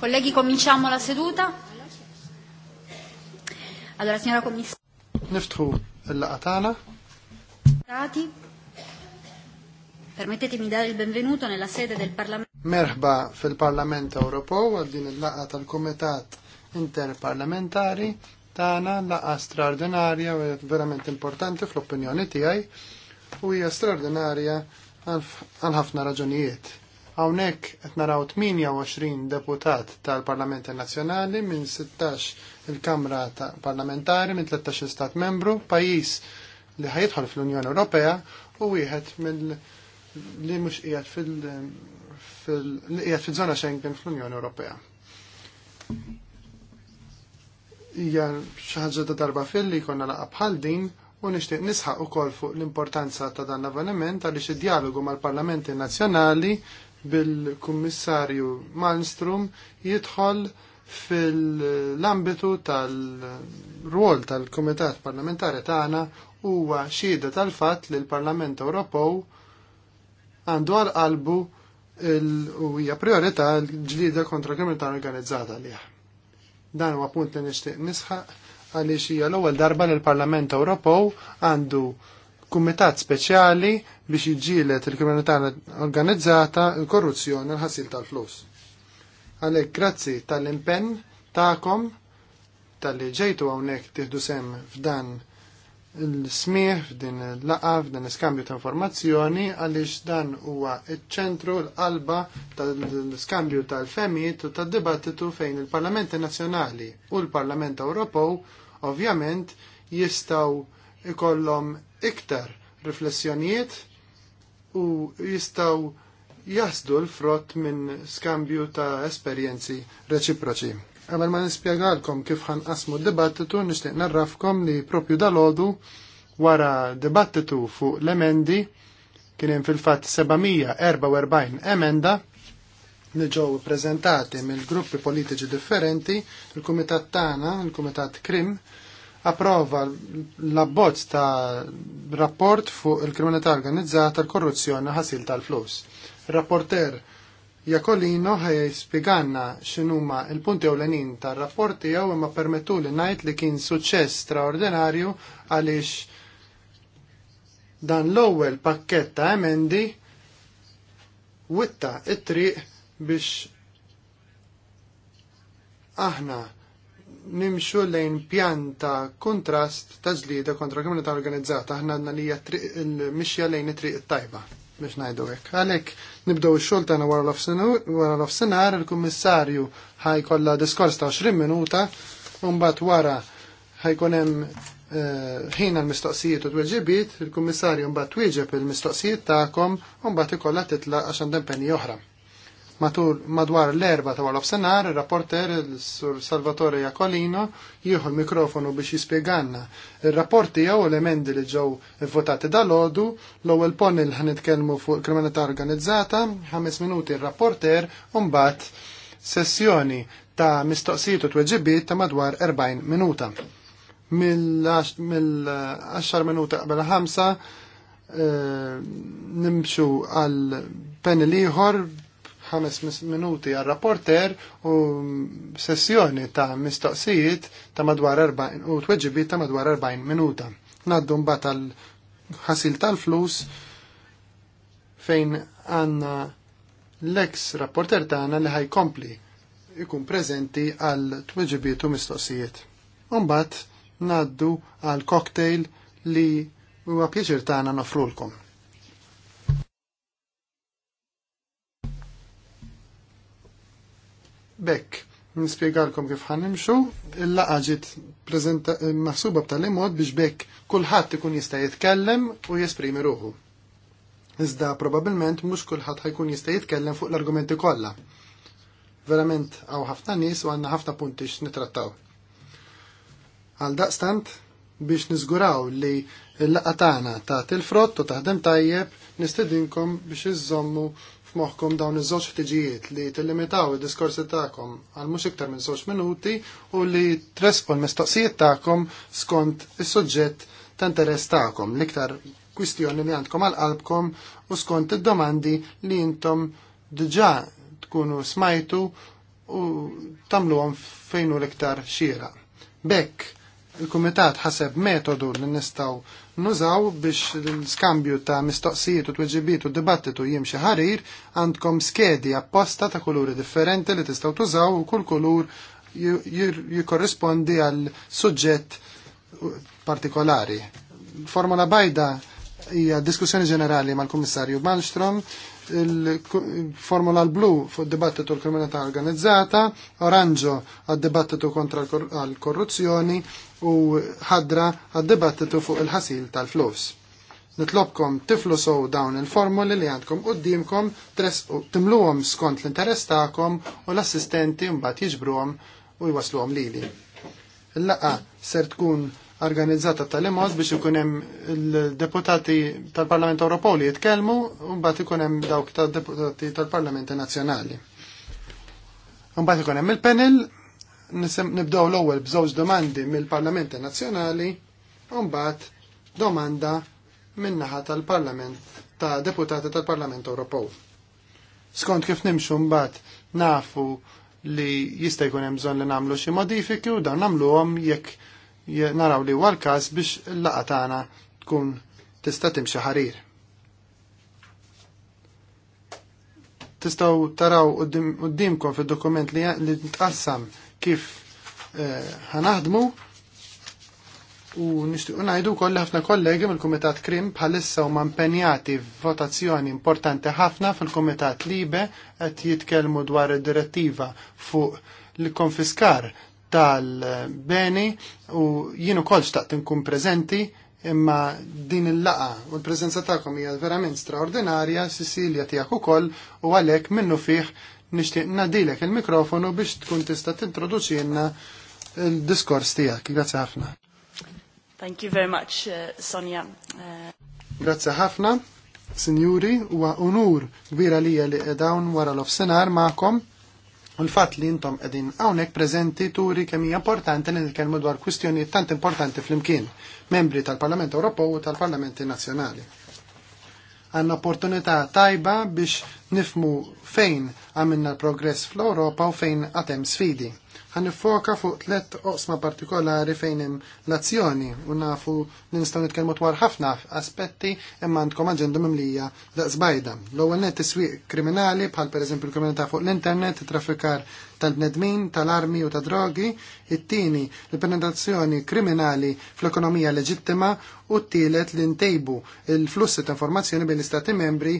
Colleghi, cominciamo la seduta. Allora, signora Commissaria. Niftħu la laqatana Rati. Permettetemi dare il benvenuto nella sede del Parlamento. Merħba fil-Parlament Europeo, għal din il Atal tal-Kumitat Interparlamentari tagħna la straordinarja u verament importanti fl-opinjoni tiegħi u hija straordinarja għal ħafna raġunijiet Hawnhekk qed naraw 28 deputat tal-Parlament Nazzjonali minn 16 il-Kamra Parlamentari minn 13 stat membru, pajjiż li ħajidħol fl-Unjoni Ewropea u wieħed mill li mhux qiegħed fil-qiegħed fiż-żona Schengen fl-Unjoni Ewropea hija xi ħaġa ta' darba filli konna laqa bħal din u nixtieq nisħaq ukoll fuq l-importanza ta' dan l-avveniment għaliex id-dialogu mal-Parlamenti Nazzjonali bil-kummissarju Malmstrom jidħol fil-ambitu tal-rwol tal-Komitat Parlamentari tagħna huwa xhieda tal-fatt li l-Parlament Ewropew għandu għal qalbu u hija priorità l-ġlida kontra kriminalità organizzata għalih. Dan huwa punt li nixtieq nisħaq għaliex hija l-ewwel darba li l-Parlament Ewropew għandu kumitat speċjali biex jġilet il-kriminalità organizzata, il-korruzzjoni, l-ħasil tal-flus. Għalek, grazzi tal-impenn ta'kom tal-li ġejtu għawnek tiħdu sem f'dan l-smieħ, f'din il laqa f'dan iskambju ta' informazzjoni, għalix dan huwa iċ ċentru l-qalba tal iskambju tal-femijiet u tal-dibattitu fejn il-Parlamenti Nazzjonali u l-Parlament Ewropew ovvjament jistaw ikollhom iktar riflessjonijiet u jistaw jasdu l-frott minn skambju ta' esperjenzi reċiproċi. Għabel ma nispiegħalkom kif ħan asmu d-dibattitu, nishtiq narrafkom li propju dal-ħodu wara dibattitu fuq l-emendi kienem fil-fat 744 emenda li ġew prezentati mill gruppi politiċi differenti, il-Kumitat Tana, il-Kumitat Krim, approva l-abbozz ta' rapport fuq il-kriminalità organizzata, l-korruzzjoni ħasil tal-flus. Rapporter Jakolino ħaj spiganna x'inhuma il-punti ewlenin tar-rapport jew imma permettu li ngħid li kien suċċess straordinarju għaliex dan l-ewwel pakkett ta' emendi witta it-triq biex aħna nimxu lejn pjanta kontrast ta' zlida kontra komunità organizzata. Aħna għandna li il-mixja lejn it-triq tajba biex ngħidu hekk. Għalhekk nibdew ix-xogħol tagħna wara l-offsenar il-kummissarju ħajkollha diskors ta' 20 minuta u mbagħad wara ħajkun hemm eh, ħin għal mistoqsijiet u tweġibiet, il-kummissarju mbagħad twieġeb il-mistoqsijiet tagħkom u mbagħad ikollha titlaq għax għandha impenni oħra. Matul madwar l-erba ta' għalof senar, il-rapporter sur Salvatore Jacolino jieħu l-mikrofonu biex jispieganna. Il-rapporti jew l-emendi li ġew votati dal-ħodu, l-ewwel ponil ħanitkellmu fuq kriminalità organizzata, ħames minuti il-rapporter, mbagħad sessjoni ta' mistoqsijiet u tweġibiet ta' madwar 40 minuta. Mill-10 minuta qabel ħamsa eh, nimxu għal panel ieħor ħames minuti għal rapporter u sessjoni ta' mistoqsijiet ta' madwar 40 u tweġibiet ta' madwar 40 minuta. Naddu mbagħad tal ħasil tal-flus fejn għanna l-ex rapporter tagħna li ħajkompli ikun preżenti għal tweġibiet u mistoqsijiet. Mbagħad naddu għal cocktail li huwa pjaċir tagħna nofrulkom. Bekk, nispiegalkom kif ħanimxu, il-laqa ġiet maħsuba b'tali mod biex bekk kulħadd ikun jista' jitkellem u jesprimi ruħu. Iżda probabbilment mhux kulħadd ħajkun jista' jitkellem fuq l-argumenti kollha. Verament hawn ħafna nies u għandna ħafna punti x'nitrattaw. Għal daqstant, biex niżguraw li l-laqatana ta' til-frott u taħdem tajjeb nistedinkom biex iżommu f'moħħkom dawn iż-żewġ ħtiġijiet li tillimitaw id-diskorsi tagħkom għal mhux iktar minn żewġ minuti u li tresqu mistoqsijiet tagħkom skont is-suġġett ta' interess tagħkom l-iktar kwistjoni li għandkom għal qalbkom u skont id-domandi li intom diġà tkunu smajtu u tamluhom fejn hu xira. Bekk, il-Kumitat ħaseb metodu li nistaw nużaw biex l-skambju ta' mistoqsijiet u tweġibiet u dibattitu jimxi ħarir għandkom skedi apposta ta' kuluri differenti li tistaw tużaw u kull kulur jikorrispondi għal suġġett partikolari. Formula bajda hija diskussjoni ġenerali mal-Kummissarju Malmström il-formula blu fuq dibattitu l-kriminalità organizzata, oranġo għad-dibattitu kontra l-korruzzjoni u ħadra għad-dibattitu fuq il-ħasil tal-flus. Nitlobkom tiflu sow dawn il-formuli li għandkom qoddimkom, timluhom skont l-interess tagħkom u l-assistenti mbagħad jiġbruhom u jwasluhom lili. Il-laqa ser tkun organizzata tal-imos biex ikun hemm il-deputati tal-Parlament Ewropew li jitkellmu u mbagħad ikun hemm dawk tad-deputati tal-Parlamenti Nazzjonali. Mbagħad ikun hemm il-panel nibdew l-ewwel b'żewġ domandi mill-Parlamenti Nazzjonali u mbagħad domanda min-naħa tal-Parlament ta' deputati tal-Parlament Ewropew. Skont kif nimxu mbagħad nafu li jista' jkun hemm bżonn li nagħmlu xi modifiki u dan nagħmluhom jekk naraw li huwa l-każ biex l-laqa tagħna tkun tista' timxi ħarir. Tistgħu taraw qudiemkom fid-dokument li tqassam kif eh, ħanaħdmu u nixtiequ ngħidu wkoll ħafna kollegi mill-Kumitat Krim bħalissa huma impenjati f'votazzjoni importanti ħafna fil-Kumitat Libe qed jitkellmu dwar id-direttiva fuq l-konfiskar tal-beni u jien kol xtaqt nkun prezenti imma din il-laqa u l prezenza tagħkom hija verament straordinarja, Sisilja tiegħek ukoll u għalhekk minnu fih nixtieq nadilek il-mikrofonu biex tkun tista' tintroduċinna il-diskors tiegħek. Grazzi ħafna. Thank you very much, uh, Sonja. Uh... Grazzi ħafna. Sinjuri, huwa unur kbira lija li qedawn wara l-ofsenar ma'kom U l-fatt li intom qegħdin hawnhekk preżenti turi kemm hija importanti li nitkellmu dwar kwistjonijiet tant importanti flimkien, membri tal-Parlament Ewropew u tal-Parlamenti Nazzjonali. Għanna opportunità tajba biex nifmu fejn għamilna progress fl-Ewropa u fejn għatem sfidi ħan nifoka fuq tlet oqsma partikolari fejn hemm l-azzjoni u nafu li nistgħu nitkellmu dwar ħafna aspetti imma għandkom aġenda mimlija daqsbajda. L-ewwel net iswieq kriminali bħal pereżempju l-kriminalità fuq l-internet, traffikar tal-bnedmin, tal-armi u ta' drogi, it-tieni l-penetrazzjoni kriminali fl-ekonomija leġittima u t-tielet li ntejbu il-flussi ta' informazzjoni bejn l-Istati membri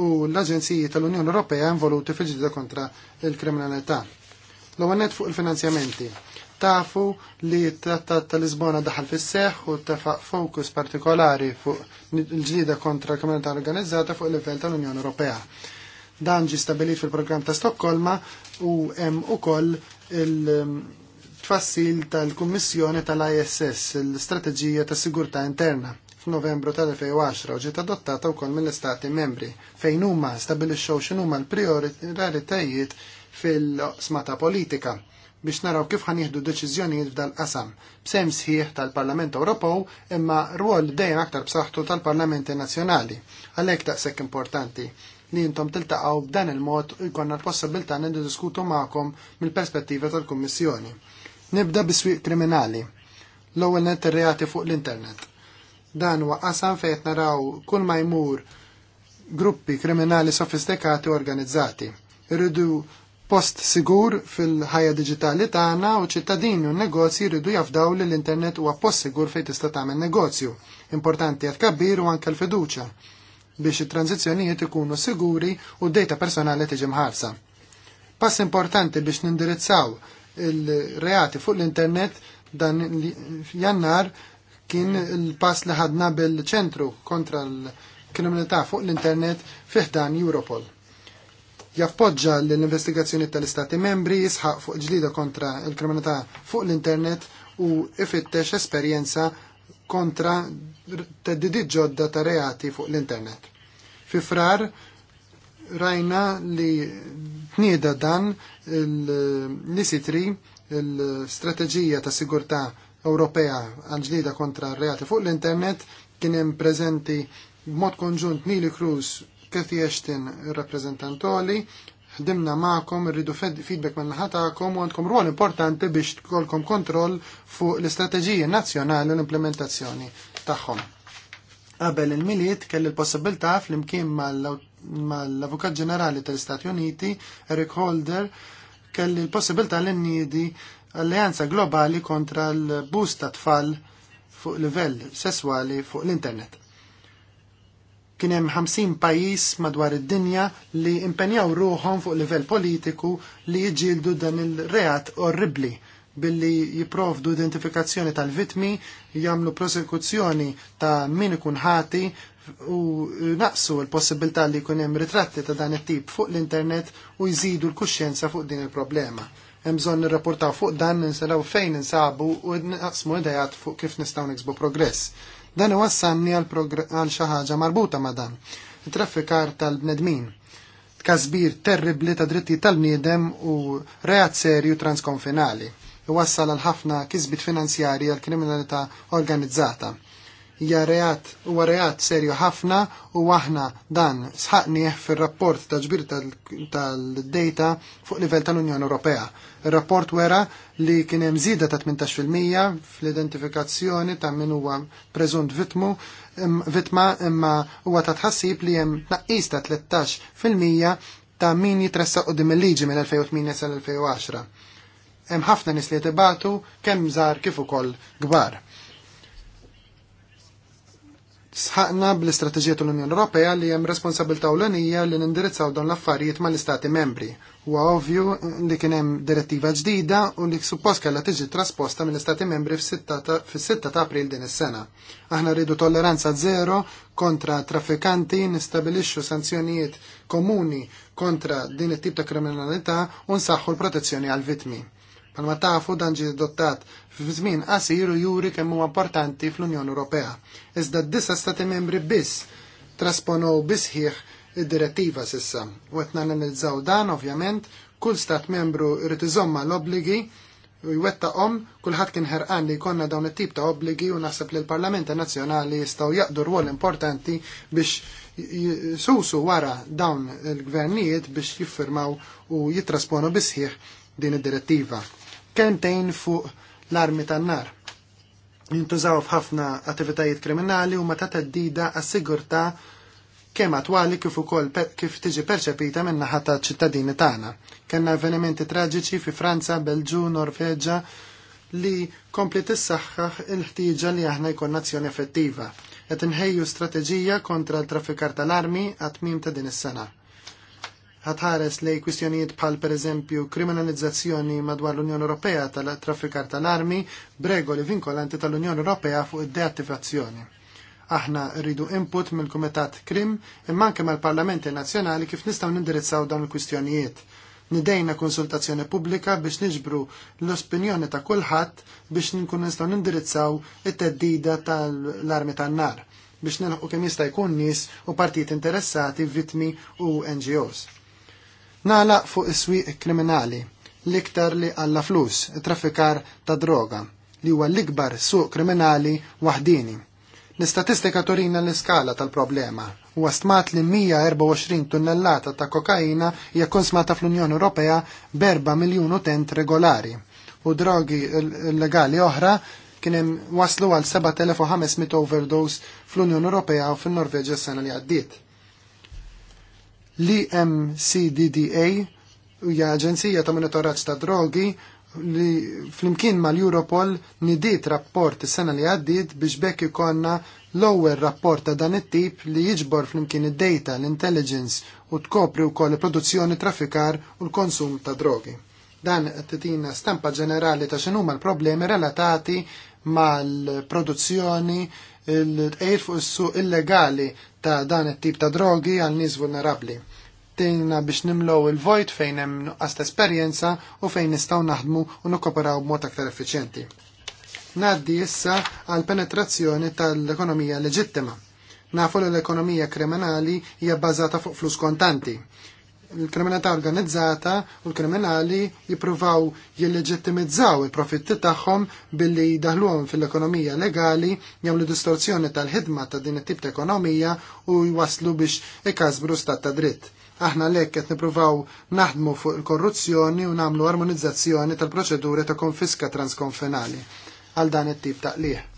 u l-Aġenziji tal-Unjoni Ewropea involuti fil-ġidda kontra il-kriminalità L-għanet fuq il-finanzjamenti. Tafu li trattat tal-Lisbona daħal fis seħħ u tefaq fokus partikolari fuq il-ġlida kontra l-komunità organizzata fuq il-livell tal-Unjoni Ewropea. Dan ġi stabilit fil-programm ta' Stokkolma u hemm ukoll il-tfassil tal-Kummissjoni tal-ISS, l-Strateġija ta' Sigurtà Interna f'Novembru tal-2010 ġiet adottata wkoll mill-Istati membri fejn huma stabilixxew x'inhuma l-prioritajiet fil-smata politika biex naraw kif ħan jieħdu deċiżjonijiet f'dal qasam b'sem sħiħ tal-Parlament Ewropew imma rwol dejjem aktar b'saħħtu tal-Parlamenti Nazzjonali. Għalhekk taqsek importanti li intom tiltaqgħu b'dan il-mod jkollna l-possibilità niddiskutu magħkom mill-perspettiva tal-Kummissjoni. Nibda biswieq kriminali. L-ewwel net ir-reati fuq l-internet. Dan huwa qasam fejn naraw kull ma jmur gruppi kriminali sofistikati u organizzati. Irridu post sigur fil-ħajja digitali tagħna u ċittadini u negozji jridu jafdaw li l-internet huwa post sigur fejn tista' tagħmel negozju. Importanti għad kabbir u anke l-fiduċja biex it-tranzizzjonijiet ikunu siguri u d-data personali tiġi mħarsa. Pass importanti biex nindirizzaw il-reati fuq l-internet dan jannar kien il-pass li ħadna bil-ċentru kontra l-kriminalità fuq l-internet fiħdan Europol. Jappoġġa l-investigazzjoni tal-Istati membri jisħaq fuq ġlida kontra il-kriminalità fuq l-internet u ifittex esperjenza kontra teddidi ġodda ta' reati fuq l-internet. Fi frar rajna li tnieda dan l-ISITRI, l-Strategija ta' Sigurtà Ewropea għal-ġlida kontra reati fuq l-internet, kien hemm preżenti b'mod konġunt Nili Cruz Kathy Ashton, rappresentantoli, ħdimna ma'kom, rridu feedback man ħatakom u għandkom ruol importanti biex tkolkom kontroll fuq l-istrateġija nazzjonali u l-implementazzjoni tagħhom. Qabel il-miliet kelli l-possibilità fl-imkien mal-Avukat Ġenerali tal-Istati Uniti, Eric Holder, kelli l-possibilità l nniedi alleanza globali kontra l-bus tfal fuq livell sesswali fuq l-internet. Kien hemm 50 pajjiż madwar id-dinja li impenjaw ruħhom fuq livell politiku li jiġġieldu dan il-reat orribli billi jiprovdu identifikazzjoni tal-vitmi, jamlu prosekuzzjoni ta' min ikun ħati u naqsu l-possibilità li jkun hemm ritratti ta' dan it-tip fuq l-internet u jżidu l-kuxjenza fuq din il-problema. Hemm bżonn nirrapportaw fuq dan ninselaw fejn insabu u naqsmu idejat fuq kif nistgħu nixbu progress. Dan iwassalni għal xaħġa ħaġa marbuta ma' dan. Traffikar tal-bnedmin. Kazbir terribli ta' dritti tal-bniedem u reat serju transkonfinali. wassal għal ħafna kizbit finanzjarji għal kriminalità organizzata hija reat huwa reat serju ħafna u aħna dan sħaqnieh fir-rapport ta' ġbir tal-data fuq livell tal-Unjoni Ewropea. il rapport wera li kien hemm żieda ta' 18% fl-identifikazzjoni ta' min huwa preżunt vitmu vitma imma huwa ta' tħassib li hemm tnaqqis ta' 13% ta' min jitressaq qudiem il-liġi minn 2008 sal 2010 hemm ħafna nies li jtibatu kemm żgħar kif ukoll kbar. Sħaqna bl-istrateġija tal-Unjoni Ewropea li hemm responsabilità ewlenija li nindirizzaw dawn l-affarijiet mal-Istati membri. Huwa ovvju li kien hemm direttiva ġdida u li suppost kellha tiġi trasposta mill-Istati membri fis-6 ta' April din is-sena. Aħna rridu tolleranza zero kontra traffikanti, nistabilixxu sanzjonijiet komuni kontra din it-tip ta' kriminalità u nsaħħu l-protezzjoni għall-vittmi. Palma tafu dan ġi dottat f'żmien qasir u juri kemm huwa importanti fl-Unjoni Ewropea. Iżda d-disa stati membri biss trasponow bisħieħ id-direttiva sissa. U qed nanalizzaw dan ovvjament kull stat membru irid iżomma l-obbligi u jwettaqhom kulħadd kien ħerqan li jkollna dawn it-tip ta' obbligi u naħseb li l-Parlamenti Nazzjonali jistgħu jaqdu rwol importanti biex jisusu wara dawn il-gvernijiet biex jiffirmaw u jitrasponu bisħieħ din id-direttiva. Kentejn fuq l-armi tan-nar. Jintużaw f'ħafna attivitajiet kriminali u meta teddida għas-sigurtà kemm attwali kif ukoll kif tiġi perċepita minn naħa ta' ċittadini tagħna. Kenna avvenimenti traġiċi fi Franza, Belġu, Norveġġa li kompli tissaħħaħ il-ħtieġa li aħna jkun nazzjoni effettiva qed inħejju strateġija kontra l-traffikar tal-armi għat-tmim ta' din is-sena ħatħares lej kwistjonijiet bħal pereżempju kriminalizzazzjoni madwar l-Unjoni Ewropea tal-traffikar tal-armi li vinkolanti tal-Unjoni Ewropea fuq id-deattivazzjoni. Aħna rridu input mill-Kumitat Krim imma anke mal-Parlamenti Nazzjonali kif nistgħu nindirizzaw dawn il-kwistjonijiet. Nidejna konsultazzjoni pubblika biex niġbru l ospinjoni ta' kulħadd biex nkun nistgħu nindirizzaw it-teddida tal-armi tan-nar biex nilħu kemm jista' jkun nies u partit interessati, vittmi u NGOs. Nala fuq is-swieq kriminali, l-iktar li għalla flus, traffikar ta' droga, li huwa l-ikbar suq kriminali waħdini. L-istatistika torina l-iskala tal-problema huwa stmat li 124 tunnellata ta' kokaina hija konsmata fl-Unjoni Ewropea berba miljun utent regolari u drogi legali oħra kien hemm waslu għal 7500 overdose fl-Unjoni Ewropea u fin norveġa s-sena li għaddiet L-EMCDDA hija Aġenzija ta' Monitoraġġ ta' Drogi li flimkien mal-Europol nidiet rapport is-sena li għaddiet biex bekk ikonna l-ewwel rapport ta' dan it-tip li jiġbor flimkien id-data, l-intelligence u tkopri wkoll il-produzzjoni trafikar u l-konsum ta' drogi. Dan titina stampa ġenerali ta' x'inhuma l-problemi relatati mal-produzzjoni il-tqejt fuq is-suq illegali ta' dan it-tip ta' drogi għal nies vulnerabbli. Tejna biex nimlow il-vojt fejn hemm nuqqas ta' esperjenza u fejn nistgħu naħdmu u nikkoperaw b'mod aktar effiċjenti. Naddi issa għal penetrazzjoni tal-ekonomija leġittima. Nafu l-ekonomija kriminali hija bbażata fuq flus kontanti il-kriminalità organizzata u l-kriminali jippruvaw jilleġittimizzaw il-profitti tagħhom billi jidaħluhom fil-ekonomija legali jagħmlu distorzjoni tal-ħidma ta' din it-tip ta' ekonomija u jwaslu biex ikasbru stat ta' dritt. Aħna lek qed nippruvaw naħdmu fuq il-korruzzjoni u nagħmlu armonizzazzjoni tal-proċeduri ta' konfiska transkonfinali għal dan it-tip ta' liħ.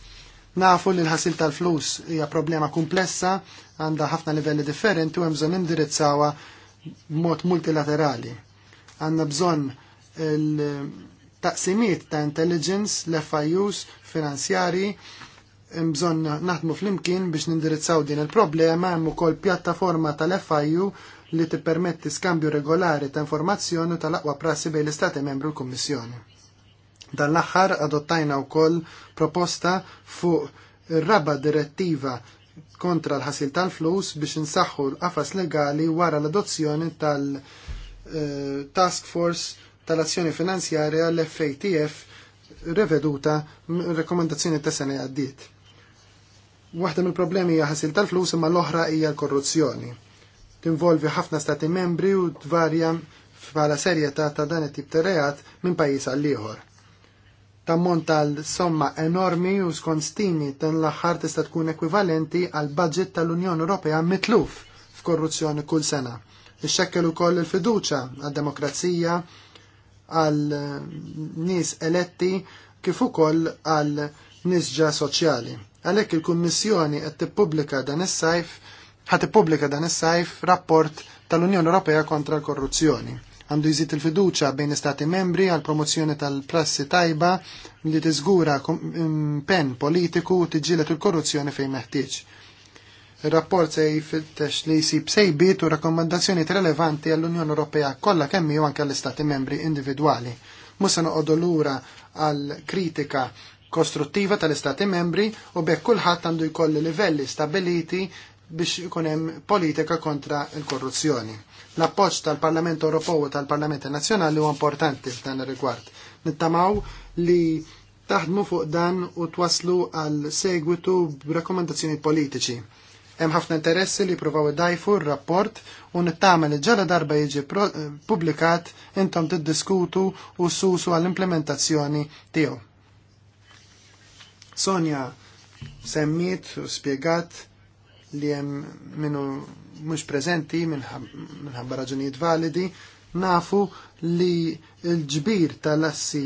Nafu li l-ħasil tal-flus hija problema komplessa, għandha ħafna livelli differenti u hemm bżonn indirizzawa mod multilaterali. Għanna bżon il-taqsimiet ta' intelligence, l-FIUs, finanzjari, bżon naħdmu fl-imkien biex nindirizzaw din il-problema, hemm ukoll pjattaforma tal-FIU li tippermetti skambju regolari ta' informazzjoni tal-aqwa prassi bejn l-Istati membru l-Kummissjoni. Dan l-aħħar adottajna wkoll proposta fuq ir-raba direttiva kontra l-ħasil tal-flus biex insaħħu l-qafas legali wara l-adozzjoni tal-Task eh, Force tal-Azzjoni Finanzjarja l-FATF reveduta rekomendazzjoni ta' sena għaddiet. Waħda mill-problemi hija ħasil tal-flus imma l-oħra hija l-korruzzjoni. Tinvolvi ħafna stati membri u tvarja bħala serjetà ta' dan it-tip ta' reat minn pajjiż għall ieħor tammont tal-somma enormi u skont stimi ten l-aħħar tista' tkun ekwivalenti għal budget tal-Unjoni Ewropea mitluf f'korruzzjoni kull sena. Ixxekkel ukoll il-fiduċa għad-demokrazija għal eh, nies eletti kif ukoll għal ġa soċjali. Għalhekk il-Kummissjoni qed tippubblika dan is-sajf ħad tippubblika dan is-sajf rapport tal-Unjoni Ewropea kontra l-korruzzjoni għandu jżid il-fiduċa bejn istati membri għal promozzjoni tal-prassi tajba li tiżgura pen politiku u tiġġielet il-korruzzjoni fejn meħtieġ. Ir-rapport se jfittex li jsib sejbiet u rakkomandazzjoni relevanti għall-Unjoni Ewropea kollha kemm u anke għall-istati membri individwali. Musa noqogħdu lura għal kritika kostruttiva tal-istati membri u bekk kulħadd għandu jkolli livelli stabiliti biex ikun hemm politika kontra l-korruzzjoni. L-appoġġ tal-Parlament Ewropew u tal parlament Nazzjonali huwa importanti f'dan ir-rigward. Nittamaw li taħdmu fuq dan u twaslu għal segwitu b'rakkomandazzjoni politiċi. Hemm ħafna interessi li provaw dajfu r-rapport u nittama li ġala darba jiġi eh, publikat intom tiddiskutu u susu għall-implementazzjoni tiegħu. Sonja semmiet u spjegat li hemm minnu mhux preżenti minħabba raġunijiet validi, nafu li l-ġbir tal-assi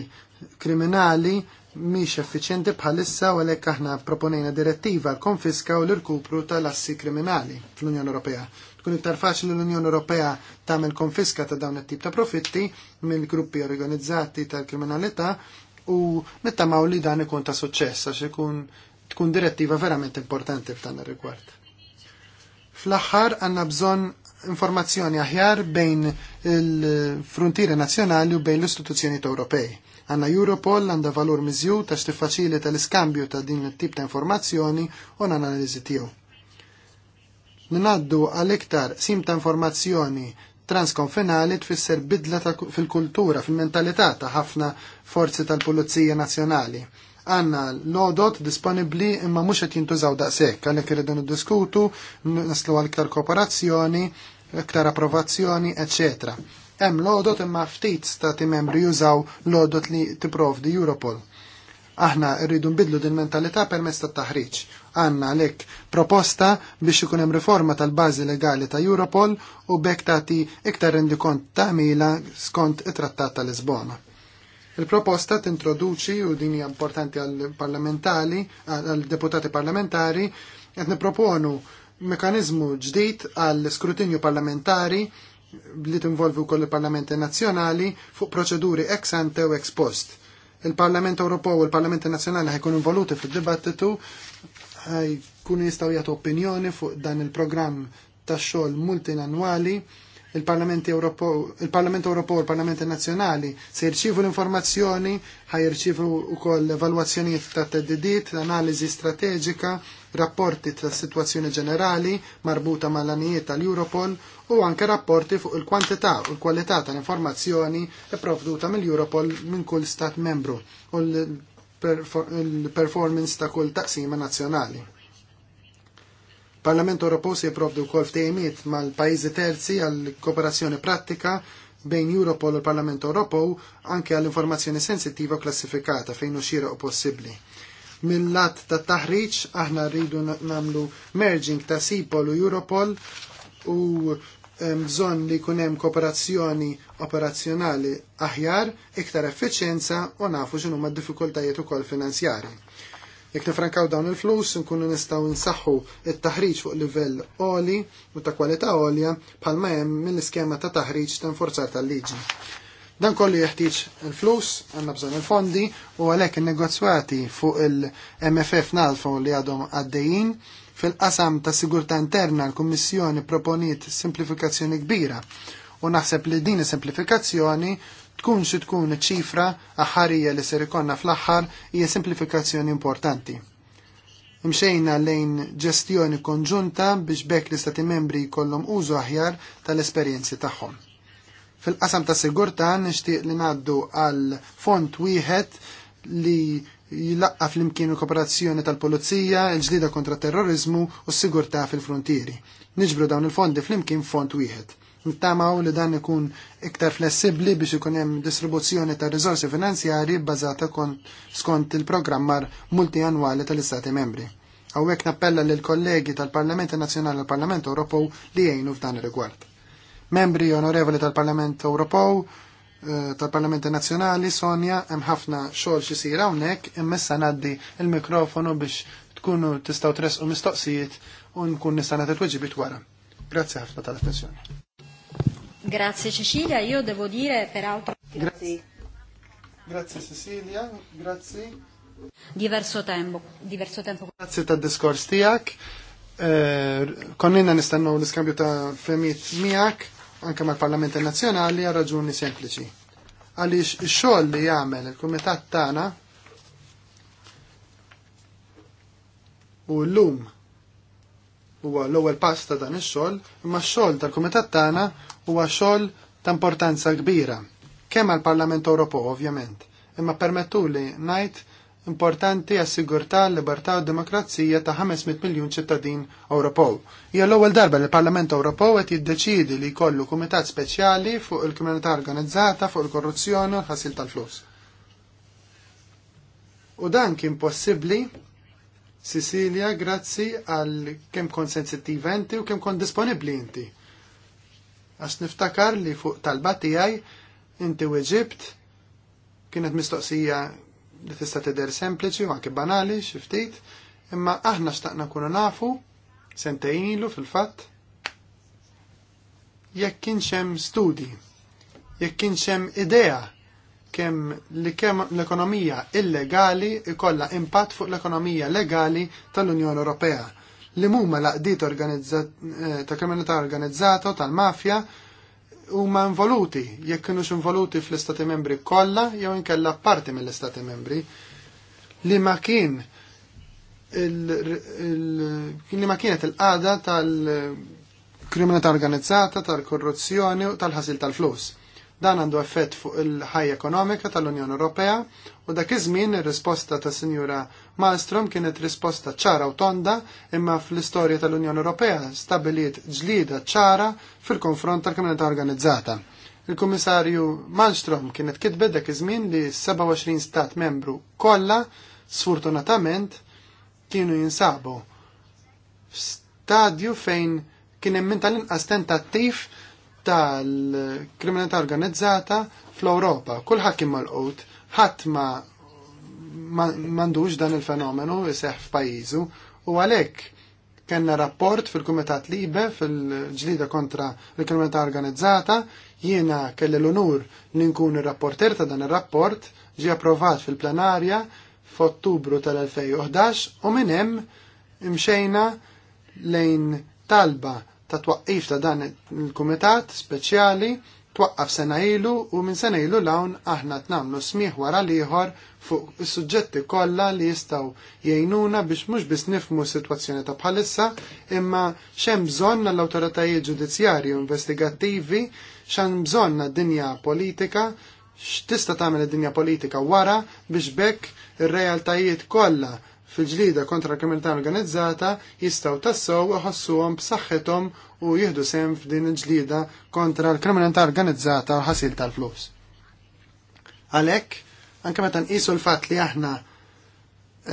kriminali mhix effiċjenti bħalissa u għalhekk aħna proponejna direttiva konfiska u l-irkupru tal-assi kriminali fl-Unjoni Ewropea. Tkun iktar faċli l-Unjoni Ewropea tagħmel konfiska ta' dawn it-tip ta' profitti mill-gruppi organizzati tal-kriminalità u nittamaw li dan ikun ta' suċċess għax ikun tkun direttiva verament importanti f'dan ir-rigward. Fl-aħħar għandna bżonn informazzjoni aħjar bejn il frontiri nazzjonali u bejn l-istituzzjonijiet Ewropej. Għanna Europol għandha valur miżju ta' xtiffaċili tal-iskambju ta' din it-tip ta' informazzjoni u l-analiżi tiegħu. Ninaddu għal iktar sim ta' informazzjoni transkonfinali tfisser bidla fil-kultura, fil-mentalità ta' ħafna forzi tal-Pulizija Nazzjonali għanna l-odot disponibli imma mux għet jintużaw daqsek, għalek irridu diskutu naslu għal iktar kooperazzjoni, iktar approvazzjoni, ecc. Hemm l-odot imma ftit stati membri jużaw l-odot li tipprovdi Europol. Aħna rridu nbidlu din mentalità permezz ta' taħriġ. Għanna lek proposta biex ikun hemm riforma tal-bażi legali ta' Europol u bekk tagħti iktar rendikont ta' mila skont it-Trattat ta' Lisbona. Il-proposta tintroduċi u din hija importanti għal-parlamentari, għal-deputati parlamentari, qed niproponu mekanizmu ġdid għall-skrutinju parlamentari li tinvolvi wkoll il-Parlamenti Nazzjonali fuq proċeduri ex ante u ex post. Il-Parlament Ewropew u l-Parlamenti Nazzjonali ħajkun involuti fid-dibattitu ħajkunu jistgħu jagħtu opinjoni fuq dan il-programm tax xogħol multinanwali il-Parlament Ewropew, il-Parlament Ewropew, il-Parlament Nazzjonali se jirċivu l-informazzjoni, ħaj jirċivu wkoll evalwazzjonijiet ta' l analiżi strateġika, rapporti ta' situazzjoni ġenerali marbuta mal-anijiet tal-Europol u anke rapporti fuq il-kwantità u l-kwalità tal-informazzjoni eprovduta mill-Europol minn kull stat membru u l-performance ta' kull taqsima nazzjonali. Parlament Ewropew se jipprovdu wkoll ftehimiet mal-pajjiżi terzi għal kooperazzjoni prattika bejn Europol u l-Parlament Ewropew anke għall informazzjoni sensittiva u klassifikata fejn u u possibbli. Mill-lat ta' taħriġ aħna rridu namlu merging ta' Sipol u Europol u bżonn li jkun hemm kooperazzjoni operazzjonali aħjar, iktar effiċjenza u nafu x'inhuma d-diffikultajiet ukoll finanzjarji Jekk nifrankaw dawn il-flus, nkunu nistgħu nsaħħu it-taħriġ fuq livell oli u ta' kwalità għolja bħalma hemm mill-iskema ta' taħriġ ta' nforzar tal-liġi. Dan kollu jeħtieġ il-flus, għandna bżonn il-fondi u għalhekk in-negozjati fuq il-MFF nalfu li għadhom għaddejjin fil-qasam ta' sigurta interna l-Kummissjoni proponiet simplifikazzjoni kbira u naħseb li din simplifikazzjoni tkun xi tkun iċ-ċifra aħħarija li ser ikonna fl-aħħar hija simplifikazzjoni importanti. Imxejna lejn ġestjoni konġunta biex bekk l-istati membri jkollhom użu aħjar tal-esperjenzi tagħhom. Fil-qasam ta' sigurta nixtieq li ngħaddu għal font wieħed li jilaqqa fl-imkien kooperazzjoni tal-Polizija, il ġdida kontra terrorizmu u s-sigurta fil-frontieri. Niġbru dawn il-fondi fl-imkien font wieħed Nittamaw li dan ikun iktar flessibli biex ikun hemm distribuzzjoni ta' rizorsi finanzjari bbażata skont il-programmar multianwali tal-Istati membri. Hawnhekk nappella lil kollegi tal-Parlamenti Nazzjonali u Parlament Ewropew li jgħinu f'dan ir-rigward. Membri onorevoli tal-Parlament Ewropew, eh, tal-Parlamenti Nazzjonali, Sonja, hemm ħafna xogħol xi jsir hawnhekk, immessa ngħaddi il-mikrofonu biex tkunu tistgħu tresqu mistoqsijiet u nkun nista' nagħti tweġibiet wara. Grazzi ħafna tal-attenzjoni. Grazie Cecilia, io devo dire peraltro... Grazie. Grazie Cecilia, grazie. Diverso tempo, diverso tempo. Grazie ta' diskors tijak. Eh, konnina nistannu l-iskambju ta' femit miak, anke mal parlament Nazjonali, għal raġuni sempliċi. Għalix il li jgħamil il-Kumitat tana u l-lum huwa l-ewwel pasta dan ix-xogħol, ma x-xogħol tal-kumitat tagħna huwa xogħol ta' importanza kbira, kemm għall parlament Ewropew ovvjament, imma permettuli ngħid importanti għas sigurtà libertà u demokrazija ta' 500 miljun ċittadin Ewropew. Hija l-ewwel darba li l-Parlament Ewropew qed jiddeċiedi li jkollu kumitat speċjali fuq il-kriminalità organizzata, fuq il-korruzzjoni u l-ħasil tal-flus. U dan kien possibbli Sicilia, grazzi għal kem kon sensittiv u kem kon disponibli inti għas niftakar li fuq talba tiegħi inti weġibt kienet mistoqsija li tista' tidher sempliċi u anke banali xi ftit, imma aħna xtaqna kunu nafu sentejn fil-fatt jekk kienx hemm studji, jekk kienx hemm idea kemm li kemm l-ekonomija illegali ikolla impatt fuq l-ekonomija legali tal-Unjoni Ewropea li huma laqdiet eh, ta' kriminalità organizzata u tal-mafja huma involuti jekk kienux involuti fl-istati membri kollha jew inkella parti mill-istati membri li ma kien li ma kienet il-qada tal-kriminalità organizzata, tal-korruzzjoni u tal-ħasil tal-flus. Dan għandu effett fuq il-ħajja ekonomika tal-Unjoni Ewropea u dak iż-żmien ir-risposta ta' Sinjura Malmstrom kienet risposta ċara u tonda imma fl-istorja tal-Unjoni Ewropea stabiliet ġlida ċara fil-konfront tal-kriminalità organizzata. Il-Kummissarju Malmstrom kienet kitbet dak iż-żmien li 27 stat membru kollha sfortunatament kienu jinsabu f'stadju fejn kien hemm min tal-inqas tentattiv tal-kriminalità organizzata fl-Ewropa. Kulħadd kien malqut, ħadd ma m'għandux dan il-fenomenu jseħħ f'pajjiżu u għalhekk kellna rapport fil-Kumitat Libe fil-ġlida kontra l-kriminalità organizzata, jiena kelli l-onur li nkun ir-rapporter ta' dan ir-rapport ġie approvat fil-plenarja f'Ottubru tal-2011 u minn hemm imxejna lejn talba ta' twaqqif ta' dan il-kumitat speċjali twaqqaf sena ilu u minn sena ilu lawn aħna tnamlu smieħ wara liħor fuq is-suġġetti kollha li jistgħu jgħinuna biex mhux biss nifmu s-sitwazzjoni ta' bħalissa imma xem bżonn għall-awtoritajiet ġudizzjarju u investigattivi x'hemm bżonn dinja politika x'tista' tagħmel id-dinja politika wara biex bekk ir-realtajiet kollha fil-ġlida kontra l-kriminalità organizzata jistgħu tassew ħassuhom b'saħħithom u jieħdu sem f'din il-ġlida kontra l-kriminalità organizzata u ħasil tal-flus. Għalhekk, anke meta nqisu l-fatt li aħna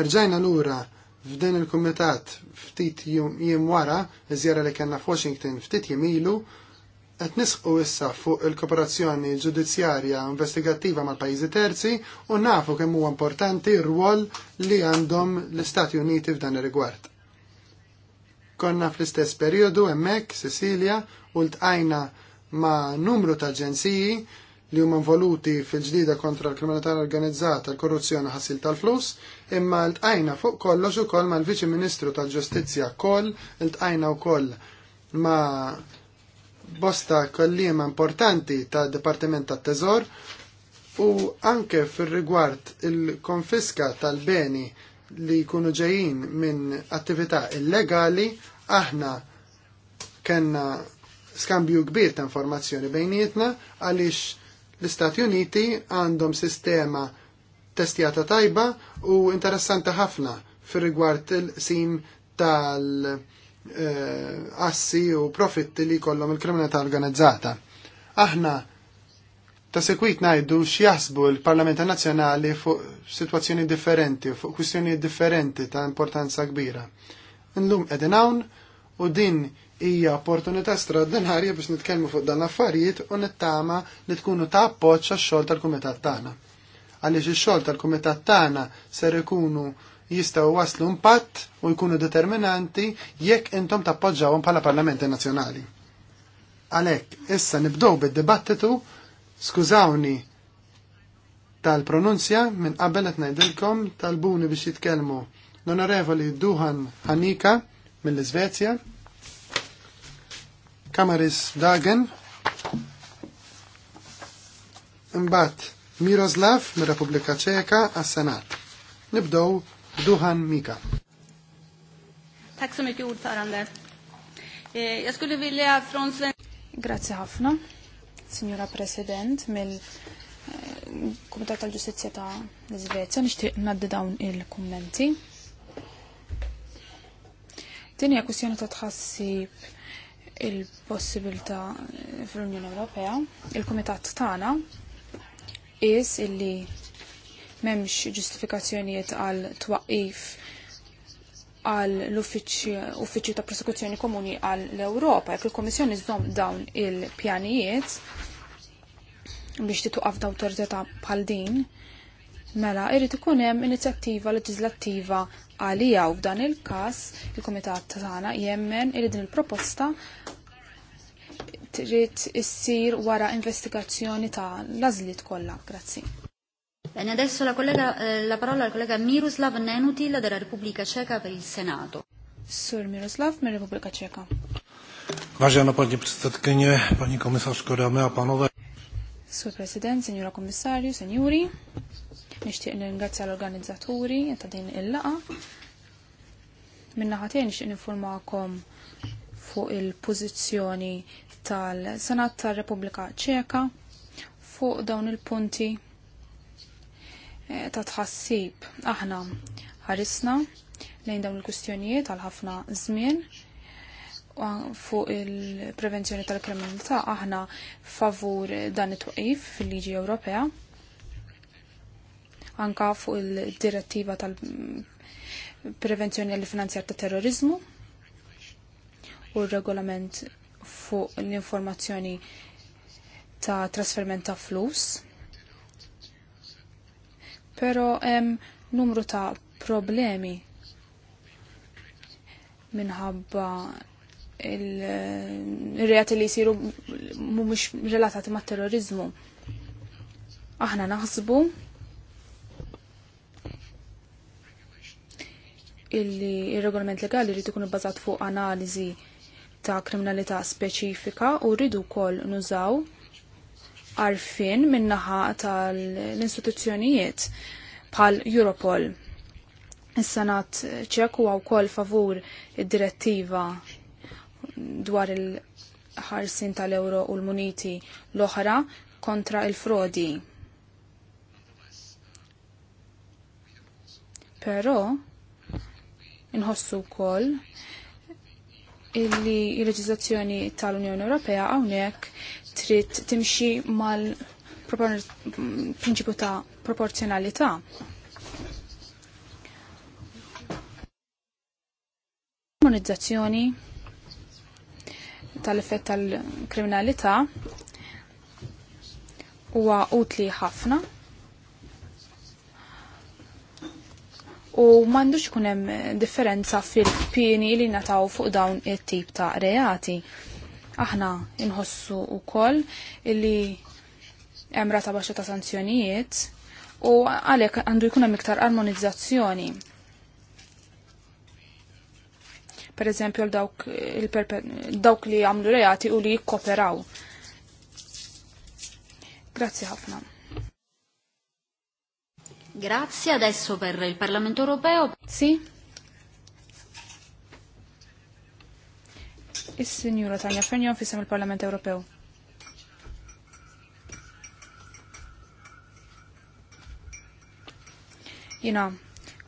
rġajna lura f'din il-kumitat ftit jiem wara, iż-żjara li kellna f'Washington ftit jiem ilu, qed nisqu issa fuq il-kooperazzjoni ġudizzjarja investigattiva mal-pajjiżi terzi u nafu kemm huwa importanti r-rwol li għandhom l-Istati Uniti f'dan ir-rigward. Konna fl-istess perjodu hemmhekk Sicilja u ltqajna ma' numru ta' aġenziji li huma involuti fil-ġdida kontra l-kriminalità organizzata, l-korruzzjoni ħassil tal-flus, imma ltqajna fuq kollox ukoll mal-Viċi Ministru tal-Ġustizzja koll, ltqajna wkoll ma' bosta kollima importanti ta' Departiment ta' Teżor u anke fil-rigward il-konfiska tal-beni li kunu ġejjin minn attività illegali, aħna kena skambju kbir ta' informazzjoni bejnietna għaliex l-Istati Uniti għandhom sistema testjata tajba u interessanti ħafna fil-rigward il-sim tal- Eh, assi u profitti li kollom il-kriminalità organizzata. Aħna ta' sekwit najdu xjasbu l-Parlamenta Nazzjonali fuq situazzjoni differenti, fuq kwistjoni differenti ta' importanza kbira. Nlum qegħdin hawn u din hija opportunità straordinarja biex nitkellmu fuq dan l-affarijiet u nittama li tkunu ta' appoġġ għax-xogħol tal-kumitat tagħna. Għaliex ix-xogħol tal-kumitat tagħna ser ikunu jistgħu waslu impatt u jkunu determinanti jekk intom tappoġġawhom bħala Parlamenti Nazzjonali. Għalhekk issa nibdew bid-dibattitu, skużawni tal-pronunzja minn qabel qed ngħidilkom talbuni biex jitkellmu l-Onorevoli Duhan Hanika mill-Iżvezja, Kamaris Dagen, imbagħad Miroslav mir-Repubblika Ċeka għas-Senat. Nibdow Duhan Mika. Tack så mycket ordförande. Eh, jag skulle vilja från Sven... Grazie ħafna, signora President, mill eh, Komitat tal-Ġustizzja ta' l nixtieq naddi dawn il-kummenti. Din hija kwistjoni ta' tħassib il-possibilità eh, fl-Unjoni Ewropea. Il-Kumitat tagħna is illi memx ġustifikazzjonijiet għal twaqif għal l-Uffiċċju ta' Prosekuzzjoni Komuni għal l-Ewropa, jek il-Komissjoni żżomm dawn il-pjanijiet biex daw d'autorità bħal din, mela irrid ikun hemm inizjattiva leġislattiva għalija u f'dan il-każ il-Kumitat tagħna jemmen irid din il-proposta trid issir wara investigazzjoni ta' l kollha. Grazzi. Bene, adesso la, collega, eh, la parola al collega Miroslav Nenutil della Repubblica Ceca per il Senato. Sur Miroslav, Repubblica Ceca. Vážená paní předsedkyně, paní komisařko, dámy a pánové. Sur President, Signora Kommissarju, Senjuri, nixtieq nirringrazzja l-organizzaturi ta' din il illa. Minna ħatien nixtieq kom fuq il-pożizzjoni tal-Senat tar-Repubblika Ċeka fuq dawn il-punti Eh, ta' tħassib. Aħna ħarisna lejn dawn il-kustjonijiet għal ħafna żmien fuq il-prevenzjoni tal-kriminalità aħna favur dan it-twaqif fil-liġi Ewropea anka fuq il-direttiva tal-prevenzjoni għall finanzjar ta' terrorizmu u r-regolament fuq l-informazzjoni ta' trasferment ta' flus pero hemm numru ta' problemi minħabba il-reati eh, li jisiru mumiex relatati ma' terrorizmu. Aħna naħsbu illi il-regolament legali rridu ikunu bbażat fuq analiżi ta' kriminalità speċifika u rridu wkoll nużaw għarfin minnaħa tal-istituzzjonijiet bħal Europol. Is-Senat ċeku huwa wkoll favur id-direttiva dwar il-ħarsin tal-euro u l-muniti l-oħra kontra il-frodi. Però inħossu wkoll illi il-leġiżlazzjoni tal-Unjoni Ewropea hawnhekk trid timxi mal-prinċipju ta' proporzjonalità. Armonizzazzjoni tal-effett tal-kriminalità huwa utli ħafna u m'għandux ikun hemm differenza fil-pieni li nataw fuq dawn it-tip ta' reati. Aħna inħossu wkoll illi hemm rata baxxa ta' sanzjonijiet u għalek għandu jkun hemm iktar armonizzazzjoni. Per eżempju dawk, dawk li għamlu reati u li jikkoperaw. Grazzi ħafna. Grazie adesso per il Parlamento Europeo. Sì. Is-Sinjura Tanja Fenjon fissem il-Parlament Ewropew. Jina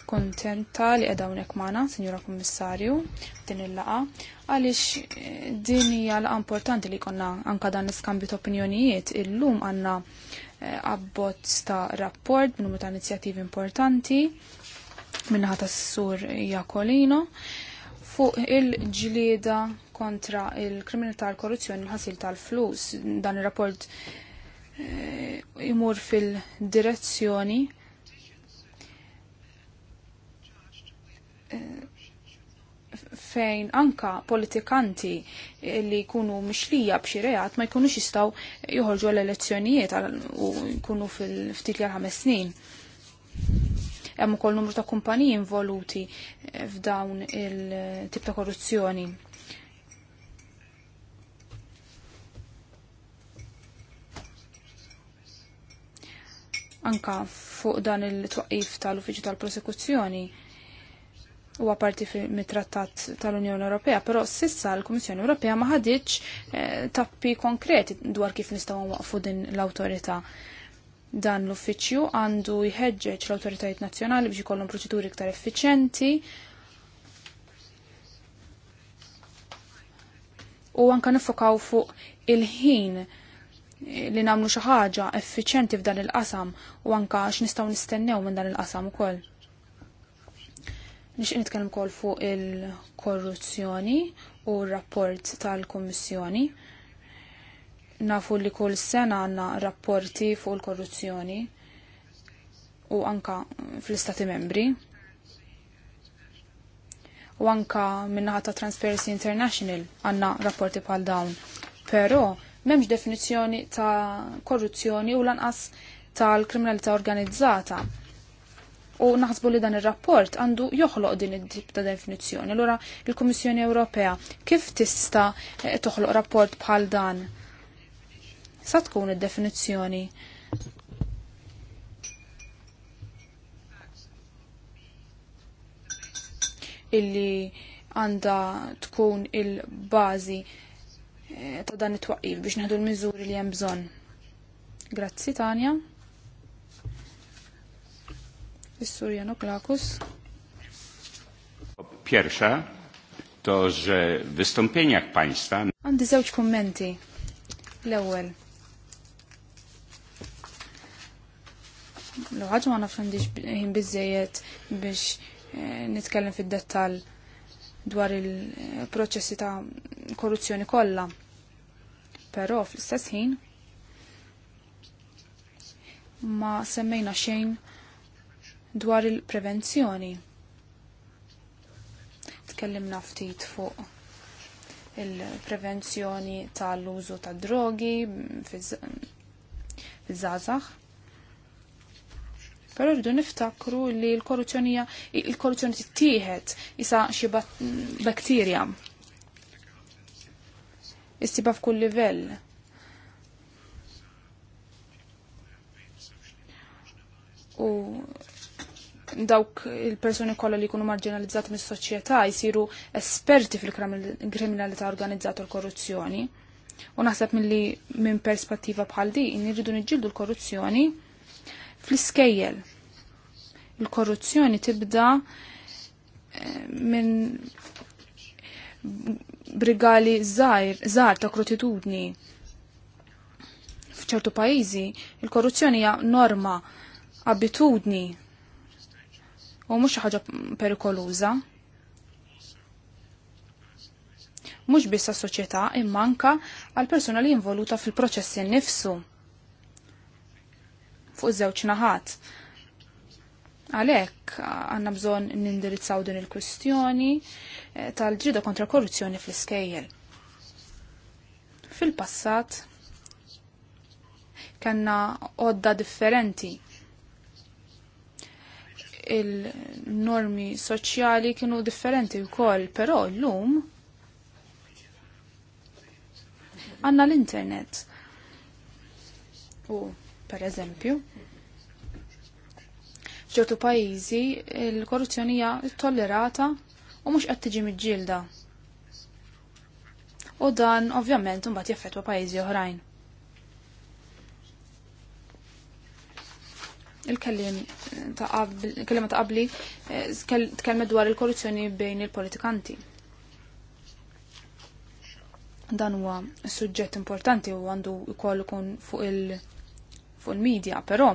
kontenta li edha unek mana, Sinjura Kommissarju, din il-laqa, għalix eh, din hija laqa importanti li konna anka dan iskambju ta' opinjonijiet illum għanna eh, abbozz ta' rapport minn ta' inizjativi importanti minnaħa ta' s-sur Jakolino fuq il-ġlieda kontra il-kriminalità tal korruzzjoni ħasil tal-flus. Dan ir-rapport eh, imur fil-direzzjoni eh, fejn anka politikanti li jkunu mixlija b'xi reat ma jkunux jistgħu juħorġu l-elezzjonijiet u jkunu fil-ftit li ħames snin hemm ukoll numru ta' kumpaniji involuti f'dawn il-tip ta' korruzzjoni. anka fuq dan il-twaqif tal-Uffiċċju tal-Prosekuzzjoni huwa parti mit-trattat tal-Unjoni Ewropea, però sissa l-Kummissjoni Ewropea ma ħadiċ eh, tappi konkreti dwar kif nistgħu waqfu din l-awtorità. Dan l-uffiċċju għandu jħeġġeġ l-awtoritajiet nazzjonali biex ikollhom proċeduri iktar effiċenti u anka nifokaw fuq il-ħin li namlu xi ħaġa effiċjenti f'dan il-qasam u anka nistgħu nistennew minn dan il-qasam ukoll. Nixqin nitkellem ukoll fuq il-korruzzjoni u r-rapport tal-Kummissjoni. Nafu li kull sena għandna rapporti fuq il-korruzzjoni u anka fl-Istati Membri. U anka minnaħat ta' Transparency International għandna rapporti bħal dawn. Pero, M'hemmx definizzjoni ta' korruzzjoni u lanqas tal-kriminalità organizzata. U naħsbu li dan ir-rapport għandu joħloq din id-tip ta' definizzjoni. Allura il-Kummissjoni Ewropea kif tista' eh, toħloq rapport bħal dan? Sa tkun id-definizzjoni illi għanda tkun il-bazi ta' dan it twaqqil biex neħdu l-miżuri li hemm bżonn. Grazzi Tanja. Is-Sur Janoklakus. Pierwsza to, że państwa... Għandi żewġ kummenti. L-ewwel. L-ħaġa ma nafx ħin biżejjed biex eh, nitkellem fid-dettall dwar il-proċessi ta' korruzzjoni kollha però fl-istess ħin ma semmejna xejn dwar il-prevenzjoni. Tkellimna ftit fuq il-prevenzjoni tal-użu ta' drogi fiż-żazax. Pero rridu niftakru li l-korruzzjoni hija korruzzjoni tittieħed isa xi bakterja issiba f'kull livell. U dawk il-persuni kollha li jkunu marginalizzati mis-soċjetà jsiru esperti fil-kriminalità organizzata u l-korruzzjoni. U naħseb milli minn perspettiva bħal din jridu niġġieldu l-korruzzjoni fl-iskejjel. Il-korruzzjoni tibda eh, minn brigali żgħar ta' krotitudni. F'ċertu pajjiżi il-korruzzjoni hija norma, abitudni u mhux xi ħaġa perikoluża. Mhux biss immanka soċjetà persona għall persuna li involuta fil-proċess innifsu fuq iż-żewġ naħat. Għalek, għanna bżon nindirizzaw din il-kwestjoni eh, tal ġida kontra korruzzjoni fl-iskejjel. Fil-passat, kanna odda differenti il-normi soċjali kienu differenti wkoll, però llum għandna l-internet. U per eżempju, f'ċertu pajjiżi il-korruzzjoni hija tollerata u mhux qed tiġi miġġielda. U dan ovvjament imbagħad jaffettwa pajjiżi oħrajn. il-kellim ta' qabli eh, tkellmet dwar il-korruzzjoni bejn il-politikanti. Dan huwa suġġett importanti u għandu jkoll ikun fuq il-medja, però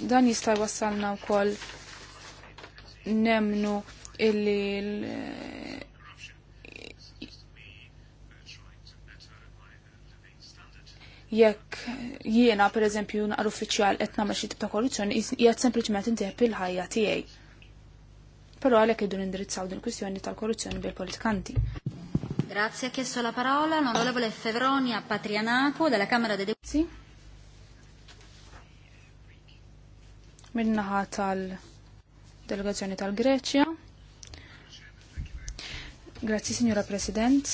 Dan jista' jwassalna wkoll nemnu illi jekk jiena per eżempju naqar uffiċjal qed nagħmel xi tip ta' korruzzjoni qiegħed sempliċement inteħbi il ħajja tiegħi. Però għalhekk idu nindirizzaw din kwistjoni tal-korruzzjoni bil-politikanti. Grazie, chiesto la parola l'onorevole Fevronia Patrianaco della Camera dei Deputati. minnaħa tal-delegazzjoni tal-Greċja. Grazzi, Signora President.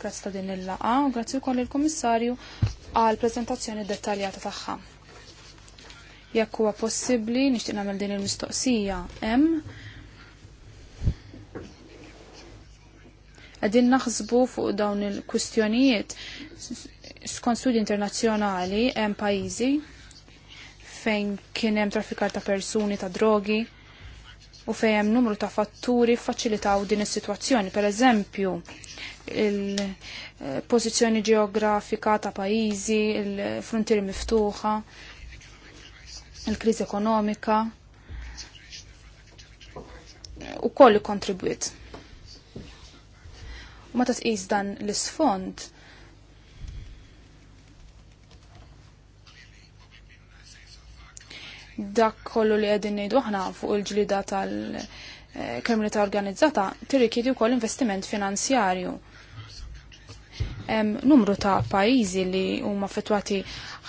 Grazzi ta' din il-laqa u grazzi wkoll il-Kummissarju għal prezentazzjoni dettaljata tagħha. Jekk huwa possibbli nixtieq nagħmel din il-mistoqsija hemm għedin naħsbu fuq dawn il-kustjonijiet skont studi internazzjonali hemm pajjiżi fejn kien hemm traffikar ta' persuni ta' drogi u fejn hemm numru ta' fatturi faċilitaw din is-sitwazzjoni. Per eżempju, il-pożizzjoni ġeografika ta' pajjiżi, il-frontieri miftuħa, il-kriżi ekonomika u koll kontribwit. U ma taqis dan l-isfond, dak kollu li għedin nejdu ħna fuq il-ġlida tal-kriminalità eh, organizzata tirrikjedi wkoll investiment finanzjarju. numru ta' pajjiżi li huma affettwati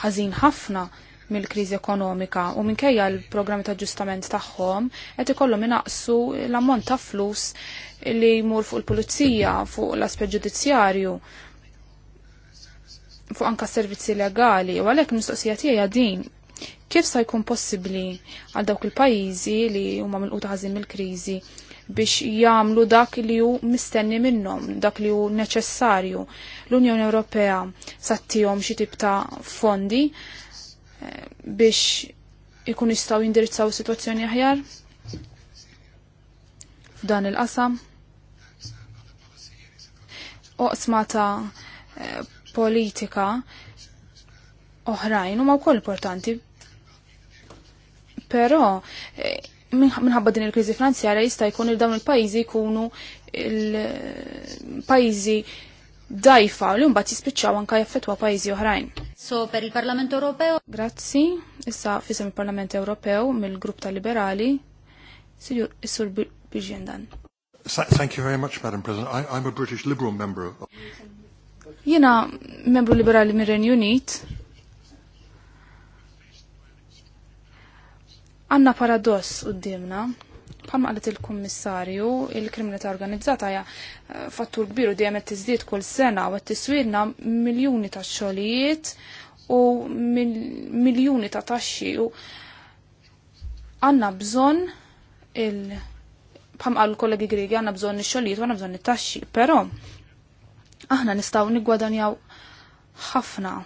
ħażin ħafna mill-kriżi ekonomika u minkejja l-programmi ta' ġustament tagħhom qed ikollhom inaqsu l-ammont ta' flus li jmur fuq il-pulizija, fuq l-aspett ġudizzjarju, fuq anka servizzi legali u għalhekk mistoqsija tiegħi din Kif sa jkun possibbli għal dawk il-pajjiżi li huma milquta ħażin mill-kriżi biex jagħmlu dak li hu mistenni minnhom, dak li hu neċessarju. L-Unjoni Ewropea sattihom xi tip ta' fondi eh, biex ikun jistgħu jindirizzaw situazzjoni aħjar f'dan il-qasam. Oqsma ta' eh, politika oħrajn huma wkoll importanti Però eh, minħabba din il-kriżi finanzjarja jista' jkun il dawn il-pajjiżi jkunu il-pajjiżi eh, dajfa li mbagħad jispiċċaw anke jaffettwa pajjiżi oħrajn. So per il-Parlament Ewropew. Grazzi, issa fisem il-Parlament Ewropew mill-Grupp tal-Liberali, Sur Bijendan. Thank you very much, Madam President. I, I'm a British Liberal member. Jena membru liberali mir-Renju Unit Għanna paradoss d-dimna, Bħalma qalet il-Kummissarju, il-kriminalità organizzata hija eh, fattur kbir u dejjem qed izdiet kull sena u qed tiswilna miljuni ta' xogħlijiet u miljuni ta' taxxi u għandna bżonn il bħam għal kollegi gregi għandna bżonn ix xolijiet u għandna bżonn it-taxxi, però aħna nistgħu niggwadanjaw ħafna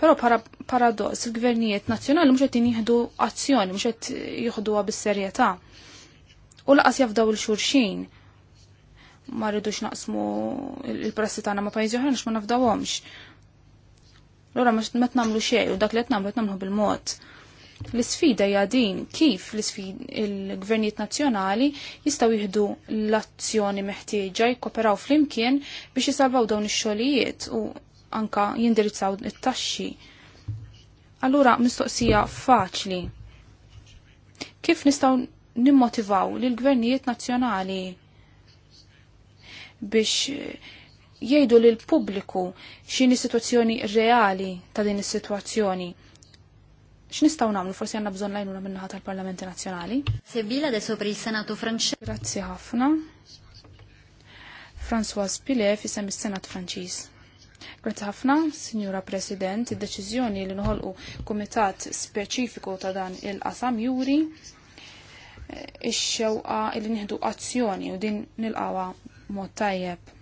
Però para, paradoss, il-gvernijiet nazzjonali mhux qed jieħdu azzjoni, mhux qed jieħduha bis-serjetà. U laqas jafdaw il-xurxin ma rridux naqsmu il-prassi tagħna ma' pajjiżi oħra ma nafdawhomx. Lura ma tnamlu xejn u dak li qed nagħmlu qed nagħmlu bil-mod. L-isfida hija din kif il-gvernijiet nazzjonali jistgħu jieħdu l-azzjoni meħtieġa jikkoperaw flimkien biex jisalvaw dawn ix-xogħlijiet u anka jindirizzaw it-taxxi. Allura mistoqsija faċli. Kif nistgħu nimmotivaw lil gvernijiet nazzjonali biex jgħidu lil pubbliku x'inhi situazzjoni reali ta' din is-sitwazzjoni. X'nistgħu nagħmlu forsi għandna bżonn lajnuna minnaħa tal-Parlamenti Nazzjonali. Sebila de sobri il Senatu Franċiż. Grazzi ħafna. François Pile fisem is-Senat Franċiż. Grazzi ħafna, Signora President, id-deċiżjoni li nħolqu kumitat speċifiku ta' dan il-qasam juri eh, ix-xewqa li nieħdu azzjoni u din nilqawa mod tajjeb.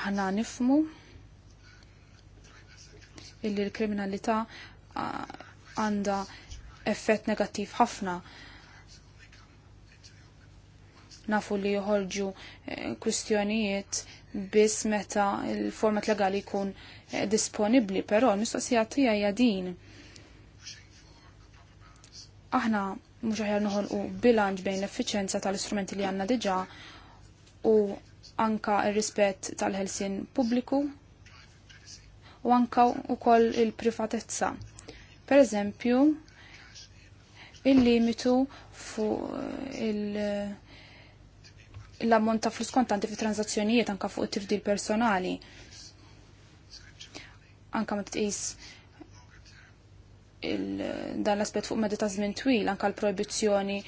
Aħna nifmu illi l-kriminalità ah, għandha effett negattiv ħafna nafu li joħorġu eh, kwistjonijiet biss meta il-format legali jkun eh, disponibli, però l-mistoqsija tija jadin. Aħna mhux aħjar noħolqu bilanċ bejn l-effiċenza tal-istrumenti li għandna diġà u anka ir-rispett tal-ħelsin pubbliku u anka wkoll il-privatezza. Per eżempju, il-limitu fuq il-, -limitu fu il l-ammont ta' flus kontanti fi tranzazzjonijiet anka fuq it-tifdil personali. Anka ma tqis dan l-aspett fuq medita żmien twil, anka l-proibizzjoni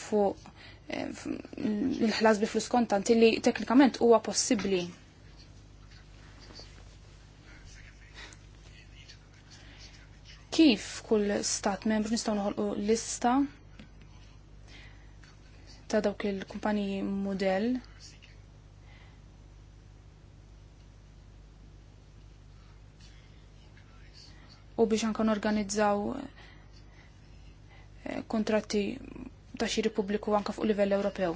fuq eh, l-ħlas bi flus kontanti li teknikament huwa possibbli. Kif kull stat membru nistgħu noħolqu lista ta' dawk il-kumpaniji model u biex anka organizzaw eh, kontratti ta' xi Repubbliku anka fuq livell Ewropew.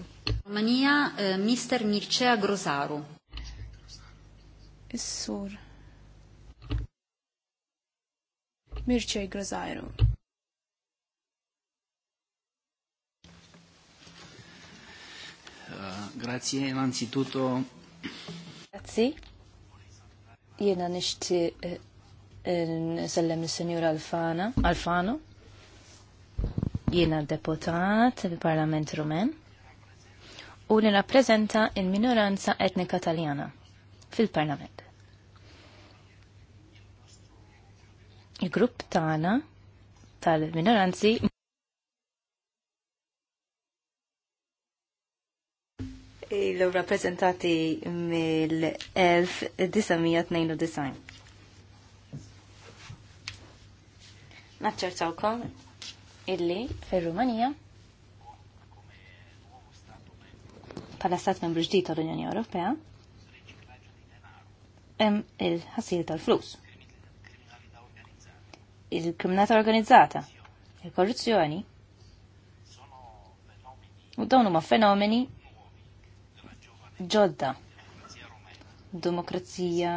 Romania eh, Mister Mircea Grosaru. Is-sur. Mircea Grosaru. Grazie innanzitutto. Grazie. Jena nishti eh, eh, nsellem il-Senjur Alfana, Alfano. Jena deputat fil-Parlament Rumen u li rappresenta il-minoranza etnika taljana fil-Parlament. Il-grupp tagħna tal-minoranzi ilu rappresentati mill-1992. Naċċertawkom illi fil rumanija pala stat membru ġdid tal-Unjoni Ewropea hemm il-ħasil tal-flus. il kriminalità organizzata, il-korruzzjoni, u dawn huma fenomeni ġodda. Demokrazija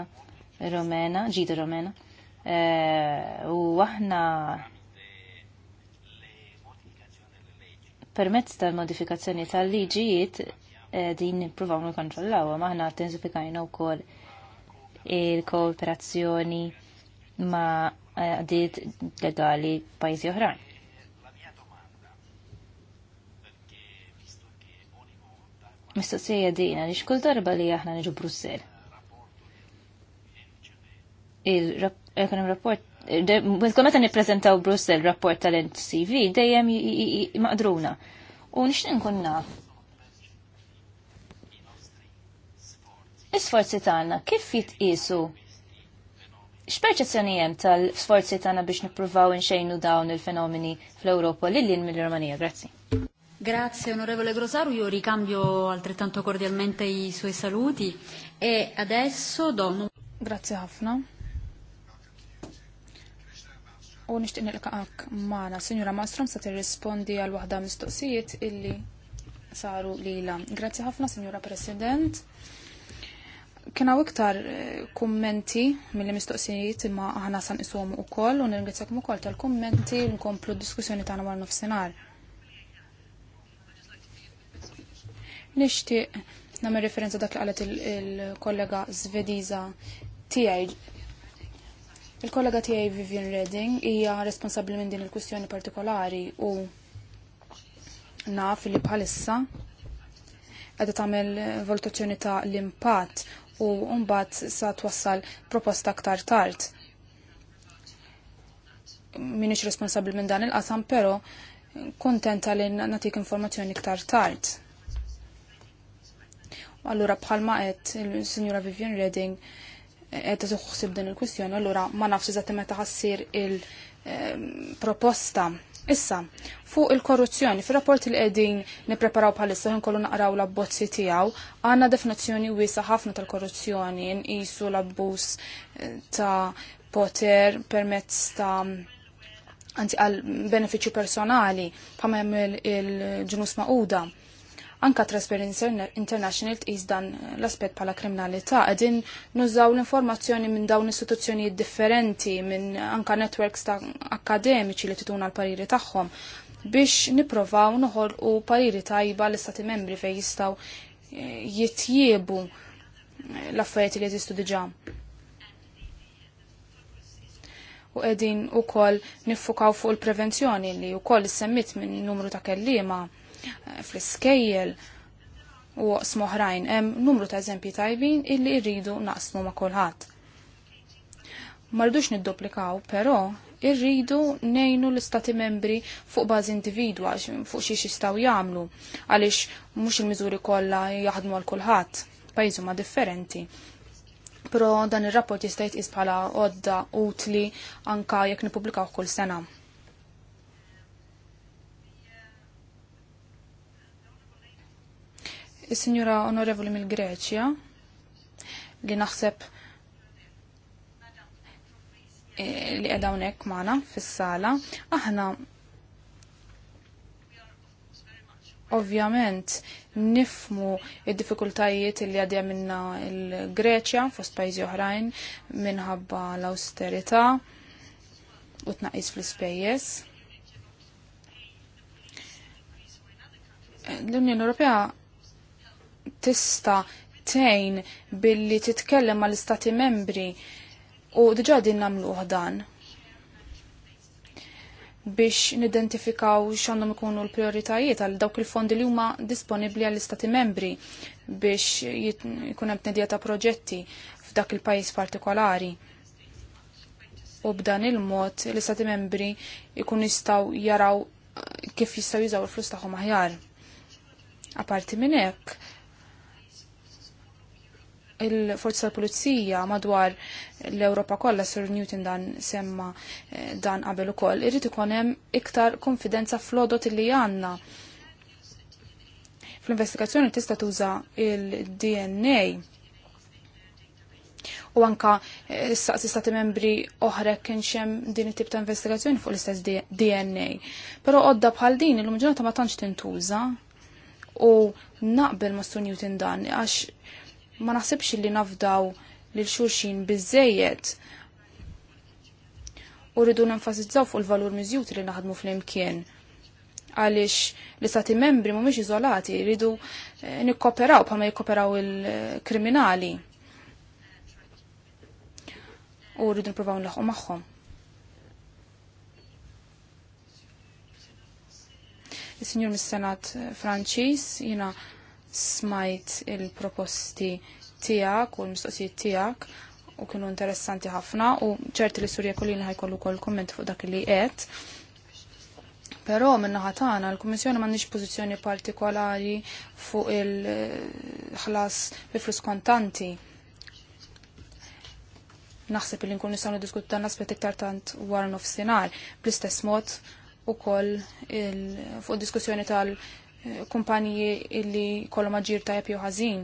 Romena, ġida Romena. Eh, u aħna permezz tal-modifikazzjoni tal-liġijiet eh, din nippruvaw nikkontrollaw, maħna intensifikajna wkoll il-kooperazzjoni ma' eh, għadiet legali pajjiżi oħrajn. mistoqsija dina li xkull darba li aħna niġu Brussel. Il-ekonom rapport, meta meta nippreżentaw Brussel rapport tal-NCV dejjem maqdruna. U nixtieq nkun naf. Is-sforzi tagħna kif jitqisu X'perċezzjoni hemm tal-sforzi tagħna biex nippruvaw inxejnu dawn il-fenomeni fl-Ewropa lil lin mill-Romanija? Grazzi. Grazie onorevole Grosaru, io ricambio altrettanto cordialmente i suoi saluti e adesso do... Grazie Afna. U nishtiq nilqaqak maħna, Signora Mastrom, sa tirrispondi għal waħda mistoqsijiet illi saru lila. Grazie ħafna, Signora President. Kena iktar eh, kummenti mill mistoqsijiet imma aħna san isom u koll, u nirgħetzak u koll tal-kummenti, nkomplu diskussjoni tagħna għal nufsenar. Nixtieq nagħmel referenza dak li qalet il-kollega Zvediza tiegħi. Il-kollega tiegħi Vivian Redding hija responsabbli minn din il-kwistjoni partikolari u naf li bħalissa għedha tagħmel valutazzjoni ta' l-impatt u mbagħad sa twassal proposta aktar tard. Minix responsabbli minn dan il-qasam, però kontenta li natik informazzjoni iktar tard. Allura bħalma qed il-Sinjura Vivian Redding qed tuħsib din il-kwistjoni, allura ma nafx eżatt meta ħassir il-proposta. Issa, fuq il-korruzzjoni, fil-rapport li qegħdin nippreparaw bħalissa kollu naqraw l-abbozzi tiegħu, għandna definizzjoni wiesa ħafna tal-korruzzjoni, nqisu l-abbuż eh, ta' poter permezz ta' anzi għal benefiċi personali pamem il-ġnus il Anka Transparency International tqis dan l-aspett bħala kriminalità qegħdin nużaw l-informazzjoni minn dawn istituzzjonijiet differenti minn anka networks ta' akademiċi li tituna l-pariri tagħhom biex niprovaw noħolqu pariri tajba l-istati membri fej jistaw eh, jitjiebu l-affarijiet li jeżistu diġà. U qegħdin ukoll niffukaw fuq il-prevenzjoni li wkoll issemmit minn numru ta' kellima Eh, fl-iskejjel u oħrajn hemm numru ta' eżempji tajbin illi rridu naqsmu ma' kulħadd. Mardux nidduplikaw, però irridu nejnu l-istati membri fuq bażi individwa fuq xiex jistgħu jagħmlu għaliex mhux il-miżuri kollha jaħdmu għal kulħadd, pajjiżu ma' differenti. Però dan ir-rapport jista' jitqis bħala għodda utli anka jekk nippubblikaw kull sena. Is-Sinjura Onorevoli mill-Greċja li naħseb eh, li għedawnek maħna fis-sala. Aħna ovvjament nifmu il difikultajiet li għadja minna il-Greċja fost pajzi oħrajn minħabba l-austerita u tnaqis fl-ispejjeż. L-Unjoni Ewropea tista tejn billi titkellem l istati membri u diġa din namluħ dan biex nidentifikaw x'għandhom ikunu l-prioritajiet għal dawk il-fondi li huma disponibbli għall istati membri biex jkun hemm tnedija ta' proġetti f'dak il-pajjiż partikolari. U b'dan il-mod l-istati membri jkun jistgħu jaraw kif jistgħu jużaw il-flus tagħhom aħjar. Aparti minn hekk, il-forza tal-pulizija madwar l-Ewropa kollha Sir Newton dan semma eh, dan qabel ukoll. Irrid ikun hemm iktar konfidenza fl-odot li għandna. Fl-investigazzjoni tista' tuża il-DNA u anka s-saqsi eh, stati membri oħra kien xem din it-tip ta' investigazzjoni fuq l-istess DNA. Pero għodda bħal din il-lumġunata ma tantx tintuża u naqbel ma' Sir Newton dan għax ma naħsibx li nafdaw lil xulxin biżejjed u rridu nenfasizzaw fuq il-valur miżjuti li naħdmu fl-imkien għaliex l-istati membri mhumiex iżolati, rridu eh, nikkoperaw bħalma jikkoperaw il-kriminali u rridu nipprovaw nlaħqu magħhom. Is-Sinjur mis-Senat Franċiż jiena smajt il-proposti tijak u l-mistoqsijiet tijak u kienu interessanti ħafna u ċerti li Surja Kolina ħajkollu kol komment fuq dak li qed. Però minna tagħna l-Kummissjoni m'għandix pożizzjoni partikolari fuq il-ħlas bi flus kontanti. Naħseb li nkun nistgħu niddiskutu dan l-aspett iktar tant wara nofsinhar. Bl-istess mod ukoll fuq diskussjoni tal- kumpanji illi kollu maġir tajjeb jew ħażin.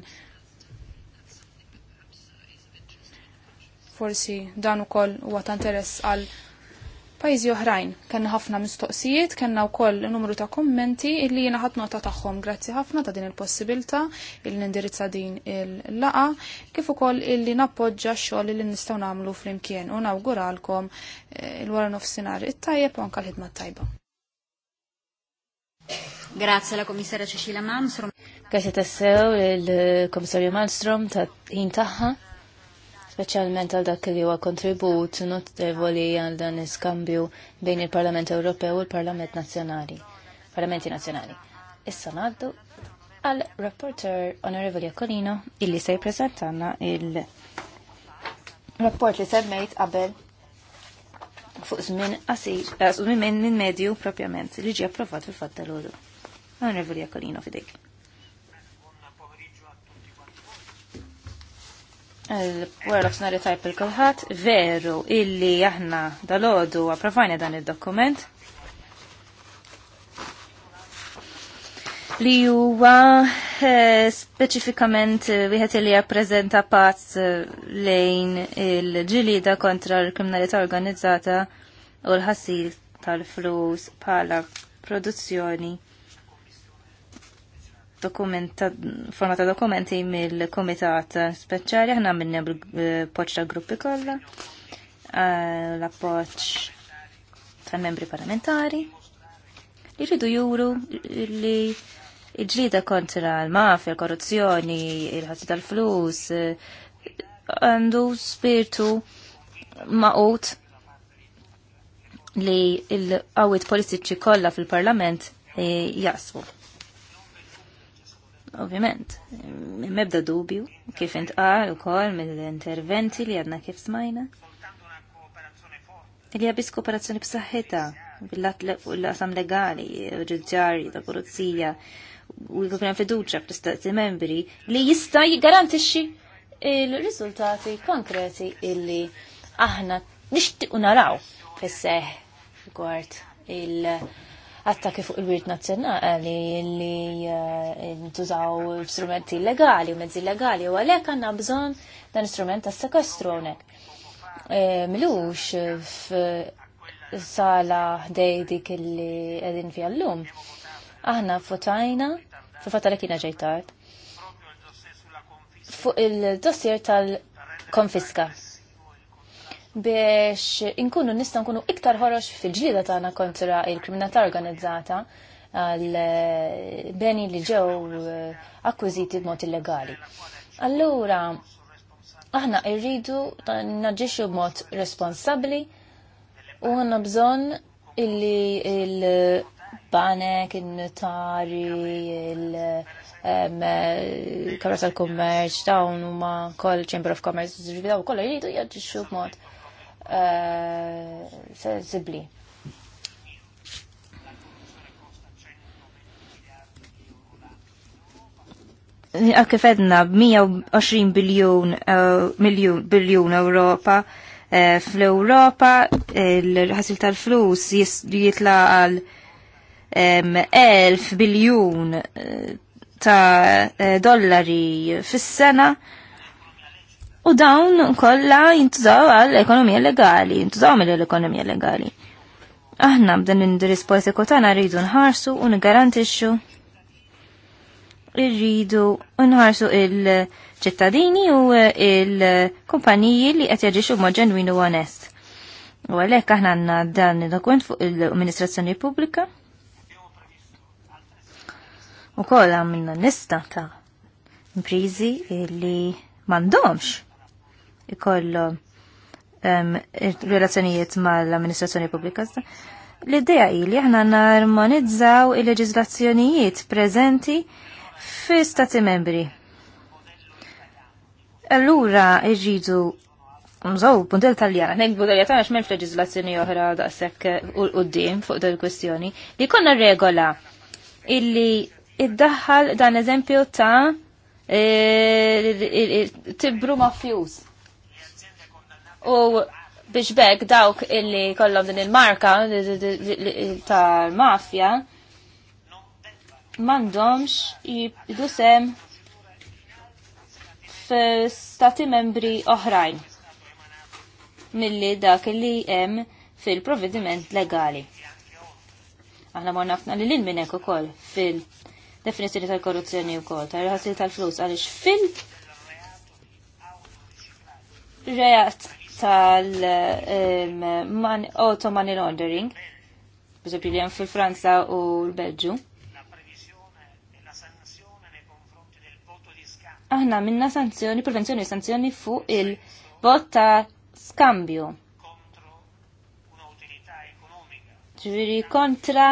Forsi dan ukoll huwa ta' interess għal pajjiżi oħrajn. Kenna ħafna mistoqsijiet, kenna wkoll numru ta' kummenti illi jiena ħadd nota tagħhom. Grazzi ħafna ta' din il-possibilità illi nindirizza din il-laqa, kif ukoll illi nappoġġa x-xogħol li nistgħu nagħmlu flimkien u nawguralkom eh, il-wara nofsinhar it-tajjeb u anke l-ħidma tajba. Grazie alla commissaria Cecilia Malmström. Grazie tassew il eh, commissario Malmström, ta' ħin taħħa, specialment għal dak li huwa kontribut notevoli għal dan iskambju bejn il-Parlament europeo u l-Parlament Nazzjonali, Parlamenti Nazzjonali. Issa ngħaddu reporter rapporter Onorevoli il illi se jippreżentanna il-rapport li semmejt qabel fuq żmien qasir, eh, żmien minn medju propjament li ġie approvat fil-fatt l għodu Onorevoli Jakolino fidejk. s-nari tajp il kolħat veru illi aħna dal-għodu approvajna dan id-dokument, li huwa eh, speċifikament eh, wieħed li jappreżenta pazz eh, lejn il-ġilida kontra l-kriminalità organizzata u l-ħassil tal-flus bħala produzzjoni dokumenta, formata dokumenti mill-komitat speċjali aħna minna bil-poċ tal gruppi kollha, l-appoċ tal-membri parlamentari li juru li il-ġlida kontra l-mafja, l-korruzzjoni, il ħati tal-flus, għandu spiritu maqut li l-għawit politiċi kollha fil-parlament eh, jasbu. Ovvjament, mebda dubju kif intqal ukoll mill-interventi li għadna kif smajna. Li għabis kooperazzjoni b'saħħitha bil-qasam legali, ġudġari, ta' pulizija, u l-gvern fiduċa fl-istati membri li jista' jiggarantixxi il-riżultati konkreti illi aħna nixtiequ naraw fis-seħ rigward il-attakki fuq il-wirt nazzjonali li eh, ntużaw strumenti illegali u mezzi illegali u għalhekk għandna bżonn dan istrument tas sekastru hawnhekk. Eh, milux f'sala ħdej dik illi qegħdin fiha llum aħna fotajna fil-fatta li kiena ġejtart fuq il-dossier tal-konfiska biex inkunu nista' nkunu iktar ħorox fil-ġlida tagħna kontra il-kriminalità organizzata għal beni li ġew eh, akkużiti b'mod illegali. Allura, aħna irridu naġġixxu b'mod responsabbli u għandna bżonn illi panek, il-notari, il-karras eh, tal kommerċ dawn huma kol Chamber of Commerce, ġividaw kollha jridu jaġġixxu xub mod eh, Kif edna b-120 biljon biljon Ewropa eh, fl-Europa, l-ħasil tal-flus jitla għal elf biljun eh, ta' eh, dollari fis-sena u dawn kollha jintużaw għall-ekonomija legali, jintużaw mill-ekonomija legali. Aħna b'dan l-indirizz politiku tagħna rridu nħarsu u nigarantixxu irridu nħarsu il-ċittadini u il-kumpaniji li qed jaġixxu mod ġenwin u onest. U għalhekk aħna għandna dan id-dokument fuq il-Amministrazzjoni Pubblika u koll għamilna nista ta' imprizi li mandomx ikollhom um, relazzjonijiet mal-amministrazzjoni pubblika. L-idea li aħna narmonizzaw il-leġizlazzjonijiet prezenti fi stati membri. Allura iġidu Mżaw, puntel tal-jana, nek budel jatana xmel f-leġizlazzjoni oħra sekk u d-dim fuq dal-kwestjoni, li konna regola illi iddaħħal dan eżempju ta' e, e, tibru mafjuż. U biex bekk dawk illi kollhom din il-marka tal-mafja m'għandhomx jibdu sem f'stati membri oħrajn milli dak li hemm fil-provvediment legali. Aħna morna ħafna li l-min ukoll fil- definizjoni tal-korruzzjoni u kol, tal-ħasil tal-flus, għalix fil reat tal-auto money laundering, bżabri li fil-Franza u l-Belġu. Aħna minna sanzjoni, prevenzjoni sanzjoni fu il-vot ta' skambju. Ġviri kontra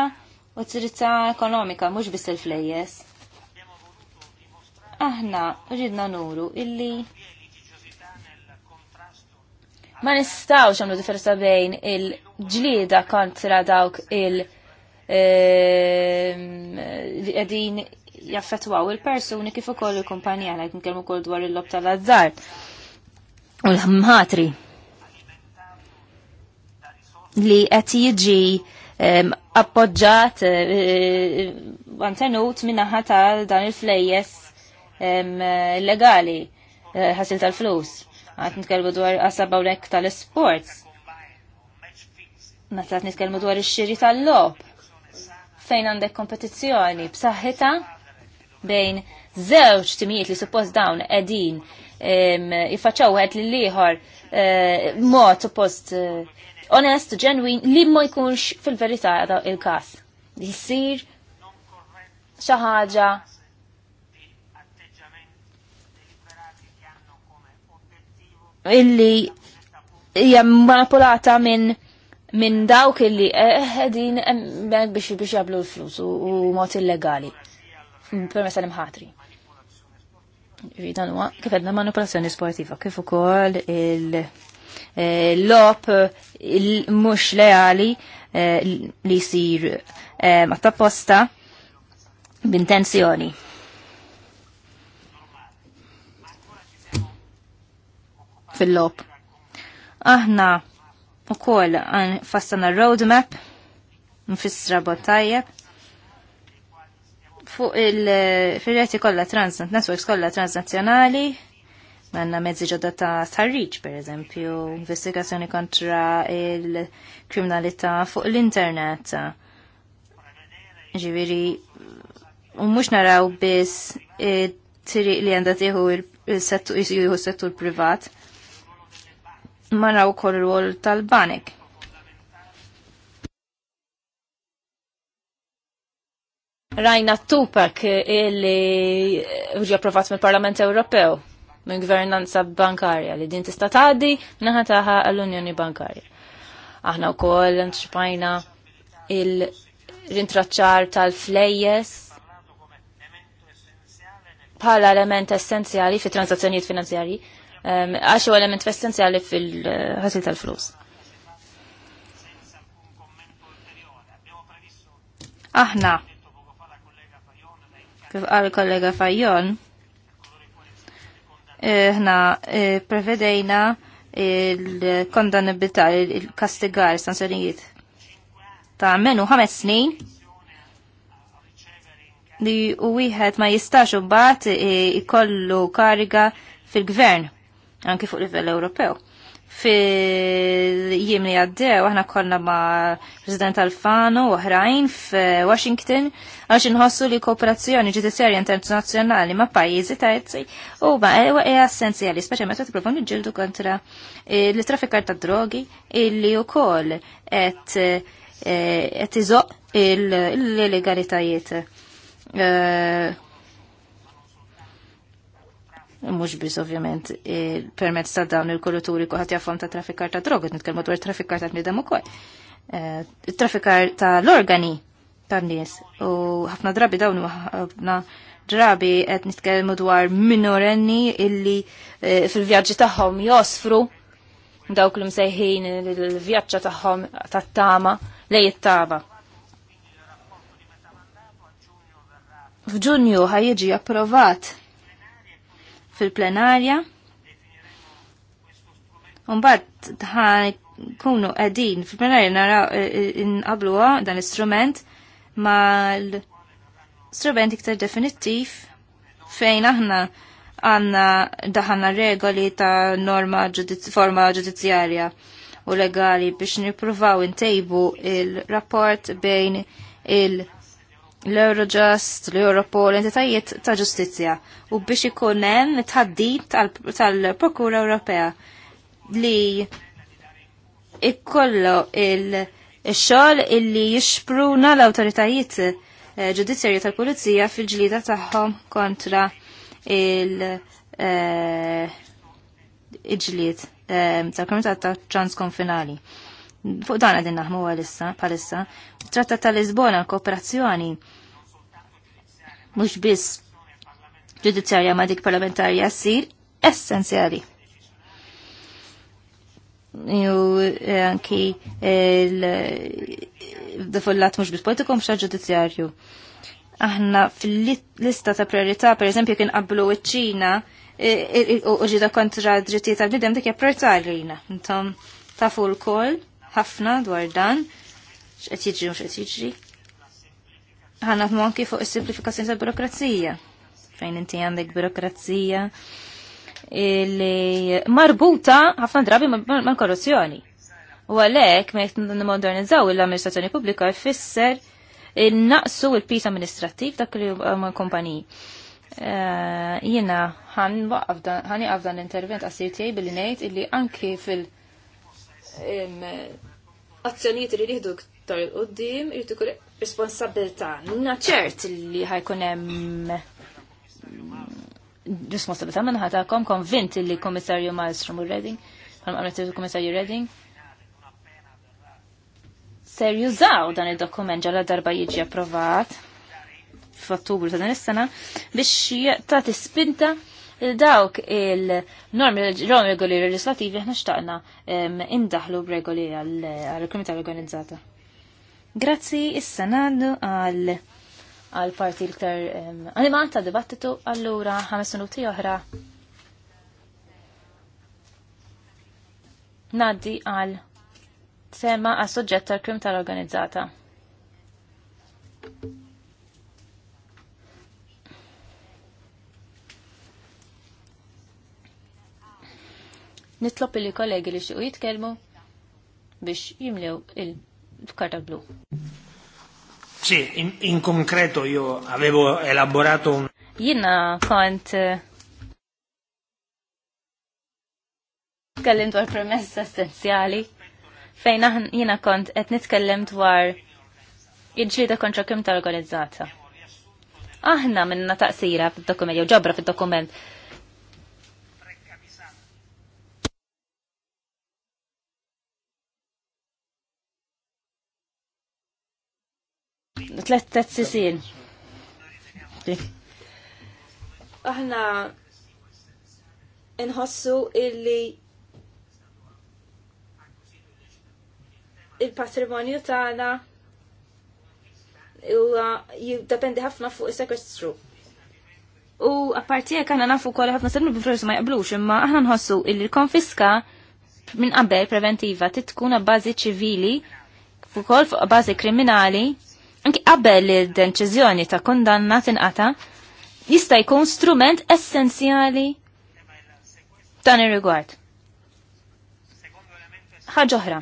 u t-sirizza ekonomika, mux biss il-flejjes. Aħna ridna nuru illi ma nistaw xamlu differenza bejn il-ġlida kontra dawk il- ehm, għedin jaffetwaw il-persuni kif ukoll il-kumpanija għalhekk nkellmu kol dwar il-lob tal azzar u l ħmħatri li qed jiġi appoġġat għantenut eh, eh, minna ħatal dan il-flejjes eh, legali ħasil tal-flus. Għat nitkelmu dwar għasabaw għawlek tal-sports. Meta nitkelmu dwar ix-xiri tal-lob. Fejn għandek kompetizzjoni b'saħħita bejn żewġ timijiet li suppost dawn qegħdin jifaċċaw wieħed lil ieħor mod suppost uh, onest u ġenwin li ma jkunx fil-verità il-kas. Li Jissir xaħġa. illi hija manipulata minn minn dawk illi eh, ħedin biex biex jablu l-flus u mod illegali. Permessa l-imħatri. Dan huwa kif għedna manipolazzjoni sportiva, kif ukoll il- Eh, l-op mux leali eh, li jisir għatta eh, posta b'intenzjoni. Fil-lop. Aħna u kol għan fassana roadmap nfissra bottajjeb fuq il-firreti kolla transnat, networks kolla transnazjonali għanna mezzi ġodda ta' sarriċ, per eżempju, investigazzjoni kontra il-kriminalità fuq l-internet. Ġiviri, u mux naraw bis tiri li għandat jihu il-settur privat, ma naraw kol rwol tal-banik. Rajna t-tupak li ġi approvat mill-Parlament Ewropew minn gvernanza bankarja li din tista' tgħaddi naħa taħa għall-Unjoni Bankarja. Aħna wkoll anticipajna il-rintraċċar tal-flejjes bħala element essenzjali fi transazzjonijiet finanzjarji għax um, element essenzjali fil-ħasil tal-flus. Aħna, kif għal kollega Fajjon, Eh, ħna eh, prevedejna il-kondannabilità, il-kastigar, sanzjonijiet ta' menu ħames snin li u wieħed ma jistax imbagħad eh, ikollu kariga fil-gvern anki fuq livell Ewropew fil-jiem li għaddew, aħna konna ma' President Alfano u oħrajn f'Washington għax inħossu li kooperazzjoni ġudizzjarja internazzjonali ma' pajjiżi terzi u ma' ewa e essenzjali, speċa meta tipprovon ġildu kontra eh, l-traffikar ta' drogi illi wkoll qed eh, iżoq il-legalitajiet eh, mux biss ovvjament permezz ta' dawn il-kulturi kuħat jaffam ta' trafikar ta' droga, nitkelmu dwar trafikar ta' nidem u koll. Eh, trafikar ta' l-organi ta' nies u ħafna drabi dawn u ħafna drabi għed nitkelmu dwar minorenni illi eh, fil-vjaġġi tagħhom josfru dawk li msejħin il-vjaġġa tagħhom tat-tama lej it-tama. F'Ġunju ħajjiġi approvat fil-plenarja. Umbat kunu għedin fil-plenarja naraw eh, eh, inqabluwa dan l-istrument ma l-istrument iktar definittiv fejn aħna għanna daħanna regoli ta' norma ġudiz forma ġudizzjarja u legali biex niprufaw intejbu il-rapport bejn il-, -rapport, bejn il l-Eurojust, l-Europol, entitajiet ta' ġustizja u biex ikun hemm tħaddit tal-Prokura Ewropea li ikkollu il-xogħol illi jixpruna l-awtoritajiet eh, ġudizzjarji tal-Pulizija fil-ġlida tagħhom kontra eh, il-ġlied eh, tal-Komitat ta' Transkonfinali fuq dan għadin naħmu għalissa, palissa, tratta tal-Lisbona, kooperazzjoni, mux biss ġudizzjarja ma dik parlamentarja sir essenzjali. U eh, anki il-defullat mux biss politikum xa ġudizzjarju. Aħna fil-lista ta' priorità, per eżempju, kien qablu iċ-ċina eh, eh, u ġida kontra drittijiet tal-bidem dik hija rina. Ntom tafu l-koll ħafna dwar dan, x'qed jiġri u x'qed jiġri. Ħana anki fuq is-simplifikazzjoni tal-burokrazija. Fejn inti għandek burokrazija li marbuta ħafna drabi mal-korruzzjoni. U għalhekk meta nimodernizzaw l-amministrazzjoni pubblika jfisser naqsu il-pis amministrattiv dak li huma kumpaniji. Eh, jiena ħan waqaf dan l-intervent għasir tiegħi billi ngħid illi anki fil- azzjonijiet li jieħdu iktar il-qoddim, kur responsabilta. Na ċert li ħajkun hemm mm, responsabilità minn ħatakom konvint li komissarju Malstrom u Redding, għamlet il-komissarju Redding, ser jużaw dan il-dokument ġala darba jiġi approvat f'Ottubru ta' din is-sena biex tagħti spinta dawk il-normi regoli legislativi ħna xtaqna indaħlu b'regoli għal-komunità organizzata. Grazzi issa senadu għal għal parti l-ktar animata dibattitu allura 5 minuti oħra. Naddi għal tema għas-soġġett tal-krim tal-organizzata. nitlop li kollegi li xtiqu jitkellmu biex jimlew il-karta blu. Sì, in, in concreto io avevo elaborato un... Jina kont nitkellem eh, dwar premessa essenzjali fejn jina kont qed nitkellem dwar il-ġlieda kontra kim tal-organizzata. Aħna minna taqsira fid-dokument, jew ġabra fid-dokument tlet sisin. Aħna nħossu illi il-patrimonju tagħna huwa jiddependi ħafna fuq is-sekwestru. U apparti jekk aħna nafu wkoll ħafna sarnu bifrus ma jaqblux, imma aħna nħossu illi l-konfiska minn qabel preventiva titkun bażi ċivili fuq bażi kriminali anki qabel id-deċiżjoni ta' kondanna tinqata jista' jkun strument essenzjali dan ir-rigward. Ħaġa oħra.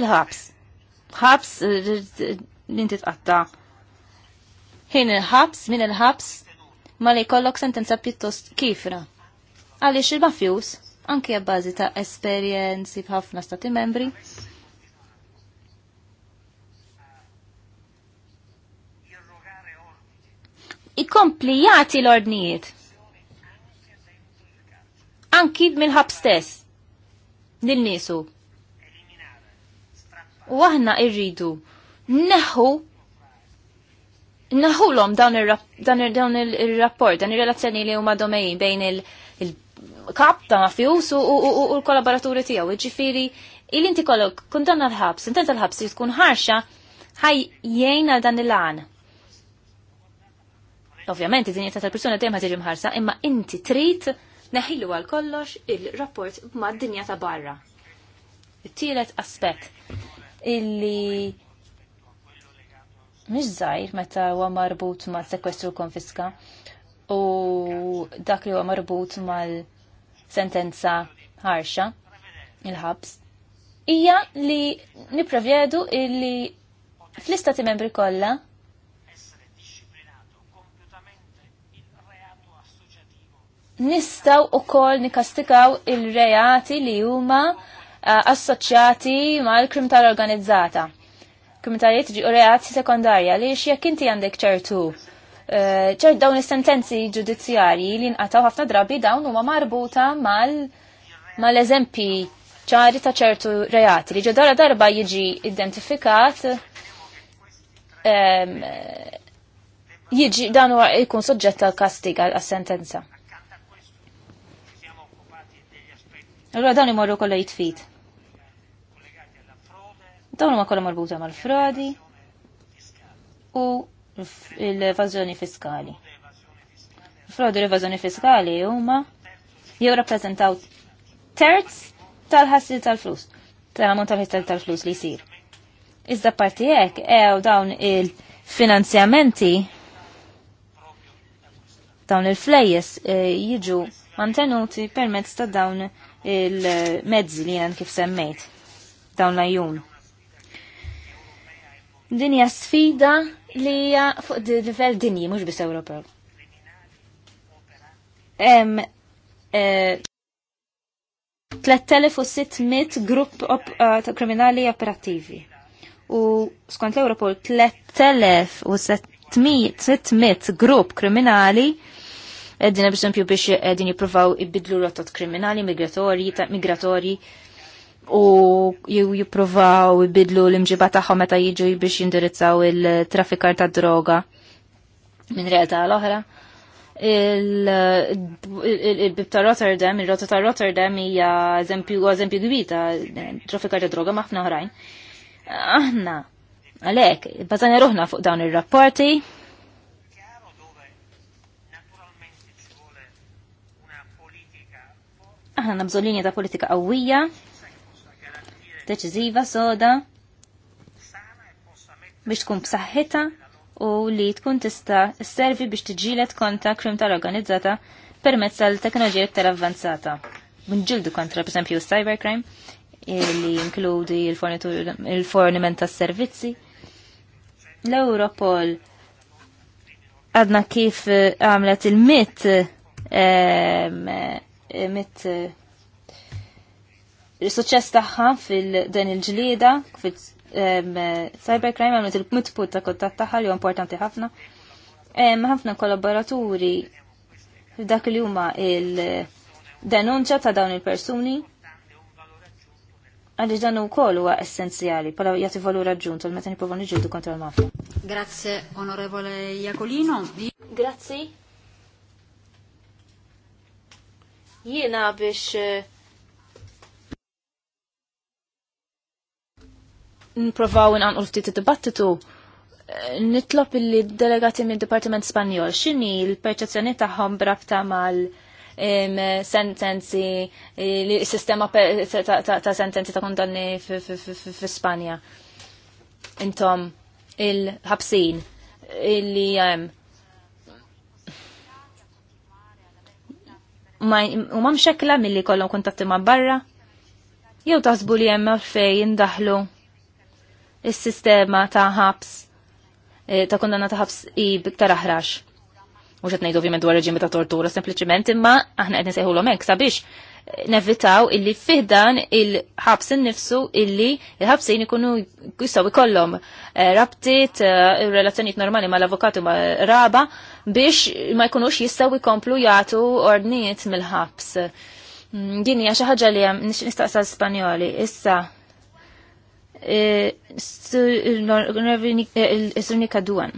Il-ħabs. Ħabs li tqatta. Ħin il-ħabs, min il-ħabs, ma li kollok sentenza pjuttost kifra. Għaliex il-mafjus, anki għabbażi ta' esperjenzi f'ħafna stati membri, ikompli jagħti l-ordnijiet. Anki mill-ħab stess nil-nisu. U aħna irridu neħu l-om dawn il-rapport, dan il-relazzjoni li huma domejn bejn il-kap ta' mafjus u l-kollaboraturi tiegħu. Ġifieri, il inti kollok kundan l-ħabs, intenza l-ħabs li tkun ħarxa ħaj jena dan il lan Ovvjament, id-dinjità tal-persuna dejjem ħaġa ħarsa, imma inti trid neħilu għal kollox il-rapport ma' dinja ta' barra. It-tielet aspett illi mhux żgħir meta huwa marbut ma' sekwestru konfiska u dak li huwa marbut mal-sentenza ħarxa il-ħabs hija li niprevjedu illi fl-istati membri kollha nistaw u kol nikastikaw il-reati li huma eh, assoċjati mal-krim tal-organizzata. Krim tal organizzata krim tal u reati sekundarja li jekk inti għandek ċertu eh, ċert dawn is-sentenzi ġudizzjarji li nqataw ħafna drabi dawn huma marbuta mal-eżempi ċari ta' ċertu reati li ġodara darba jiġi identifikat ehm, jiġi dan huwa jkun suġġetta tal kastiga għas-sentenza. Allura dawn imorru kollha jitfit. Dawn huma kollha marbuta mal-frodi u l-evażjoni fiskali. Frodi u l evazjoni fiskali huma jew rappreżentaw terz tal-ħassil tal-flus, tal-ammont tal-ħassil tal-flus li jsir. Iżda parti hekk ew dawn il-finanzjamenti dawn il-flejjes eh, jiġu mantenuti permezz ta' dawn il-mezzi li jena kif semmejt dawn l-ajjun. Dinja sfida li hija fuq livell dinji mhux biss Ewropew. Hemm eh, 3600 grupp eh, ta' kriminali operattivi. U skont l ewropol 3600 grupp kriminali Eddina biex biex edin jiprofaw ibidlu rotot kriminali, migratori, migratori u jiprofaw ibidlu l-imġiba taħħom meta jiġu biex jindirizzaw il-traffikar ta' droga minn realtà l-oħra. Il-bib ta' Rotterdam, il rotot ta' Rotterdam hija eżempju eżempju gbita, traffikar ta' droga maħfna oħrajn. Aħna, għalek, bazan ruħna fuq dawn ir rapporti aħna nabżu linja ta' politika qawwija, deċiżiva soda biex tkun b'saħħita u li tkun tista' s-servi biex tiġilet konta krim tal-organizzata permezz tal-teknoloġija iktar avvanzata. Nġildu kontra, per esempio, cybercrime, li inkludi il-forniment tas servizzi L-Europol għadna kif eh, għamlet il-mit eh, mit il-suċess eh, tagħha fil-dan il-ġlieda fil-cybercrime għamlet il-mitput ta' kontat tagħha li importanti ħafna. ħafna kollaboraturi f'dak li huma il-denunċa ta' dawn il-persuni għalli dan ukoll huwa essenzjali pala jagħti valur aġġunt għal meta nippruvaw niġġieldu kontra l-mafja. Grazie, Onorevole Jacolino. Grazie. Jiena biex eh, nprovaw inqanqu ftit id-dibattitu eh, nitlob illi delegati minn Dipartiment Spanjol x'inhi l-perċezzjoni tagħhom brabta mal sentenzi, eh, sistema ta' sentenzi ta' kondanni fi Spanja. Intom, il-ħabsin, illi hemm. u ma mxekla mill-li kollon kontatti ma' barra? Jew taħsbu li jemma fej jindahlu il-sistema ta' ħabs, eh, ta' kondanna ta' ħabs i biktar aħrax. Mux għetnejdu ovvijament dwar reġimi ta' tortura, sempliciment imma aħna għedni seħu l-omek sabiex nevitaw illi fiħdan il-ħabsin nifsu illi il-ħabsin ikunu jistaw ikollom eh, rabtit, eh, relazzjoniet normali ma l-avokatu ma raba biex ma jkunux jistaw ikomplu jgħatu ordniet mill-ħabs. Gini, mm, għaxa ħagġa li għam nistaqsa spanjoli, issa. Eh, Sunika Duan.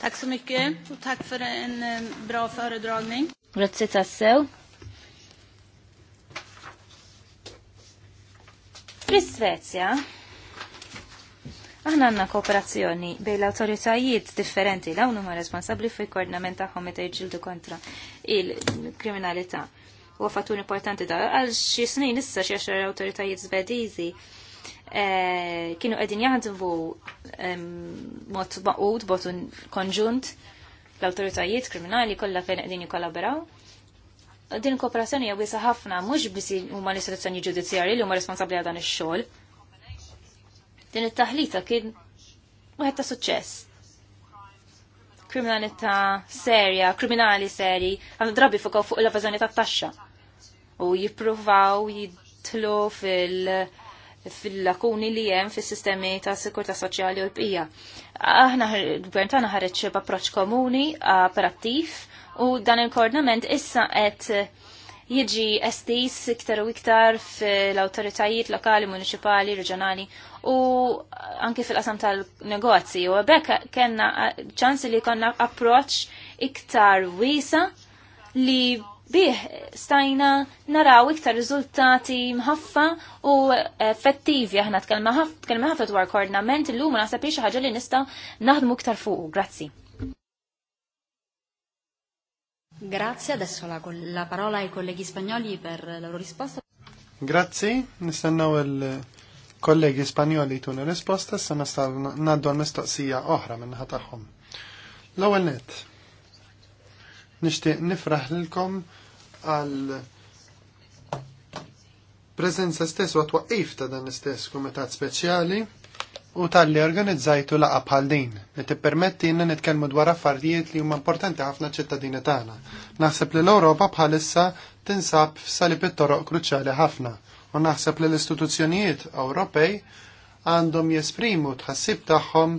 Tak så mycket och tack för en bra föredragning. Grazie tassew. Fl-Svezja, aħna għanna kooperazzjoni bej l-autoritajiet differenti l huma responsabli fuq koordinament tagħhom meta jġildu kontra il-kriminalità. Huwa għafatun importanti da għal xi snin issa xi l autoritajiet svediżi eh, kienu qegħdin jaħdvu mod maqud botun konġunt l-autoritajiet kriminali kollha fejn qegħdin jikollaboraw din kooperazzjoni hija wiesa ħafna mhux biss huma l-istituzzjoni ġudizzjarji li huma responsabbli għal dan ix-xogħol. Din it-taħlita kien wieħed ta' suċċess. Kriminalità serja, kriminali seri, għandu drabi fuq fuq l-evażjoni tat-taxxa u jippruvaw jidħlu fil- fil-lakuni li jem fil-sistemi ta' sikurta soċjali u l-bqija. Aħna gvern tagħna ħareġ b'approċċ komuni, operattiv, u dan il-koordinament issa qed jiġi estis iktar u iktar fil-autoritajiet lokali, municipali, reġjonali u anke fil-qasam tal-negozji. U għabek kena ċans li konna approċ iktar wisa li bih stajna naraw iktar riżultati mħaffa u effettivi aħna tkellma ħafna dwar koordinament illum naħseb li xi ħaġa li nista' naħdmu iktar fuq. Grazzi. Grazie, adesso la, la parola ai colleghi spagnoli per la loro risposta. Grazie, nistennaw il-kollegi spanjoli tuni risposta, se nistaw naddu għal-mistoqsija oħra minnaħat tagħhom. L-ewwel net, nixtieq nifraħ lilkom għal preżenza stess u għatwaqif ta' dan l-istess kumitat speċjali u tal-li organizzajtu laqa bħal din li tippermetti inna nitkellmu dwar affarijiet li huma importanti ħafna ċittadini tagħna. Naħseb li l-Ewropa bħalissa tinsab f'sali toroq kruċjali ħafna u naħseb li l-istituzzjonijiet Ewropej għandhom jesprimu tħassib tagħhom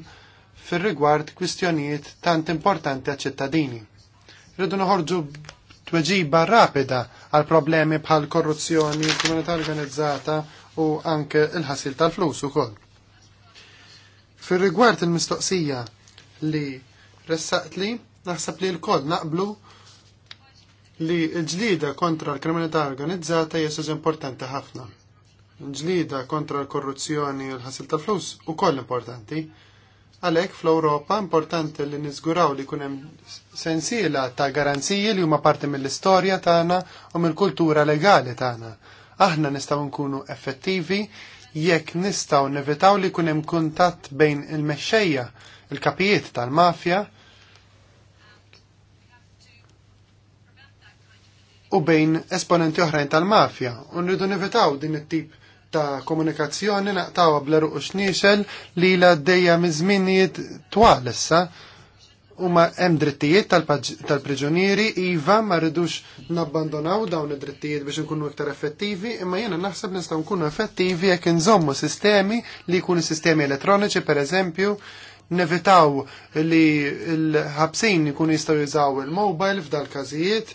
fir-rigward kwistjonijiet tant importanti għaċ-ċittadini. Rridu noħorġu tweġiba rapida għal problemi bħal korruzzjoni, kriminalità organizzata u anke il-ħasil tal-flus ukoll Fir rigward il-mistoqsija li ressaqt li, naħseb li l-koll naqblu li l-ġlida kontra l-kriminalità organizzata jessuż importanti ħafna. L-ġlida kontra l-korruzzjoni u l-ħasil tal-flus u koll importanti. Għalek fl-Europa importanti li nizguraw li kunem sensiela ta' garanziji li huma parti mill-istorja tagħna u mill-kultura legali tagħna. Aħna nistgħu nkunu effettivi jekk nistaw nevitaw li kunem kuntat bejn il-mexxejja, il-kapijiet tal-mafja u bejn esponenti oħrajn tal-mafja. U nridu nevitaw din it-tip ta' komunikazzjoni naqtawa bl-eruq xniexel li la d-dejja mizminijiet twal issa ma hemm drittijiet tal-priġunieri iva ma rridux nabbandonaw dawn id-drittijiet biex nkunu iktar effettivi, imma jiena naħseb nistgħu nkunu effettivi jekk inżommu sistemi li jkunu sistemi elettroniċi pereżempju nevitaw li l-ħabsin jkunu jistgħu jużaw il-mobile f'dal każijiet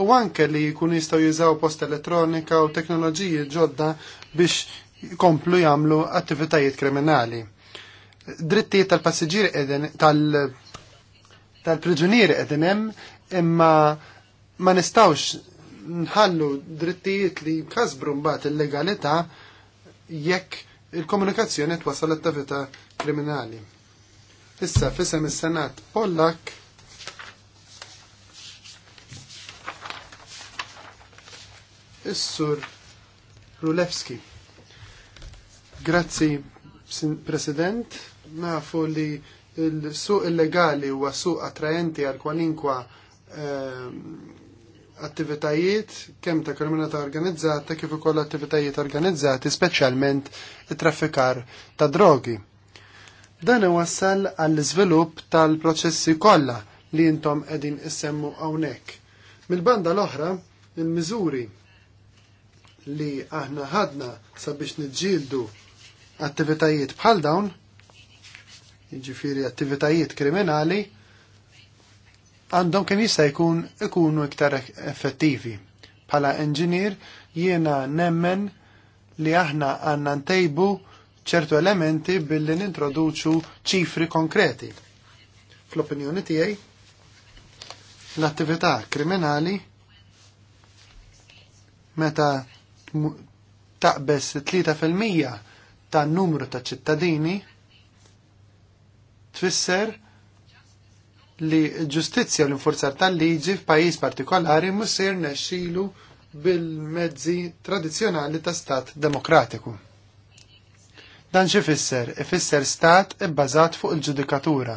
u anke li jkunu jistgħu jużaw post elettronika u teknoloġiji ġodda biex jkomplu jagħmlu attivitajiet kriminali. Drittijiet tal-passiġġieri tal tal-priġunieri qegħdin hemm imma ma nistawx nħallu drittijiet li kasbru mbagħad il-legalità jekk il-komunikazzjoni twasal attività kriminali. Issa fisem is-Senat Pollak Is-Sur Rulewski. Grazzi, President. Nafu li il-suq illegali huwa suq attrajenti għal kwalinkwa ehm, attivitajiet kemm ta' kriminalità organizzata kif ukoll attivitajiet organizzati speċjalment it-traffikar ta' drogi. Dan iwassal għall iżvilupp tal-proċessi kollha li intom qegħdin issemmu hawnhekk. Mill-banda l-oħra, il-miżuri li aħna ħadna sabiex niġġieldu attivitajiet bħal dawn jiġifieri attivitajiet kriminali, għandhom kemm jista' jkun ikunu iktar e- effettivi. Bħala inġinier jiena nemmen li aħna għandna ntejbu ċertu elementi billi nintroduċu ċifri konkreti. Fl-opinjoni tiegħi l-attività kriminali meta taqbes 3% tan numru ta' ċittadini tfisser li ġustizzja u l-infurzar tal-liġi f'pajjiż partikolari mhux se jirnexxielu bil-mezzi tradizzjonali ta' stat demokratiku. Dan x'ifisser, fisser? Ifisser stat ibbażat fuq il-ġudikatura.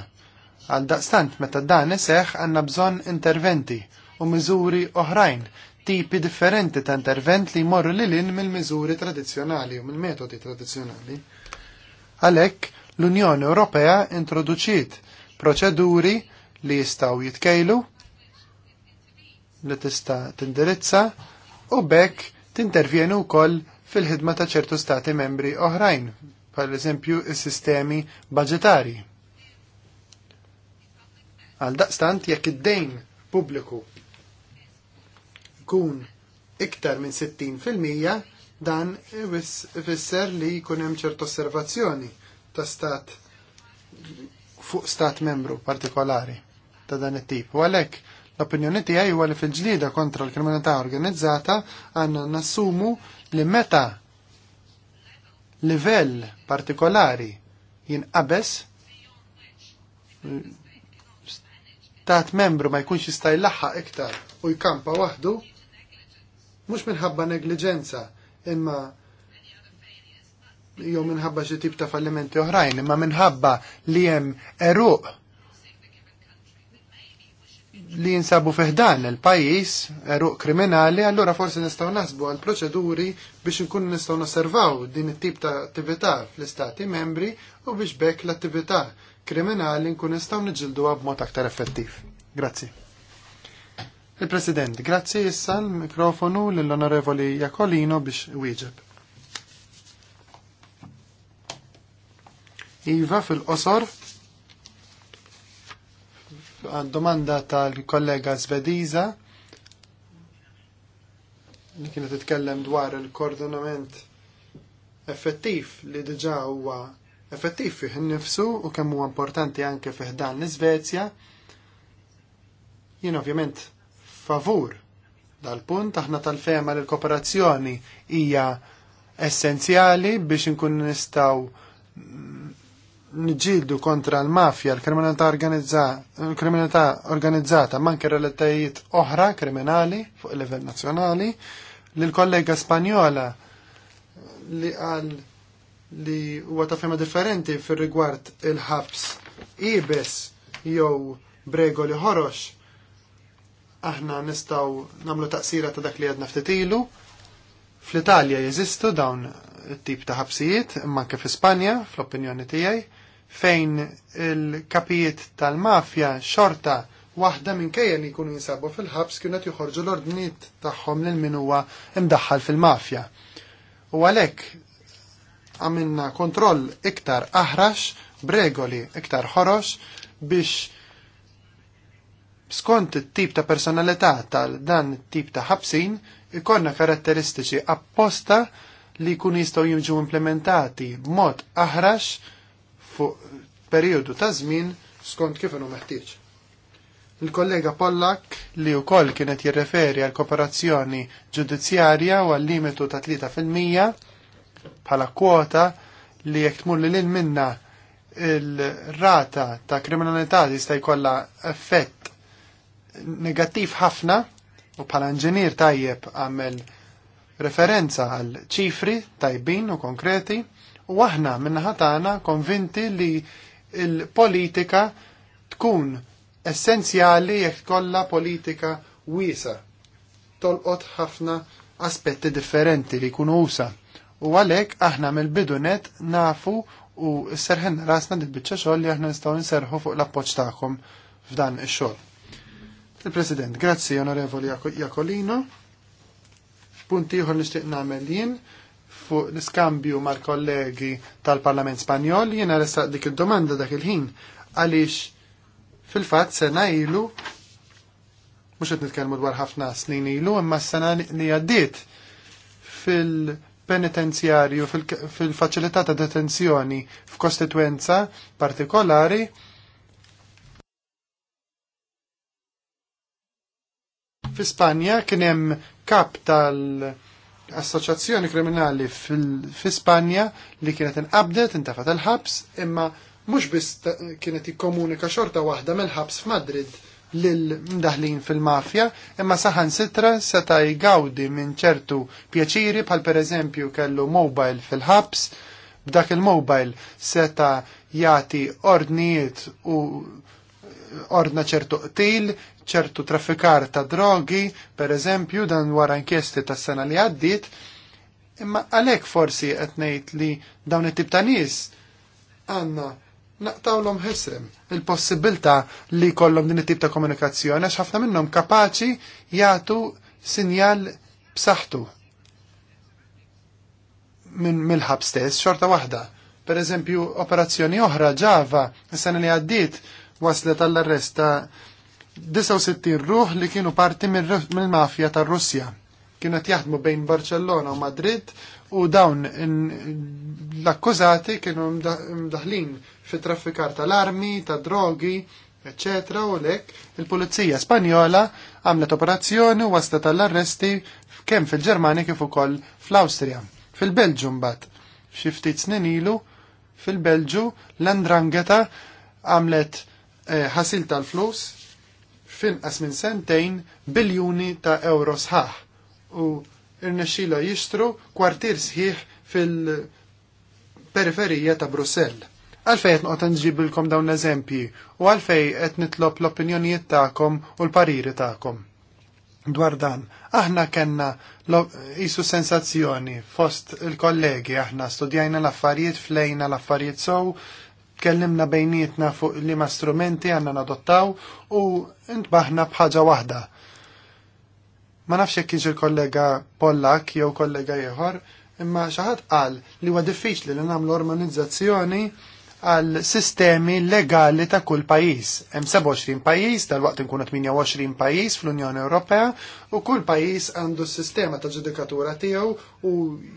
Għal daqstant meta dan iseħħ għanna bżonn interventi u miżuri oħrajn, tipi differenti ta' intervent li jmorru lilin mill-miżuri tradizzjonali u mill-metodi tradizzjonali. Għalhekk L-Unjoni Ewropea introduċiet proċeduri li jistaw jitkejlu, li tista' tindirizza u bekk tintervjenu wkoll fil-ħidma ta' ċertu stati membri oħrajn, per eżempju is-sistemi budgetari. Għal daqstant jekk id-dejn pubbliku kun iktar minn 60% dan ifisser li jkun hemm ċertu osservazzjoni ta' stat fuq stat membru partikolari ta' dan it-tip. U għalhekk l-opinjoni tiegħi huwa li fil-ġlieda kontra l-kriminalità organizzata għandna nassumu li meta livell partikolari jinqabes stat membru ma jkunx jista' jlaħħaq iktar u jkampa waħdu mhux minħabba negliġenza imma jew minħabba xi tip ta' fallimenti oħrajn, imma minħabba li hemm eruq li jinsabu fiħdan il-pajis, eruq kriminali, allura forsi nistaw nasbu għal proċeduri biex nkun nistaw nosservaw din it-tip ta' attività fl-istati membri u biex bekk l-attività kriminali nkun nistaw nġilduha b'mod aktar effettiv. Grazzi. Il-President, grazzi issa l-mikrofonu l-Onorevoli Jakolino biex wieġeb. Iva fil-qosor domanda tal-kollega Svediza li kienet titkellem dwar il-koordinament effettiv li diġa huwa effettiv fih innifsu u kemm huwa importanti anke fih dan l-Iżvezja. Jien ovvjament favur dal-punt aħna tal-fema l kooperazzjoni hija essenzjali biex nkun nistgħu nġildu kontra l-mafja, l-kriminalità organizzata, organizzata manke relatajiet oħra kriminali fuq il-level nazzjonali, li l-kollega Spanjola li għal li huwa ta' fema differenti fir rigward il-ħabs ibes jew brego li ħorox, aħna nistaw namlu taqsira ta' dak li għadna ftitilu. Fl-Italja jeżistu dawn it-tip ta' ħabsijiet, imma anke ispanja fl-opinjoni tiegħi, fejn il-kapijiet tal-mafja xorta waħda minkejja li jkunu jinsabu fil-ħabs kienet joħorġu l-ordniet tagħhom lil min huwa imdaħħal fil-mafja. U għalhekk għamilna kontroll iktar aħrax bregoli iktar ħorox biex skont it-tip ta' personalità tal-dan it-tip ta' ħabsin ikonna karatteristiċi apposta li kun jistgħu jiġu implementati b'mod aħrax fuq periodu ta' żmien skont kif inhu meħtieġ. Il-kollega Pollak li wkoll kienet jirreferi għal kooperazzjoni ġudizzjarja u għal limitu ta' 3% bħala kwota li jekk tmur lil minna il-rata ta' kriminalità jista' jkollha effett negattiv ħafna u bħala inġinier tajjeb għamel referenza għal ċifri tajbin u konkreti U aħna minnaħa tagħna konvinti li l politika tkun essenzjali jekk kolla politika wiesa. Tolqot ħafna aspetti differenti li jkunu usa. U għalhekk aħna mill-bidunet nafu u serħen rasna di bieċa xogħol li aħna nistgħu nserħu fuq l-appoġġ tagħkom f'dan ix xoll Il-President, grazzi onorevoli Jakolino. Punti ieħor nixtieq nagħmel jien fuq l-iskambju mal-kollegi tal-Parlament Spanjol jiena resta dik il-domanda dak il-ħin għaliex fil-fatt sena ilu mhux qed nitkellmu dwar ħafna snin ilu imma sena li għaddiet fil-penitenzjarju fil-faċilità ta' detenzjoni f'kostituenza partikolari fi Spanja kien hemm kap tal- assoċjazzjoni kriminali fil-Spanja li kienet inqabdet intafat il-ħabs imma mhux biss kienet ikkomunika xorta waħda mill-ħabs f'Madrid lil mdaħlin fil-mafja imma saħan sitra seta' jgawdi minn ċertu pjaċiri bħal pereżempju kellu mobile fil-ħabs b'dak il-mobile seta' jagħti ordnijiet u ordna ċertu qtil ċertu traffikar ta' drogi, per eżempju, dan wara inkjesti tas sena li għaddit, imma għalek forsi għetnejt li dawn it tib ta' nis għanna naqtawlom ħisrem il-possibilta li kollom din it-tip ta' komunikazzjoni għax ħafna minnhom kapaċi jagħtu sinjal b'saħħtu minn mill-ħab stess xorta waħda. Per eżempju, operazzjoni oħra ġava, s-sena li għaddit waslet għall-arrest ta' 69 ruħ li kienu parti mill-mafja tar russja Kienet jaħdmu bejn Barcellona u Madrid u dawn l-akkużati kienu mdaħlin fi traffikar tal-armi, ta' drogi, ecc. u lek il-Pulizija Spanjola għamlet operazzjoni u wasta tal-arresti kemm fil-Ġermanja kif ukoll fl-Awstrija. Fil-Belġu mbagħad, xi ftit snin ilu fil-Belġu l andrangheta għamlet eh, ħasil tal-flus finqas minn sentejn biljuni ta' euro sħaħ u irnexxila jixtru kwartir sħiħ fil-periferija ta' Brussell. Għalfej qed noqgħod nġibilkom dawn l-eżempji u għalfej qed nitlob l-opinjonijiet tagħkom u l-pariri tagħkom. Dwar dan, aħna kenna jisu sensazzjoni fost il-kollegi aħna studjajna l-affarijiet, flejna l-affarijiet sow, Kellimna bejnietna fuq li ma strumenti għanna nadottaw u intbaħna bħaġa waħda. Ma nafx jekk kienx il-kollega Pollak jew kollega ieħor, imma xaħat qal li huwa diffiċli li nagħmlu ormonizzazzjoni għal sistemi legali ta' kull pajis. Hemm 27 pajis, tal-waqt nkunu 28 pajis fl-Unjoni Ewropea u kull pajis għandu s-sistema ta' ġudikatura tiegħu u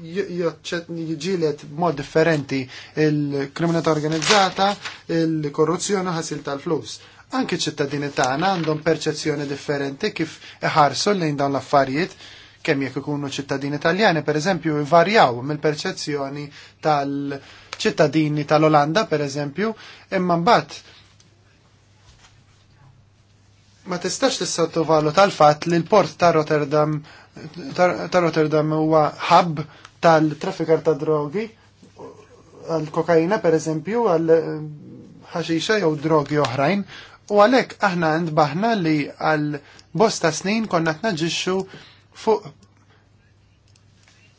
jiġilet b'mod differenti il-kriminalità organizzata, il-korruzzjoni u ħasil tal-flus. Anki ċittadini tagħna għandhom perċezzjoni differenti kif iħarsu lejn dawn l-affarijiet kemm jekk ikunu ċittadini Taljani, per eżempju, varjaw mill-perċezzjoni tal-, -tal ċittadini tal-Olanda, per eżempju, imma mbagħad ma tistax tissottovalu tal-fatt li l-port ta' Rotterdam ta' Rotterdam huwa hub tal-traffikar ta' drogi għal-kokaina per eżempju għal-ħaxixa jew drogi oħrajn u għalhekk aħna ndbaħna li għal bosta snin konna tnaġixxu fuq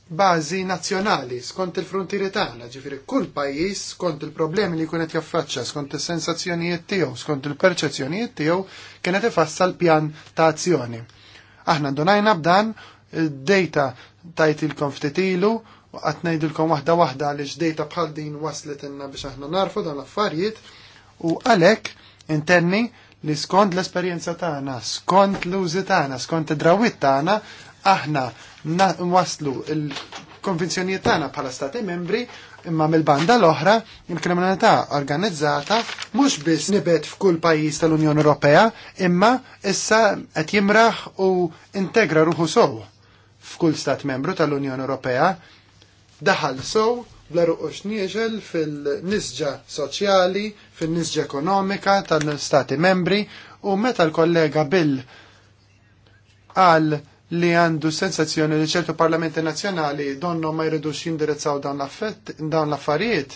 bażi nazzjonali skont il frontiri tagħna, ġifieri kull pajjiż skont il-problemi li kienet jaffaċċa, skont is-sensazzjonijiet tiegħu, skont il-perċezzjonijiet tiegħu kienet ifassal pjan ta' azzjoni. Aħna ndunajna b'dan id-data tajt ftit ilu ftitilu qatt ngħidilkom waħda waħda għalix data bħal din waslet inna biex aħna narfu dan l-affarijiet u għalhekk intenni li skont l esperjenza tagħna, skont l-użi tagħna, skont id-drawit tagħna, aħna waslu il konvenzjoniet tagħna bħala stati membri imma mill-banda l-oħra il-kriminalità organizzata mhux biss nibet f'kull pajjiż tal-Unjoni Ewropea imma issa qed jimraħ u integra ruħu sow f'kull stat membru tal-Unjoni Ewropea daħal sow bla ruqux nieġel fil-nisġa soċjali, fil-nisġa ekonomika tal-stati membri u meta l-kollega Bill għal li għandu sensazzjoni li ċertu parlamenti nazjonali donno ma jridux jindirizzaw dan l-affarijiet,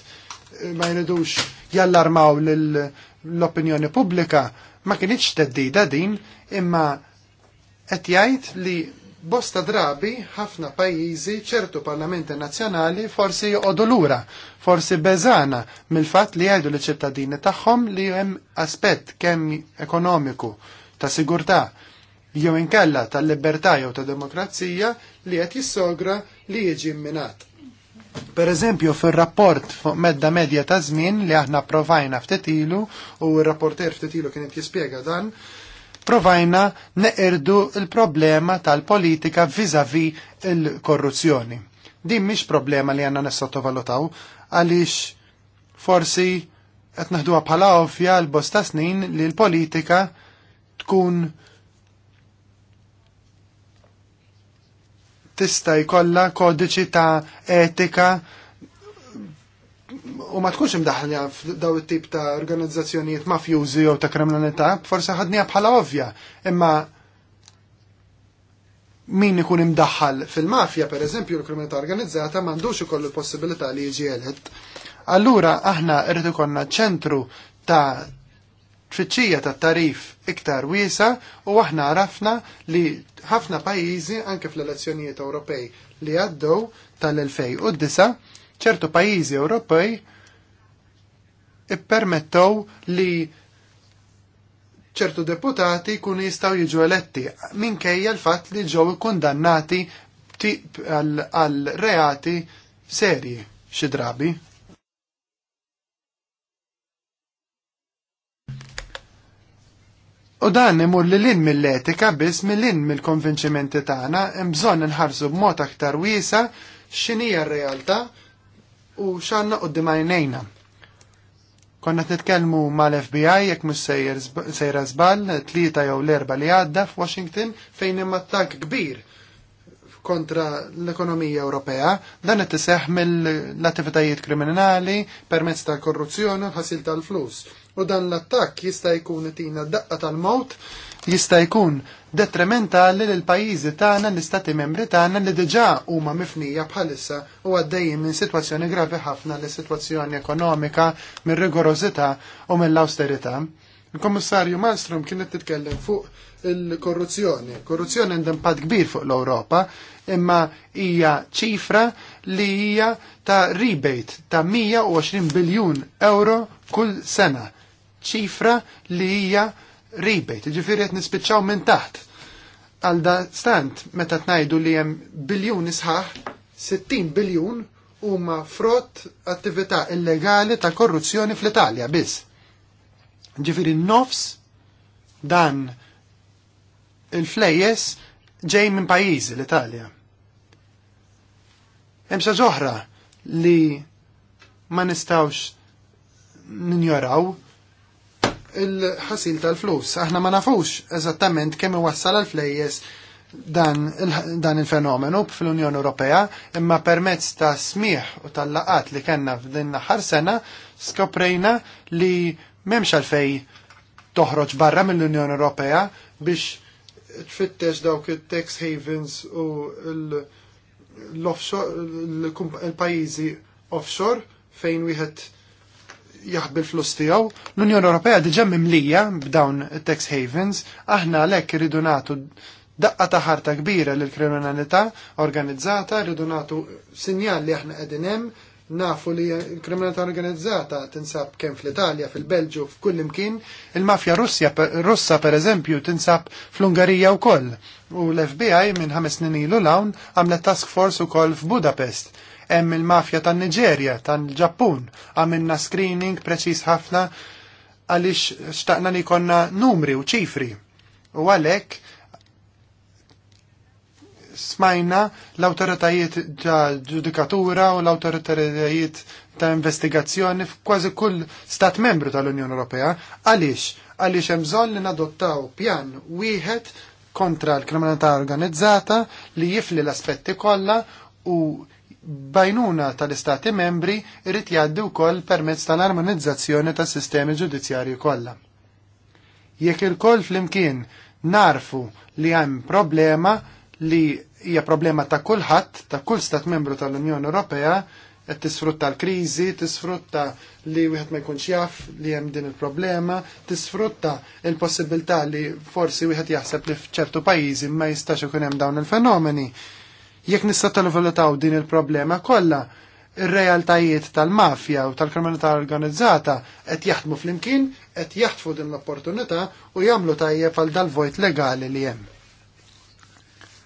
ma jridux jallarmaw l-opinjoni pubblika, ma kienieċ teddida din, imma qed jgħid li bosta drabi ħafna pajjiżi ċertu parlamenti nazzjonali forsi joqogħdu lura, forsi beżana mill-fatt li jgħidu l-ċittadini tagħhom li hemm aspett kemm ekonomiku ta' sigurtà jew inkella tal-libertà jew ta' demokrazija li qed jissogra li jiġi minat. Per eżempju, fil-rapport fuq medda medja ta' żmien li aħna provajna ftetilu u r-rapporter ftetilu kien qed jispjega dan, provajna neqirdu il-problema tal-politika vizavi il-korruzzjoni. Din mhix problema li għandna nissottovalutaw għaliex forsi qed naħduha bħala ovvja l-bosta snin li l-politika tkun tista' jkollha kodiċi ta' etika u ma tkunx imdaħħalja f'daw it-tip ta' organizzazzjonijiet mafjużi jew ta' kriminalità, forsi ħadniha bħala ovvja, imma min ikun imdaħħal fil-mafja, per eżempju, l-kriminalità organizzata m'għandux ikollu l-possibilità li jiġi elett. Allura aħna rrid ikollna ċentru ta' tfittxija ta' tarif iktar wiesa u aħna rafna li ħafna pajjiżi anke fl-elezzjonijiet Ewropej li għaddew tal-2009 ċertu pajjiżi Ewropej ippermettew li ċertu deputati kun jistaw jiġu eletti minkejja l-fatt li ġew kundannati għal reati serji xi drabi. U dan imur li l-in mill-etika biss mill in mill-konvinċimenti tagħna hemm bżonn inħarsu b'mod aktar wiesa x'inhija r-realtà u x'għandna qudiem għajnejna. Konna nitkellmu mal-FBI jekk mhux sejra żball tlieta jew l-erba li għadda f'Washington fejn hemm attakk kbir kontra l-ekonomija Ewropea, dan qed iseħħ mill-attivitajiet kriminali permezz tal-korruzzjoni u ħasil tal-flus u dan l-attakk jista' jkun itina daqqa tal-mawt jista' jkun detrimentali lil pajjiżi tagħna l-istati membri tagħna li diġà huma mifnija bħalissa u għaddejjin minn sitwazzjoni gravi ħafna li sitwazzjoni ekonomika minn rigorożità u mill-austerità. Il-Kommissarju Malmström kienet titkellem fuq il-korruzzjoni. Korruzzjoni għandha impatt kbir fuq l-Ewropa, imma hija ċifra li hija ta' rebate ta' 120 biljun euro kull sena ċifra li hija rebate, ġifiri qed nispiċċaw minn taħt. għalda stant meta tnajdu li hemm biljun isħaħ, 60 biljun huma frott attività illegali ta' korruzzjoni fl-Italja biss. Ġifiri nofs dan il-flejjes ġej minn pajjiżi l-Italja. Hemm xi li ma nistawx ninjoraw il-ħasil tal-flus. Aħna ma nafux eżattament kemm iwassal għal-flejjes dan, il-fenomenu fl-Unjoni Ewropea, imma permezz ta' smieħ u tal-laqat li kellna f'din l-aħħar sena skoprejna li m'hemmx għalfej toħroġ barra mill-Unjoni Ewropea biex tfittex dawk il tax havens u l-offshore, il pajizi offshore fejn wieħed jaħbil flus tiegħu. L-Unjoni Ewropea diġà mimlija b'dawn tax havens, aħna għalhekk rridu nagħtu daqqa ta' ħarta kbira lil kriminalità organizzata, rridu nagħtu sinjal li aħna qegħdin hemm, nafu li l-kriminalità organizzata tinsab kemm fl-Italja, fil-Belġu, f'kull imkien, il-mafja Russja Russa pereżempju tinsab fl-Ungarija wkoll. U l-FBI minn ħames snin ilu lawn għamlet task force ukoll f'Budapest hemm il-mafja tan-Niġerja, tan ġappun għamilna screening preċis ħafna għaliex xtaqna li konna numri u ċifri. U għalhekk smajna l-autoritajiet ta' ġudikatura u l-autoritajiet ta' investigazzjoni f'kważi kull stat membru tal-Unjoni Ewropea. Għaliex? Għaliex hemm bżonn li nadottaw pjan wieħed kontra l-kriminalità organizzata li jifli l-aspetti kollha u bajnuna tal-istati membri irrit jaddu wkoll permezz tal-armonizzazzjoni tas-sistemi ġudizzjarju kollha. Jekk il-koll flimkien narfu li hemm problema li hija problema ta' kulħadd, ta' kull stat membru tal-Unjoni Ewropea, qed tisfrutta l-kriżi, tisfrutta li wieħed ma jkunx jaf li hemm din il-problema, tisfrutta il-possibilità li forsi wieħed jaħseb li f'ċertu pajjiżi ma jistax ikun hemm dawn il-fenomeni. Jekk nissottovalutaw din il-problema kollha, ir-realtajiet tal-mafja u tal-kriminalità organizzata qed jaħdmu flimkien, qed jaħtfu din l-opportunità u jagħmlu tajjeb għal dal-vojt legali li hemm.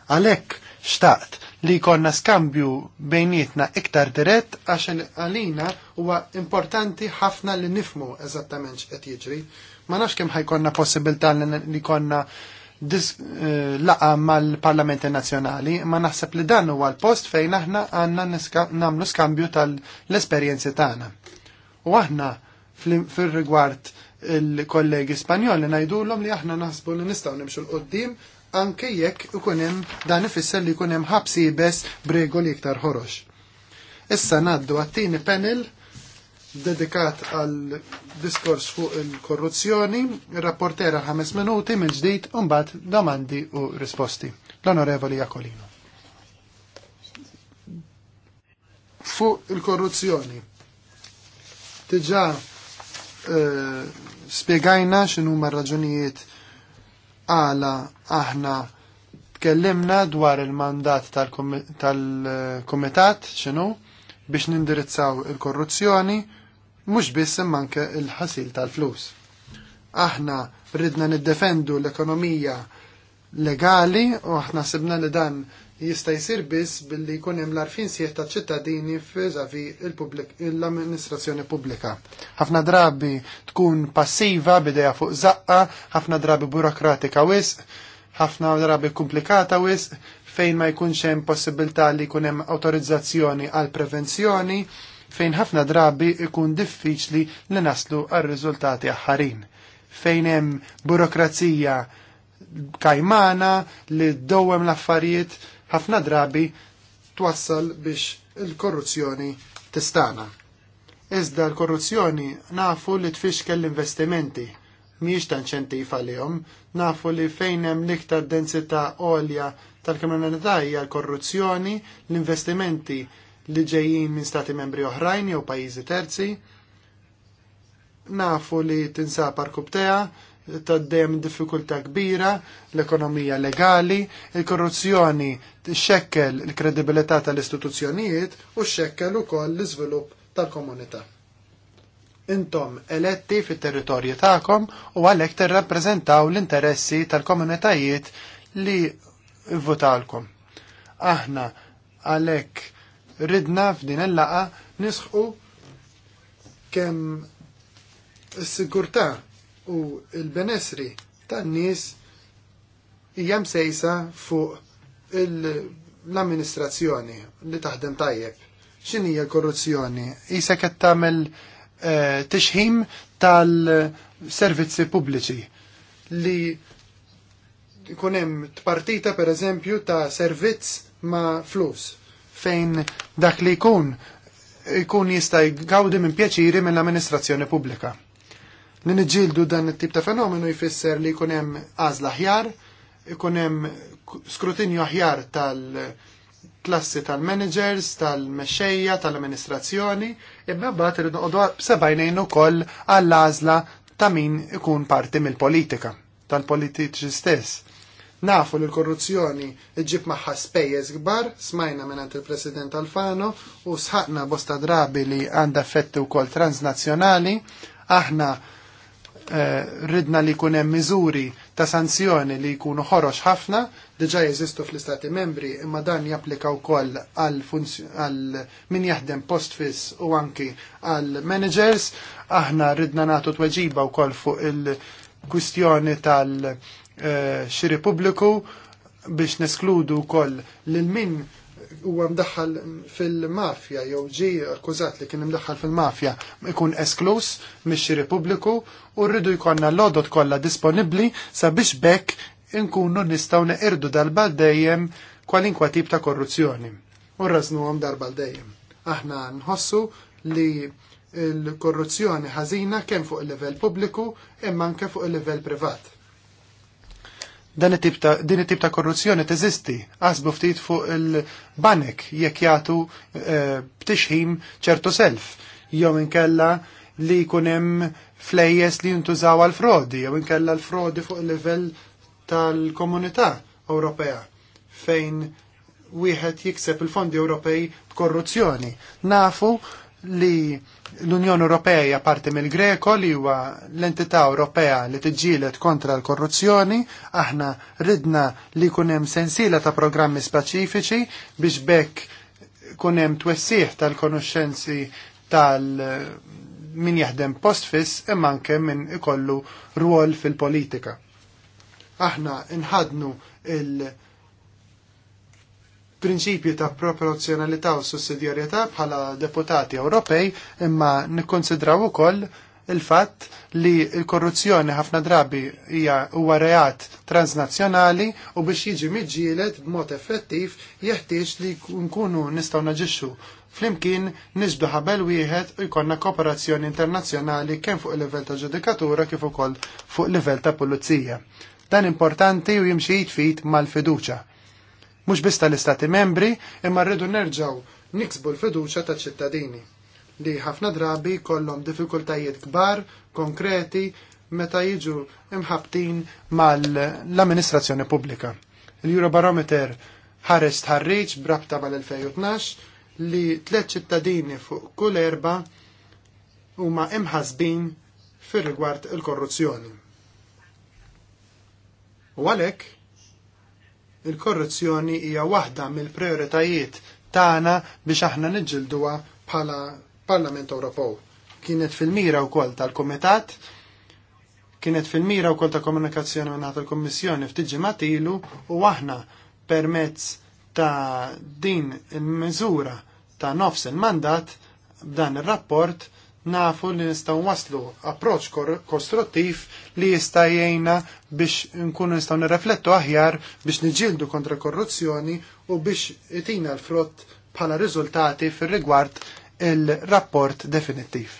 Għalhekk xtaqt li jkollna skambju bejnietna iktar dirett għax għalina huwa importanti ħafna li nifmu eżattament x'qed jiġri. Ma nafx kemm ħajkonna possibilità li konna Eh, laqa mal-Parlamenti Nazzjonali, ma naħseb li dan huwa l-post fejn aħna għandna nagħmlu skambju tal-esperjenzi tagħna. U aħna fir rigward il-kollegi Spanjoli ngħidulhom li aħna naħsbu li nistgħu nimxu l-qoddim anke jekk ikun hemm dan ifisser li jkun hemm ħabsi bes b'regoli iktar ħorox. Issa ngħaddu għat-tieni panel dedikat għal diskors fuq il-korruzzjoni, rapportera 5 minuti minn ġdid mbagħad domandi u risposti. L-Onorevoli Jakolino. Fuq il-korruzzjoni. Tiġa uh, spiegajna xin huma raġunijiet għala aħna tkellimna dwar il-mandat tal-komitat tal eh, xinu biex nindirizzaw il-korruzzjoni mhux biss manke il-ħasil tal-flus. Aħna ridna niddefendu l-ekonomija legali u aħna sibna li dan jista' jsir biss billi jkun hemm l-arfin sieħ ta' ċittadini f'eżavi l-amministrazzjoni pubblika. Ħafna drabi tkun passiva bidejja fuq zaqqa, ħafna drabi burokratika wisq, ħafna drabi komplikata wisq, fejn ma jkunx hemm possibilità li jkun hemm awtorizzazzjoni għal prevenzjoni, fejn ħafna drabi ikun diffiċli li naslu għal riżultati aħħarin. Fejn hemm burokrazija kajmana li ddowwem l-affarijiet ħafna drabi twassal biex il-korruzzjoni tistana. Iżda l-korruzzjoni nafu li tfixkel l-investimenti miex tanċenti inċentif nafu li fejn hemm l-iktar densità għolja tal-kriminalità hija l-korruzzjoni, l-investimenti li ġejjin minn stati membri oħrajn jew pajjiżi terzi. Nafu li tinsab arkubtea taddem diffikultà kbira, l-ekonomija legali, il-korruzzjoni xekkel il-kredibilità tal-istituzzjonijiet u xekkel ukoll l-iżvilupp tal-komunità. Intom eletti fit territorji tagħkom u għalhekk tirrappreżentaw l-interessi tal-komunitajiet li votalkom. Aħna għalhekk ridna f'din il-laqa nisħu kemm s sigurta u l-benessri tan-nies hija msejsa fuq l-amministrazzjoni li taħdem tajjeb. X'inhi korruzzjoni? Isa qed tagħmel eh, tixħim tal-servizzi pubbliċi li kunem tpartita per eżempju ta' servizz ma' flus fejn dak li jkun jkun jista' jgawdi minn pjaċiri mill-amministrazzjoni pubblika. Li niġġieldu dan it-tip ta' fenomenu jfisser li jkun hemm għażla aħjar, ikun hemm skrutinju aħjar tal-klassi tal-managers, tal-mexxejja, tal-amministrazzjoni, imma mbagħad irid sebajnejn ukoll għall-għażla ta' min ikun parti mill-politika, tal-politiċi stess Nafu li l-korruzzjoni iġib maħħa spejjeż kbar, smajna minn il-President Alfano u sħaqna bosta drabi li għanda effetti wkoll transnazzjonali, aħna eh, ridna li jkun hemm miżuri ta' sanzjoni li jkunu ħorox ħafna, diġa jeżistu fl-istati membri, imma dan japplika wkoll għal min jaħdem post fiss u anki għal managers, aħna ridna nagħtu tweġiba wkoll fuq il-kwistjoni tal- Eh, xiri pubbliku biex neskludu wkoll lil min huwa mdaħħal fil-mafja jew ġi akkużat li kien imdaħħal fil-mafja ikun esklus mix-xiri pubbliku u rridu jkollna l-odot kollha disponibbli sabiex bekk inkunu nistgħu neqirdu darba dejjem kwalinkwa tip ta' korruzzjoni. U rraznuhom darba dejjem. Aħna nħossu li l-korruzzjoni ħażina kemm fuq il-livell pubbliku imma anke fuq il-livell privat Dan din it-tip ta' korruzzjoni teżisti, għasbu ftit fuq il-banek jekk jagħtu btixħim eh, ċertu self, jew inkella li jkun hemm flejjes li jintużaw għal frodi, jew inkella l-frodi fuq il-livell tal-Komunità Ewropea fejn wieħed jikseb il-fondi Ewropej b'korruzzjoni. Nafu li l-Unjoni Ewropea hija parti mill-Greko li huwa l-entità Ewropea li tiġġielet kontra l-korruzzjoni, aħna ridna li jkun hemm sensiela ta' programmi speċifiċi biex bekk kun hemm twessih tal-konoxxenzi tal- min jaħdem post imma anke min ikollu rwol fil-politika. Aħna inħadnu il- prinċipju ta' proporzjonalità u sussidjarjetà bħala deputati Ewropej imma nikkonsidraw ukoll il-fatt li l-korruzzjoni ħafna drabi hija huwa reat transnazzjonali u biex jiġi miġġielet b'mod effettiv jeħtieġ li nkunu nistgħu naġixxu flimkien niġdu ħabel wieħed u jkollna kooperazzjoni internazzjonali kemm fuq il-livell ta' ġudikatura kif ukoll fuq livell ta' pulizija. Dan importanti u jimxi jitfit mal-fiduċa mhux bista tal-istati membri, imma rridu nerġgħu niksbu l-fiduċja taċ ċittadini li ħafna drabi kollom difikultajiet kbar, konkreti, meta jiġu imħabtin mal-amministrazzjoni pubblika. Il-Eurobarometer ħares tħarriċ brabta mal-2012 li tliet ċittadini fuq kull erba huma imħasbin fir rigward il-korruzzjoni. U għalhekk Il-korruzzjoni hija waħda mill-prioritajiet tagħna biex aħna niġġilduha bħala Parlament Ewropew. Kienet fil-mira wkoll tal-Kumitat, kienet fil-mira wkoll ta' komunikazzjoni minn tal-Kummissjoni ftit matilu ilu u aħna permezz ta' din il-miżura ta' nofs il-mandat b'dan ir-rapport il nafu li nistgħu waslu approċċ kostruttiv li jista' jgħinna biex nkunu nistgħu nirreflettu aħjar biex niġildu kontra korruzzjoni u biex itina l-frott bħala riżultati fir-rigward il-rapport definittiv.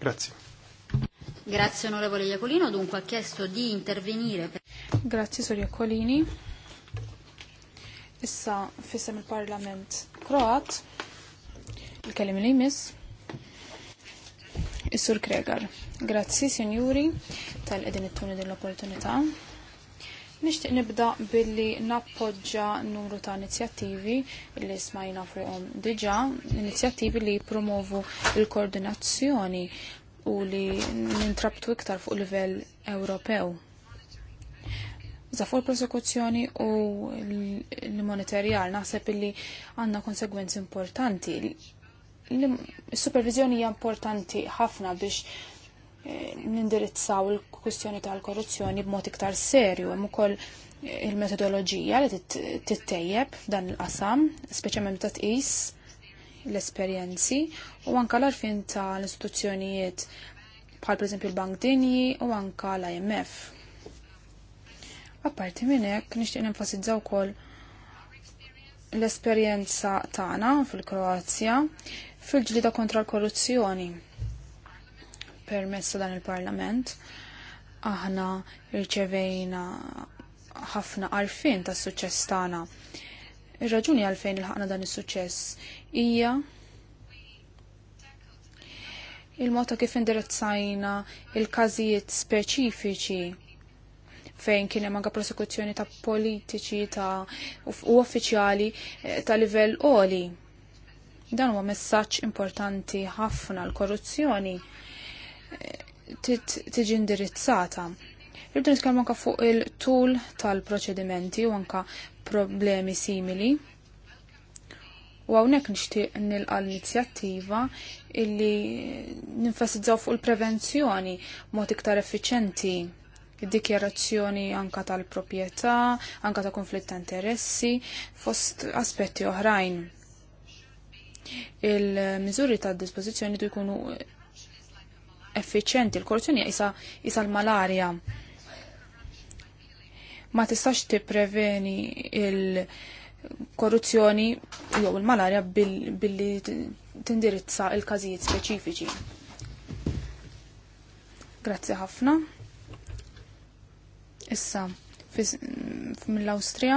Grazie. Grazie onorevole Iacolino, dunque ha chiesto di intervenire. Per... Grazie Sor Iacolini. Issa fissem il-Parlament Croat. il-kelim miss. Is-Sur Kregar. Grazzi, Sinjuri, tal-edin it-tuni din l-opportunità. Nixtieq nibda billi nappoġġa numru ta' inizjattivi li smajna fuqhom diġà, inizjattivi li promovu il-koordinazzjoni u li nintrabtu iktar fuq livell Ewropew. Zafur prosekuzzjoni u l monetarjal naħseb illi għandna konsegwenzi importanti L-supervizjoni hija importanti ħafna biex eh, nindirizzaw il-kwistjoni tal-korruzzjoni b'mod iktar serju, hemm ukoll eh, il-metodoloġija li tittejjeb f'dan il-qasam, speċjalment ta' tqis l-esperjenzi u anka l-arfin tal-istituzzjonijiet bħal pereżempju l-Bank Dinji u anka l-IMF. Apparti minn hekk nixtieq nenfasizzaw ukoll l-esperjenza tagħna fil-Kroazja fil-ġlida kontra l-korruzzjoni. Permessa dan il-Parlament, aħna rċevejna ħafna għarfien tas suċċess tagħna. Ir-raġuni għalfejn il-ħakna dan is-suċċess hija il-mod kif indirizzajna il-każijiet speċifiċi fejn kien hemm anke prosekuzzjoni ta' politiċi ta' u uffiċjali ta' livell qoli Dan huwa messaġġ importanti ħafna l-korruzzjoni eh, tiġi indirizzata. Irdu nitkellmu anke fuq il-tul tal-proċedimenti u anke problemi simili. U hawnhekk nixtieq nilqa l-inizjattiva illi ninfasizzaw fuq il-prevenzjoni mod iktar effiċenti id-dikjarazzjoni anka tal-propieta, anka ta' konflitt ta' interessi, fost aspetti oħrajn il-miżuri ta' dispożizzjoni du jkunu effiċenti. Il-korruzzjoni isa, isa l-malarja. Ma tistax tippreveni il-korruzzjoni jew il-malarja billi tindirizza il-każijiet speċifiċi. Grazzi ħafna. Issa, mill-Austria.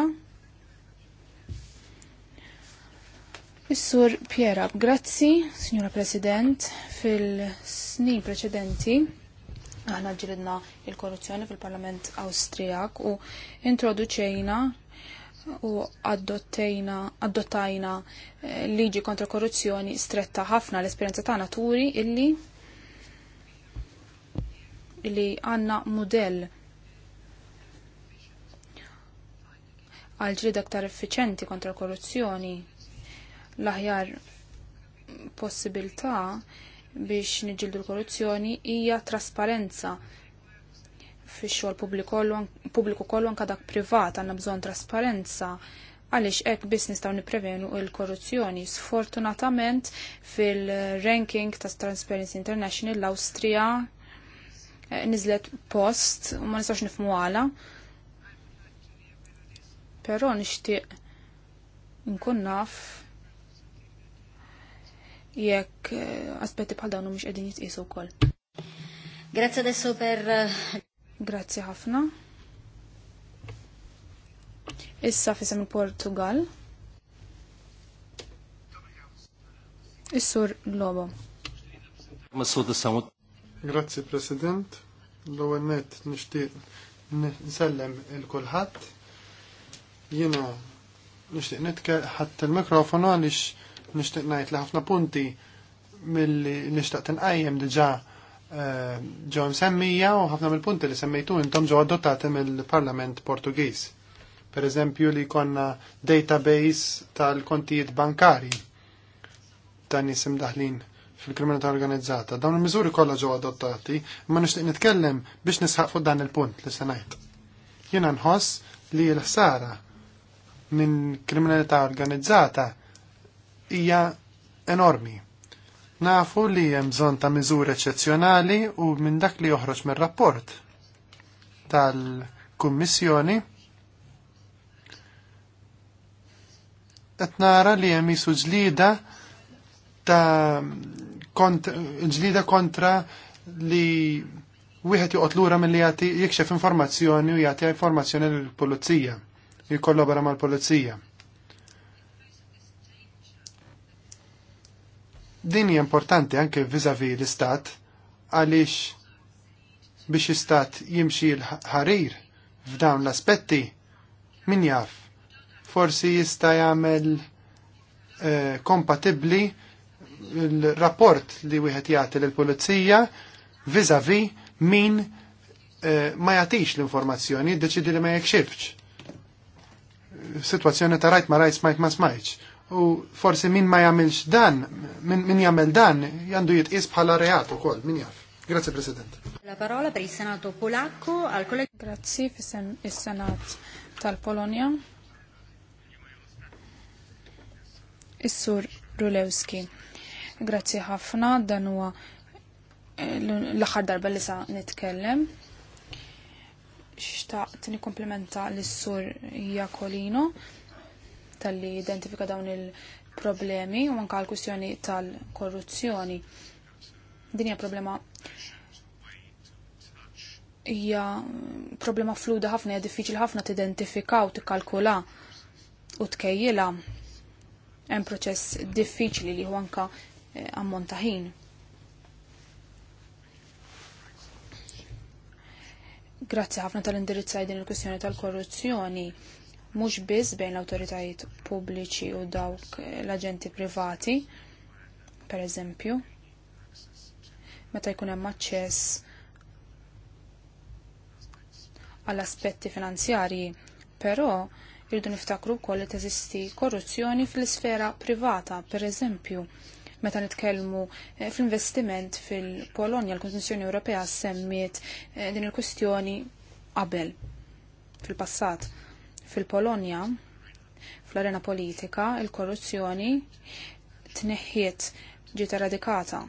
Is-sur Pierab, grazzi, signora President, fil-snin preċedenti aħna ġridna il-korruzzjoni fil-Parlament Awstrijak u introduċejna u adottajna eh, liġi kontra korruzzjoni stretta ħafna l-esperienza ta' naturi illi illi għanna model għal ġlida aktar effiċenti kontra korruzzjoni L-aħjar possibilità biex niġildu l-korruzzjoni hija trasparenza fi xogħol pubbliku kollu anke dak privat għandna bżonn trasparenza għaliex hekk biss nistgħu nipprevenu l-korruzzjoni. Sfortunatament fil-ranking ta' Transparency International l-Awstrija eh, nizlet post u ma nistax nifmu għala. Però nixtieq nkun naf jekk eh, aspetti bħal dawn mhux qegħdin jitqisu wkoll. Grazzi adesso per Grazzi ħafna. Issa fisem il-Portugal. Is-sur Lobo. Grazzi President. L-ewwel nett nixtieq nsellem il kulħadd. Jiena nixtieq nitkellem ħadd il-mikrofonu għaliex nixtieq ngħid li ħafna punti mill-li nixtaq tinqajjem diġà eh, ġew semmija u ħafna mill-punti li semmejtu intom ġew adottati mill-Parlament Portugiż. Per eżempju li konna database tal-kontijiet bankari ta' nies imdaħlin fil-kriminalità organizzata. Dawn il-miżuri kollha ġew adottati, imma nixtieq nitkellem biex nisħaq fuq dan il-punt li se ngħid. Jiena nħoss li l-ħsara minn kriminalità organizzata hija enormi. Nafu li hemm bżonn ta' miżur eċċezzjonali u minn dak li joħroġ mir-rapport tal-Kummissjoni qed nara li hemm isu ġlida ta' kont, ġlida kontra li wieħed joqgħod lura milli jagħti jikxef informazzjoni u jagħti informazzjoni lill-pulizija, jikkollabora mal-pulizija. Din hija importanti anke vis-à-vis l-istat għaliex biex istat jimxi l-ħarir f'dawn l-aspetti min jaf forsi jista' jagħmel eh, kompatibbli l-rapport li wieħed jagħti lill-pulizija vis-à-vis min eh, ma jagħtix l-informazzjoni, deċidi li ma jekxifx. Situazzjoni ta' rajt ma rajt smajt ma smajtx u forsi min ma jamilx dan, min, min jagħmel dan għandu jitqies bħala reat ukoll, min jaf. Grazie President. La parola per il Senato polacco al collega per il senat tal polonia Is-Sur Rulewski. Grazzi ħafna dan huwa eh, l-aħħar darba li sa nitkellem. Xtaqt komplementa l-Sur Jakolino tal-li identifika dawn il-problemi u anka l kustjoni tal-korruzzjoni. Din hija problema hija problema fluda ħafna hija diffiċli ħafna tidentifika u tikkalkula u tkejjilha hemm proċess diffiċli li huwa anka eh, ammont ħin. Grazzi ħafna tal-indirizzaj din il-kwistjoni tal-korruzzjoni mhux biss bejn l-awtoritajiet pubbliċi u dawk l-aġenti privati, per eżempju, meta jkun hemm aċċess għall aspetti finanzjarji, però irdu niftakru wkoll li teżisti korruzzjoni fl-isfera privata, per eżempju, meta nitkellmu eh, fl-investiment fil-Polonja, l-Kostituzzjoni Ewropea semmiet eh, din il-kwistjoni qabel fil-passat. Fil-Polonja, fl-arena politika, il-korruzzjoni tneħħiet ġiet eradikata.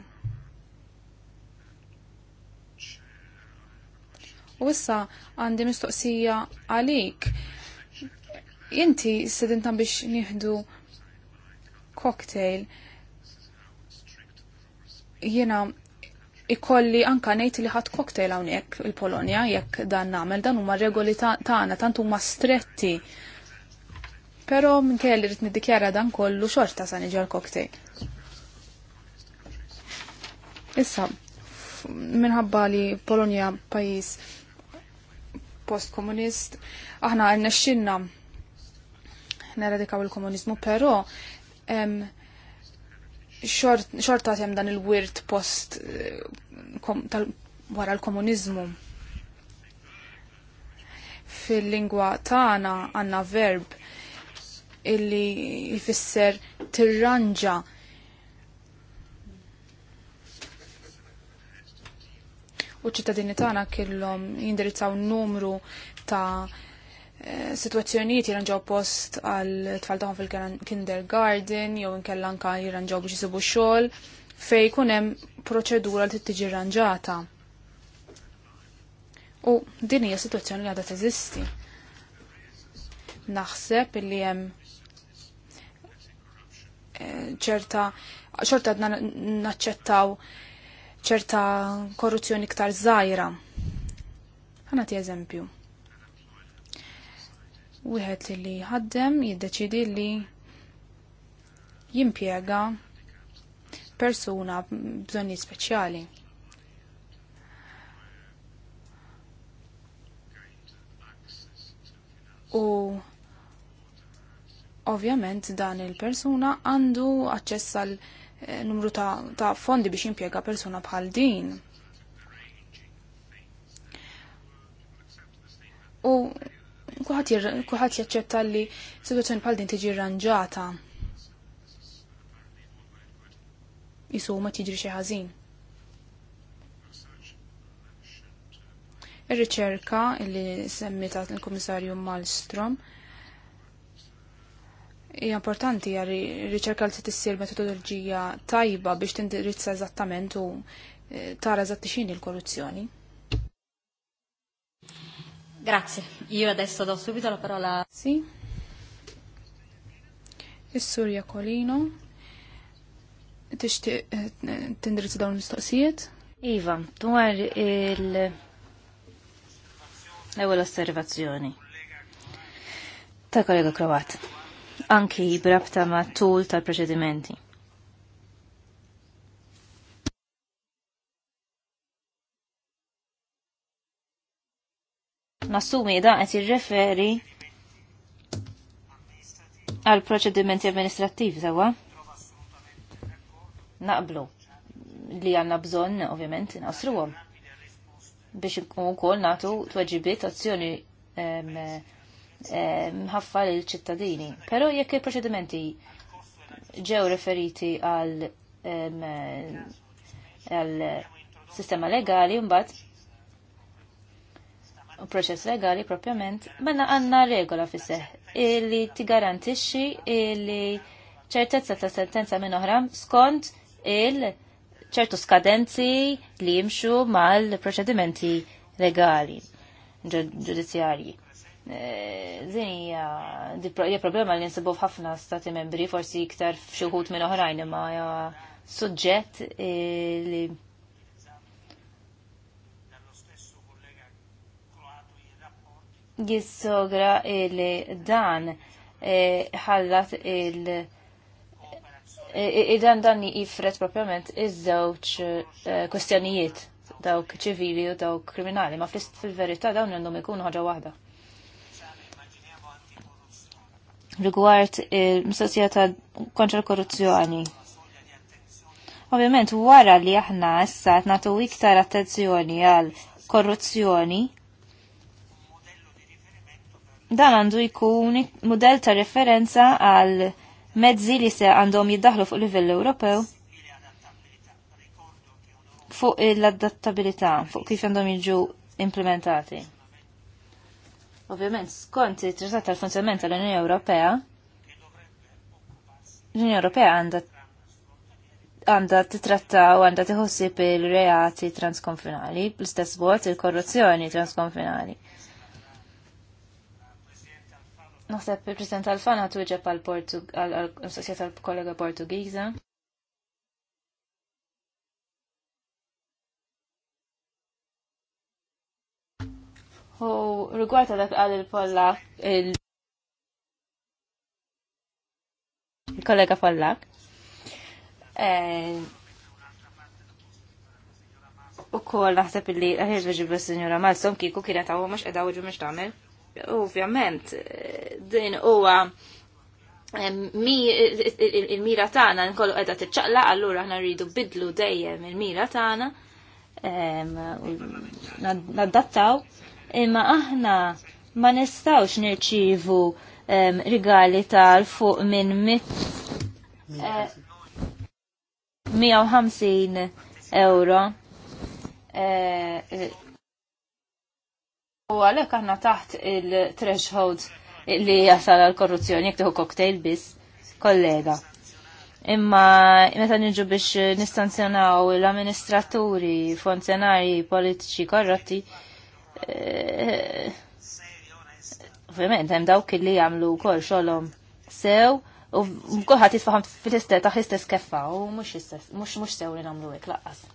U issa għandi mistoqsija għalik. Inti sedintan biex nieħdu cocktail jiena ikolli anka nejt li ħat koktejl hawnhekk il-Polonja jekk dan nagħmel dan huma regoli tagħna tant huma stretti. Però kelli rrid niddikjara dan kollu xorta sa niġi l-koktejl. Issa, minħabba li Polonja pajjiż post-komunist, aħna rnexxinna neradikaw il-komunizmu, però xorta hemm dan il-wirt post eh, wara l-komunizmu. Fil-lingwa tagħna għandna verb illi jfisser tirranġa u ċittadini tagħna kellhom jindirizzaw numru ta' situazzjonijiet jiranġaw post għal tfal fil fil kindergarden jew inkella anka jiranġaw biex jisibu xogħol fej jkun hemm proċedura li tiġi rranġata. U din hija situazzjoni li għadha teżisti. Naħseb li hemm eh, ċerta xorta għadna naċċettaw ċerta korruzzjoni iktar żgħira. Ħanati eżempju wieħed li ħaddem jiddeċidi li jimpjega persuna bżonni speċjali. U ovvjament dan il-persuna għandu aċċess għal eh, numru ta', ta fondi biex jimpjega persuna bħal din. U kuħat jaċċetta li situazzjoni bħal din tiġi rranġata. Isu ma tiġri xi ħażin. Ir-riċerka li semmita l-Kummissarju Malmstrom hija importanti għal riċerka li tissir metodoloġija tajba biex tindirizza eżattament u tara eżatti x'inhi l-korruzzjoni. Grazie. Io adesso do subito la parola. Sì. Is-Sur e Jakolino. Tixtieq eh, tindirizz dawn l-mistoqsijiet? Iva, tu il- l-ewwel osservazzjoni ta' kollega Kroat. Anki brabta ma' tul tal procedimenti Nassumi da qed jirreferi għal proċedimenti amministrativi sewa. Naqblu li għanna bżonn ovvjament nasruhom biex nkun ukoll nagħtu tweġibiet azzjoni mħaffa lil ċittadini. Però jekk il-proċedimenti ġew referiti għal għal sistema legali mbagħad u proċess legali propjament, manna mela għanna regola fisseħ illi tigarantixxi illi ċertezza ta' sentenza minn oħra skont il- ċertu skadenzi li jimxu mal-proċedimenti legali, ġudizzjarji. Eh, din hija problema li nsibu f'ħafna stati membri, forsi iktar f'xi wħud minn oħrajn, imma suġġett li jissogra li dan eh, ħallat il eh, dan dan jifret propjament iż-żewġ eh, kwestjonijiet dawk ċivili u dawk kriminali, ma fil-verità dawn għandhom ikunu ħaġa waħda. Rigward il-mistoqsija ta' kontra l-korruzzjoni. Ovvjament wara li aħna issa nagħtu iktar attenzjoni għal korruzzjoni dan għandu jkun model ta' referenza għal mezzi li se għandhom jiddaħlu fuq livell Ewropew fuq l-adattabilità, fuq kif għandhom jiġu implementati. Ovvjament, skont it-Trattat tal-Funzjament tal-Unjoni Ewropea, l-Unjoni Ewropea għandha t-tratta u għandha tiħossib il-reati transkonfinali, l-istess bot il-korruzzjoni transkonfinali. Naħseb il-President Alfana tuġeb għal-Sosjet għal-kollega Portugiza. U rigward dak għal il-Polla il-kollega Pollak. Eh, u kol naħseb li għahirġu ġibu s-Sinjura Malsom kiku kienet għawu mux edawu ġu mux tamel ovvjament din huwa il-mira tagħna nkollu qiegħda tiċċaqla, allura aħna rridu bidlu dejjem il-mira tagħna naddattaw, imma aħna ma nistawx nirċivu rigali tal-fuq minn 150 eh, euro eh, U għalek għanna taħt il-threshold li jasal għal-korruzzjoni, jek tiħu koktejl bis, kollega. Imma meta nġu biex nistanzjonaw l-amministraturi, funzjonari, politiċi korrotti, eh, ovvjament hemm dawk li jagħmlu wkoll xogħolhom sew u kulħadd jitfaħam fil istess taħ istess keffa u mhux mhux sew li nagħmlu hekk laqqas.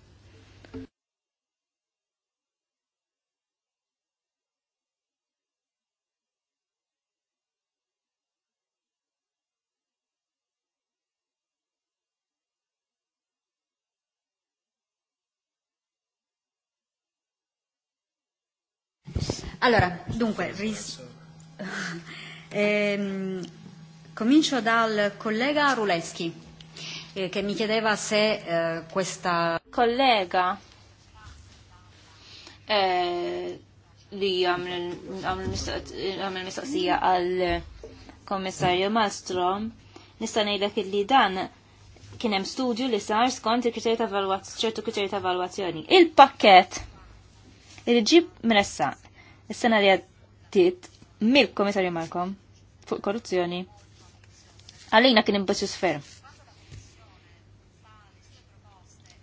Allora, dunque, ris- ehm, comincio dal collega Ruleschi, eh, che mi chiedeva se eh, questa... Collega, eh, li għamil mistoqsija għal kommissarju Malmstrom, nista' ngħidlek li dan kien hemm studju li sar skont il-kriterji ta' ċertu kriterji ta' valwazzjoni. Il-pakket irġib mressa. Is-sena li għaddiet mill-Komissarju Malkom fuq korruzzjoni għalina kien imbaċċus sfer.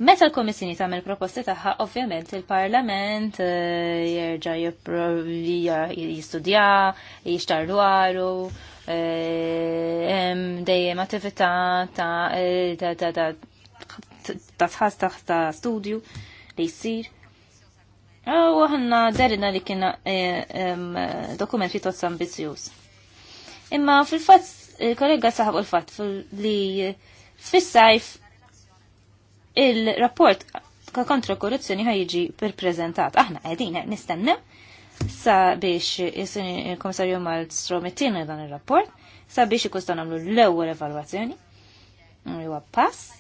Meta l-Komissjoni tagħmel proposti tagħha, ovvjament il-Parlament jerġa' jistudja, jixtar dwaru, dejjem attività ta' ta' ta' ta' ta' studju li jsir. U ħanna derina li kien eh, dokument fi tozz ambizjus. Imma fil-fatt, eh, kollega saħab l-fatt li fil sajf il-rapport kontra korruzzjoni ħajġi per-prezentat. Aħna għedin nistenna sa biex il-Komissarju Malmstrom ittina dan il-rapport, sa biex ikun nagħmlu l-ewwel evalwazzjoni. u pass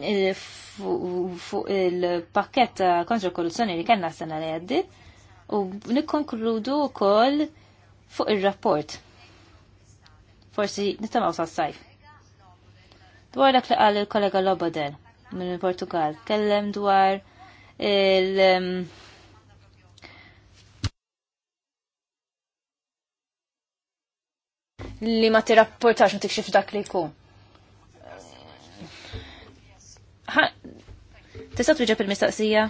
Eh, fuq il-pakket kontra korruzzjoni li kellna s-sena li għaddit u nikkonkludu wkoll fuq ir-rapport. Forsi nitamgħu sas-sajf. Dwar dak li qal il-kollega Lobodel minn Portugal, kellem dwar il- li ma tirrapportax ma tikxif dak li jkun. Tista' twieġeb il-mistaqsija?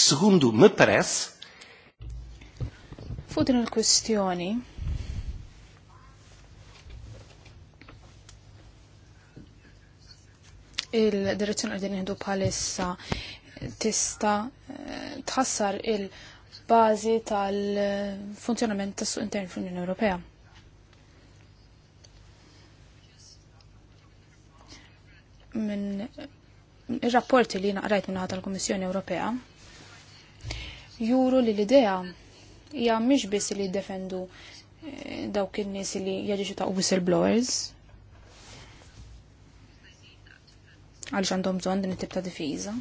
Segundu me press. Fuq din il-kwistjoni, il-direzzjoni għadin jihdu palissa tista eh, tħassar il-bazi tal-funzjonament tas-suq intern fl-Unjoni Ewropea. minn ir-rapporti li naqrajt minn ħata l-Kummissjoni Ewropea juru li l-idea hija mhix biss li jiddefendu eh, dawk in-nies li jaġixu ta' whistleblowers għaliex għandhom bżonn din it-tip ta' difiża.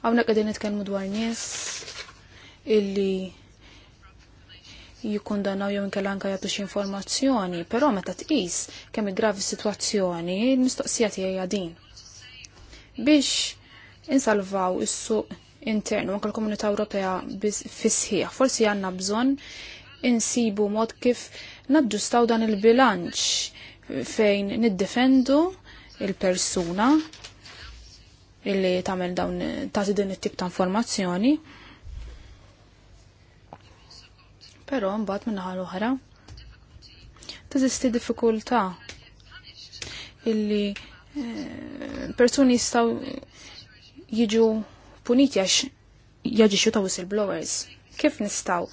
Hawnhekk qegħdin nitkellmu dwar nies illi jikundanaw jew inkella anka jagħtu xi informazzjoni, però meta tqis kemm gravi sitwazzjoni, l-mistoqsija tiegħi din. Biex insalvaw is-suq intern u anke l-Komunità Ewropea fis-sħiħ, forsi għandna bżonn insibu mod kif naġġustaw dan il-bilanċ fejn niddefendu il-persuna illi tagħmel dawn tagħti din it-tip ta' informazzjoni però mbagħad minn naħa l-oħra teżisti diffikultà illi eh, persuni jistgħu jiġu puniti għax jaġixu ta' whistleblowers. Kif nistgħu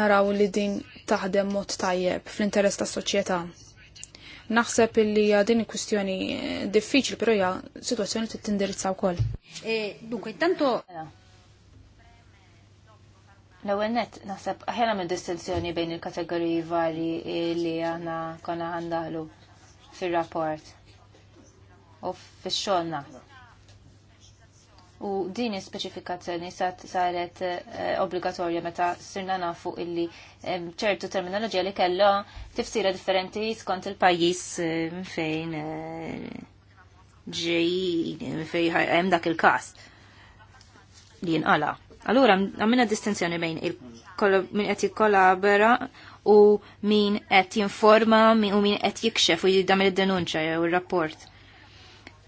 naraw li din taħdem mod tajjeb fl-interess tas soċjetà? Naħseb illi din kwistjoni eh, diffiċli, però hija situazzjoni tittindirizza wkoll. Eh, dunque, intanto mela. L-ewwel nett naħseb minn distinzjoni bejn il-kategoriji varji li aħna konna għandalu fir-rapport u fix-xogħolna. U din speċifikazzjoni saret eh, obbligatorja meta sirna nafu illi eh, ċertu terminoloġija li kellha tifsira differenti skont il-pajjiż eh, fejn ġejjin fejn hemm dak il-każ li jinqala' Allura għamina distinzjoni bejn min qed jikkolabora u min qed jinforma u min qed jikxef u jiddamil id-denunċja jew ir-rapport.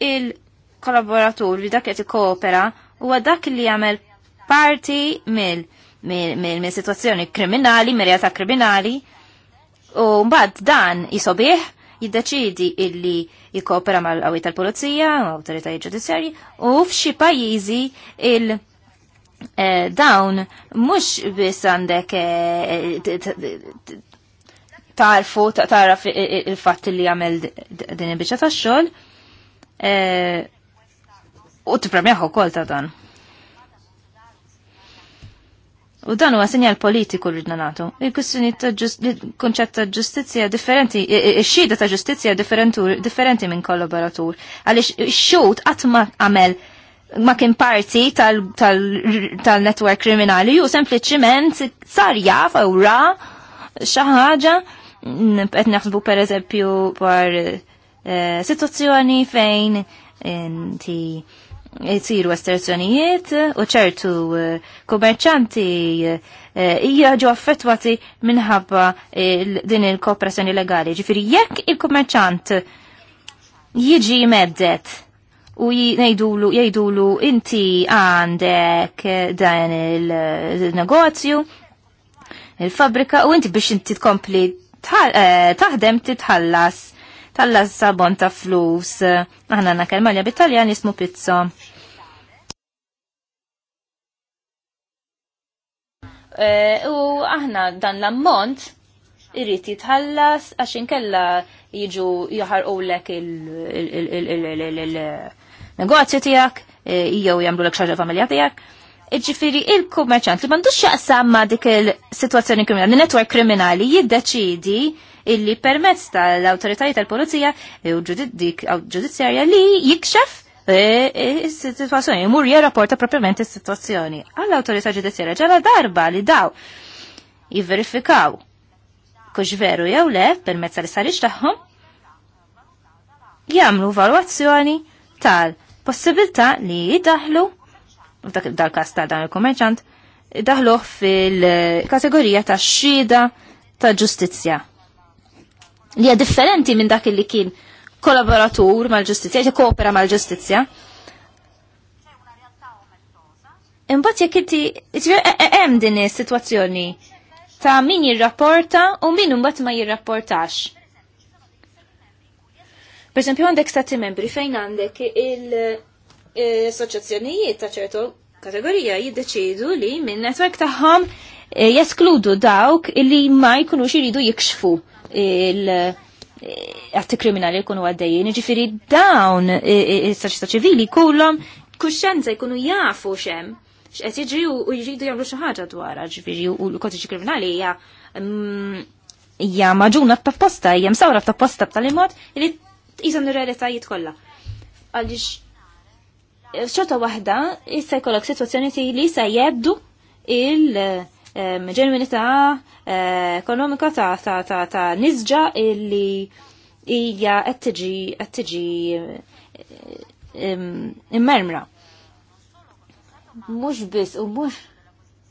Il-kollaboratur li dak qed ikkoopera huwa dak li jagħmel parti mill mill situazzjoni kriminali, mirjata kriminali, u mbagħad dan jisobih jiddeċidi illi jikkoopera mal-qawwi tal-pulizija, u awtoritajiet ġudizzjarji, u f'xi pajjiżi il- Eh, dawn mhux biss għandek eh, tarfu taraf il fat li għamil din il-biċċa tax-xogħol eh, u t-premjaħu kol ta' dan. U dan huwa sinjal politiku rridna nagħtu. Il-kwistjoni ta' kunċett ta' ġustizzja differenti, ix xida ta' ġustizzja differenti minn kollaboratur. Għaliex ix-xut qatt ma għamel ma kien parti tal-network kriminali u sempliciment sar jaf u ra xaħġa qed naħsbu per eżempju par eh, situazzjoni fejn inti jisiru estorsjonijiet u ċertu eh, kummerċanti eh, hija ġu affettwati minħabba din il-kooperazzjoni legali. Ġifiri, jekk il-kummerċant jiġi meddet u jgħidulu jgħidulu inti għandek eh, dan il-negozju, eh, il-fabrika u inti biex inti tkompli eh, taħdem titħallas tħallas sabon ta' flus. Aħna na kelmalja bit-Taljan jismu pizzo. U aħna dan l-ammont irrit jitħallas għax inkella jiġu jaħarqu lek il- negozju tiegħek, e, jew jagħmlu l xaġa familja tiegħek. Iġifiri il-kummerċant li m'għandux xaqsam ma' dik il-sitwazzjoni kriminali, netwerk kriminali jiddeċidi illi permezz tal-awtoritajiet tal-polizija e, u ġudizzjarja li jikxef e, is-sitwazzjoni, jmur jirrapporta propriamente is-sitwazzjoni. Għall-awtorità ġudizzjarja ġala darba li daw jiverifikaw kux veru jew le permezz tal-istarix tagħhom jagħmlu valwazzjoni tal- possibilità li jidaħlu, f'dak dal-kas ta' dan il-kommerċant, daħluħ fil-kategorija ta' xhieda ta' ġustizzja. Li hija differenti minn dak li kien kollaboratur mal-ġustizzja, jek koopera mal-ġustizzja. Imbagħad jekk inti e- e- hemm din is-sitwazzjoni ta' min jirrapporta u min imbagħad ma jirrapportax. Per esempio għandek stati membri fejn għandek il-soċazzjonijiet eh, ta' ċertu kategorija jiddeċidu li minn netwerk tagħhom eh, jeskludu dawk li ma jkunux iridu jikxfu il- għatti eh, kriminali jkunu għaddejjien, ġifiri dawn il-saċta ċivili kullom kuxenza jkunu jafu xem, xqed jiġri u jridu jagħmlu xi ħaġa dwarha, ġifiri u l-kodiċi kriminali hija mm, hija maġuna f'tapposta, hija msawra f'tapposta b'tali mod li tqishom ir-realitajiet kollha. Għaliex wahda, eh, waħda issa jkollok sitwazzjoni li se jebdu il- eh, ġermini ta' eh, ekonomika ta' ta' ta' ta' nizġa illi hija qed tiġi qed tiġi immermra. Mhux biss u mhux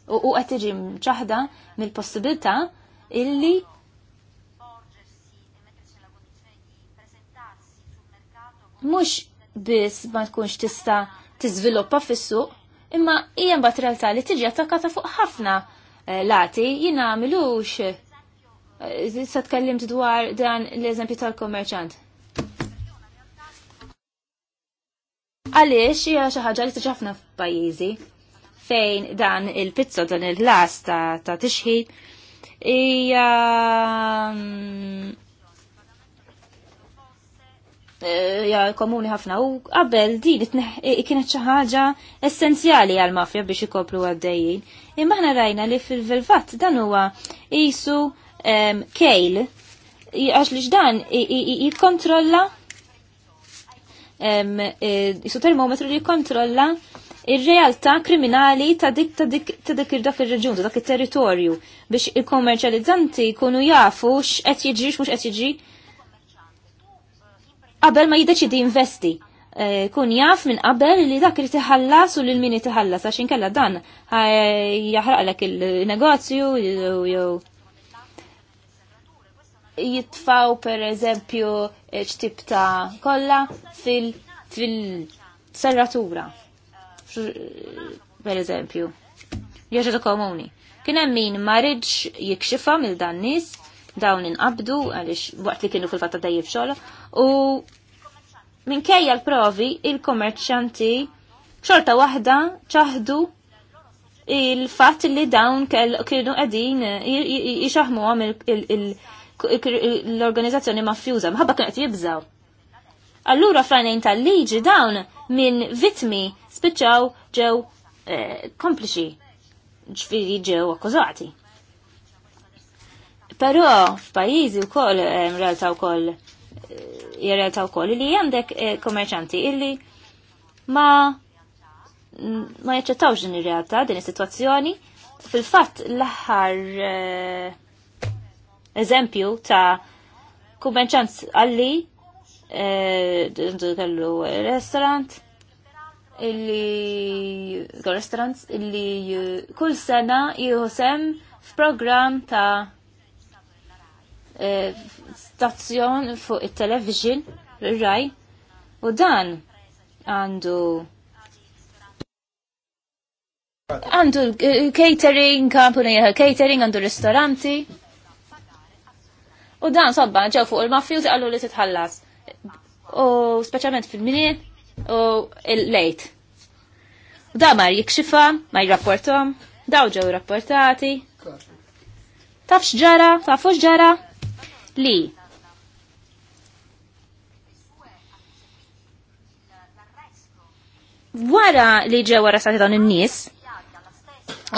u qed tiġi mċaħda mill-possibilità illi mhux biss ma tkunx tista' tiżviluppa fissu, imma hija bat realtà li tiġi attakkata fuq ħafna eh, lati jina għamilux. Eh, sa tkellimt dwar dan l-eżempju tal-kommerċant. Għaliex hija xi ħaġa li tiġi ħafna pajizi fejn dan il pizzo dan il-las ta' tixħid hija mm, Eh, ja komuni ħafna u qabel din kienet xi ħaġa essenzjali għal mafja biex ikoplu għaddejjin. Imma ħna rajna li fil-velvat dan huwa isu kejl għax li dan jikkontrolla e, isu termometru li jikkontrolla ir-realtà kriminali ta' dik ta' dik ta' dik dak ir ta' dak it-territorju biex il-kommerċjalizzanti jkunu jafu x'qed jiġri x'mhux qed jiġri qabel ma di investi. E, kun jaf minn qabel li dak li tħallas u lil mini tħallas għax kalla dan jaħraqlek il-negozju jew jitfaw per eżempju ċtib ta' kolla fil-serratura. Per eżempju, ta' komuni. Kien hemm min ma rridx jikxifa mill dan nies dawn inqabdu għaliex waqt li kienu fil-fatta dajjib xogħol u minkejja l-provi il-kommerċanti xorta waħda ċaħdu il-fatt li dawn kienu qegħdin jixaħmu għam l-organizzazzjoni mafjuża, mħabba kienet jibżaw. Allura frajnejn tal-liġi dawn minn vitmi spiċċaw ġew eh, kompliċi ġviri ġew akkużati. Però f'pajjiżi wkoll realtà wkoll jirrelta wkoll li għandek eh, kommerċanti illi ma ma jaċċettawx din ir-realtà, din is-sitwazzjoni. Fil-fatt l-aħħar eh, eżempju ta' kummerċant għalli eh, kellu restaurant illi restaurants illi kull sena jieħu sem f'programm ta' stazzjon fuq il-television, il-raj, u dan għandu għandu catering, kampuni catering, għandu ristoranti. U dan sobba ġew fuq il-mafjuż għallu li titħallas. U speċjalment fil-minien u il-lejt. U da mar jikxifa, ma jirrapportom, daw ġew rapportati. Tafx ġara, tafux ġara, li wara li ġew wara sa' dan in-nies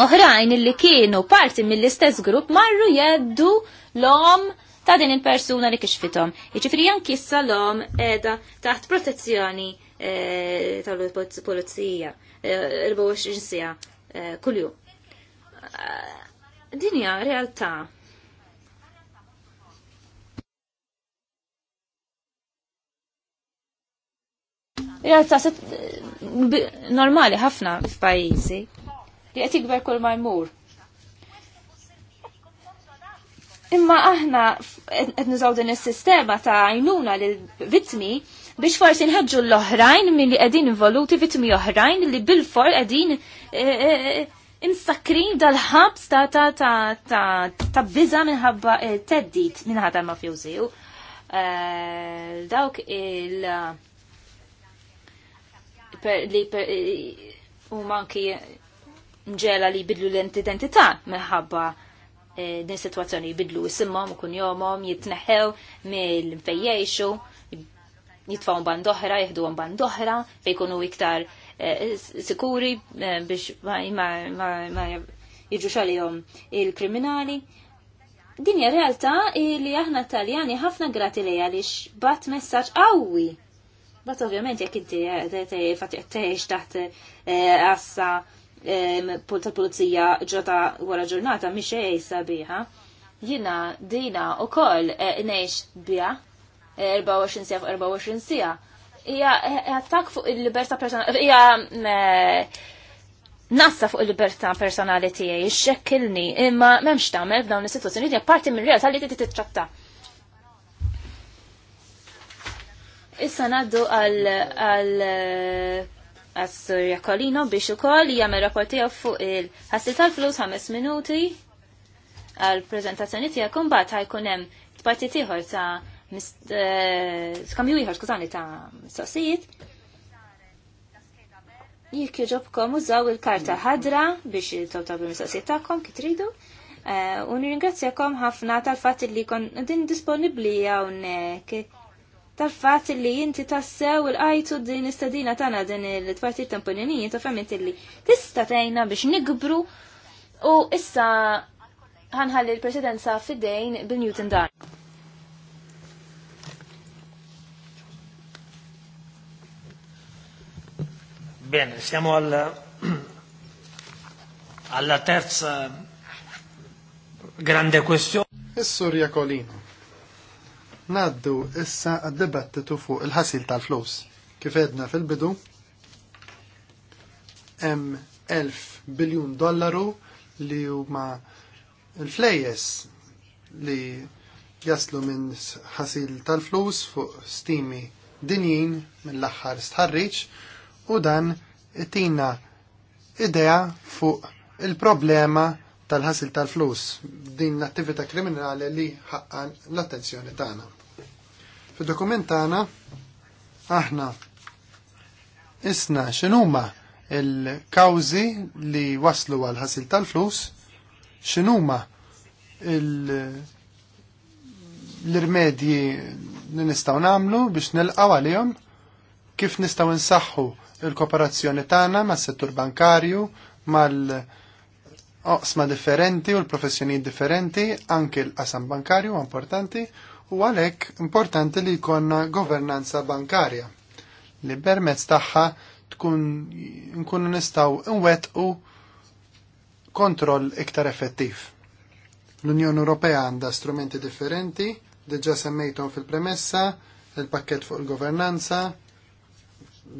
oħrajn li kienu parti mill-istess grupp marru jeddu l-om ta' din il-persuna li kixfitom. Iġifri jan kissa l-om edha taħt protezzjoni eh, tal-polizija, 24 sija, kulju. Dinja, realtà Realtà normali ħafna f'pajjiżi li qed jikber kull ma jmur. Imma aħna qed nużaw din is-sistema ta' għajnuna lil vittmi biex forsi nħeġġu l-oħrajn milli qegħdin involuti vittmi oħrajn li bil-for qegħdin e, e, e, insakrin dal-ħabs ta' ta' ta' ta' ta' biża minħabba teddit minħata mafjużi. Dawk il- li u manki nġela li bidlu l-identità minħabba e, din situazzjoni jibidlu jisimmom u kun jomom jitneħew mill-mfejjexu jitfaw band oħra, jihdu band oħra fejkunu iktar e, sikuri e, biex ma jiġu xalihom il-kriminali dinja realtà li aħna taljani ħafna grati li għalix bat messaċ qawwi Bat ovvjament jekk inti eh, fatti tgħix taħt għassa eh, eh, tal-pulizija ġota wara ġurnata mhix ej sabiħa. Jina dina wkoll ngħix biha 24 sija fuq 24 sija. Hija attak fuq il-libertà personali, hija nassa fuq il-libertà personali tiegħi xekkilni imma m'hemmx tagħmel f'dawn is-sitwazzjoni hija parti minn realtà li trid titratta. Issa naddu għal għassur Jakolino biex ukoll jagħmel rapporti fuq il-ħassi tal-flus ħames minuti għal prezentazzjoni tiegħek imbagħad ħajkun hemm parti eh, ieħor ta' skamju ieħor skużani ta' mistoqsijiet. Jekk jogħġobkom użaw il-karta ħadra biex bil mistoqsijiet tagħkom kif tridu. Eh, u nirringrazzjakom ħafna tal-fatt li kon din disponibbli hawnhekk tal-fat li jinti tassew il-qajtu din istadina tana din il-tpartit tamponini, ta' femmit li tista tajna biex nigbru u issa ħanħalli l-presidenza fidejn bil-Newton Dan. Bene, siamo al, alla terza grande questione. Professor Iacolino. Naddu issa għad-dibattitu fuq il-ħasil tal-flus. Kif edna fil-bidu, hemm 1000 biljun dollaru li huma l-flejes li jaslu minn ħasil tal-flus fuq stimi dinjin mill-aħħar stħarriċ u dan it-tina idea fuq il-problema tal-ħasil tal-flus din l-attività kriminali li ħaqqan l-attenzjoni tagħna. Fid-dokumentana aħna isna x'inhuma il-kawżi li waslu għal ħasil tal-flus, x'inhuma l-irmedji li nistgħu nagħmlu biex nilqgħu għalihom, kif nistgħu nsaħħu il-kooperazzjoni tagħna mas-settur bankarju, mal-oqsma differenti u l-professjoni differenti, anke l-qasam bankarju importanti, u għalhekk importanti li jkollna governanza bankarja li permezz tagħha tkun nkunu nistgħu nwettqu kontroll iktar effettiv. L-Unjoni Ewropea għandha strumenti differenti, diġà semmejthom fil-premessa, il-pakket fuq il-governanza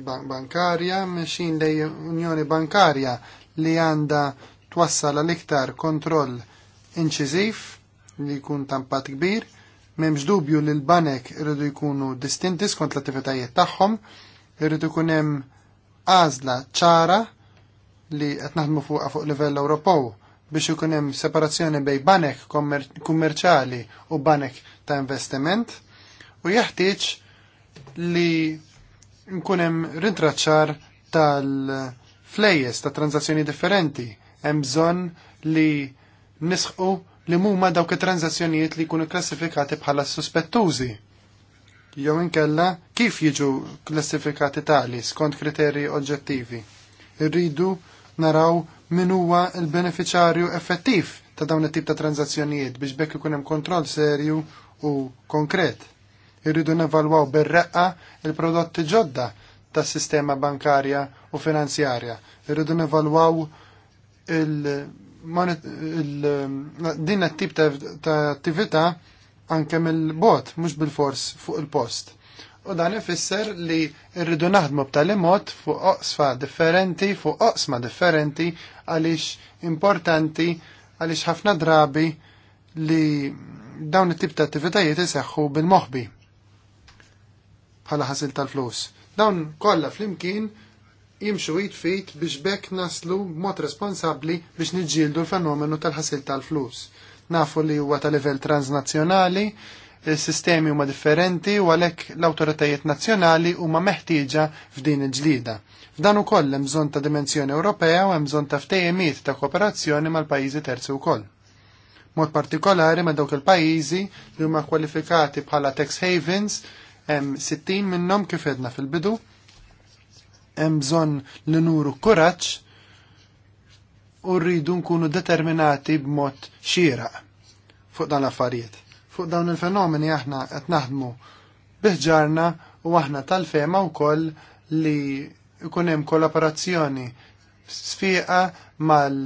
bankarja, mexin li Unjoni Bankarja li għandha twassal għal iktar kontroll inċiżiv li jkun tampat kbir, M'hemmx dubju li l-banek irridu jkunu distinti skont l-attivitajiet tagħhom, irridu jkun hemm għażla ċara li qed naħdmu fuqha fuq livell Ewropew biex ikun hemm separazzjoni bejn banek kummerċjali u banek ta' investiment u jeħtieġ li nkun hemm rintraċċar tal-flejjes ta' tranzazzjoni differenti hemm bżonn li nisħu li huma dawk it-tranzazzjonijiet li jkunu klassifikati bħala suspettużi. Jew inkella kif jiġu klassifikati tali skont kriterji oġġettivi. Irridu naraw min huwa l-beneficjarju effettiv ta' dawn it-tip ta' transazzjonijiet biex bekk ikun hemm kontroll serju u konkret. Irridu nevalwaw bir-reqqa il-prodotti ġodda tas sistema bankarja u finanzjarja. Irridu nevalwaw il- din tip ta' attività anke mill-bot, mhux bil-fors fuq il-post. U dan ifisser li rridu naħdmu b'tali mod fuq oqsfa differenti, fuq oqsma differenti, għaliex importanti, għaliex ħafna drabi li dawn it-tip ta' attivitajiet iseħħu bil-moħbi bħala ħasil tal-flus. Dawn kollha flimkien jimxu jitfit biex bekk naslu mod responsabli biex nġildu l-fenomenu tal-ħasil tal-flus. Nafu li huwa ta' livell transnazzjonali, il-sistemi huma differenti u għalhekk l-awtoritajiet nazzjonali huma meħtieġa f'din il-ġlida. F'dan ukoll hemm bżonn ta' dimensjoni Ewropea u hemm bżonn ta' ftejemiet ta' kooperazzjoni mal-pajjiżi terzi wkoll mod partikolari ma' dawk il-pajjiżi li huma kwalifikati bħala tax havens, hemm 60 minnhom kif edna fil-bidu, hemm bżonn li nuru kuraġġ u rridu nkunu determinati b'mod xieraq fuq dan l-affarijiet. Fuq dawn il-fenomeni aħna qed naħdmu biħġarna u aħna tal-fema wkoll li ikun hemm kollaborazzjoni sfiqa mal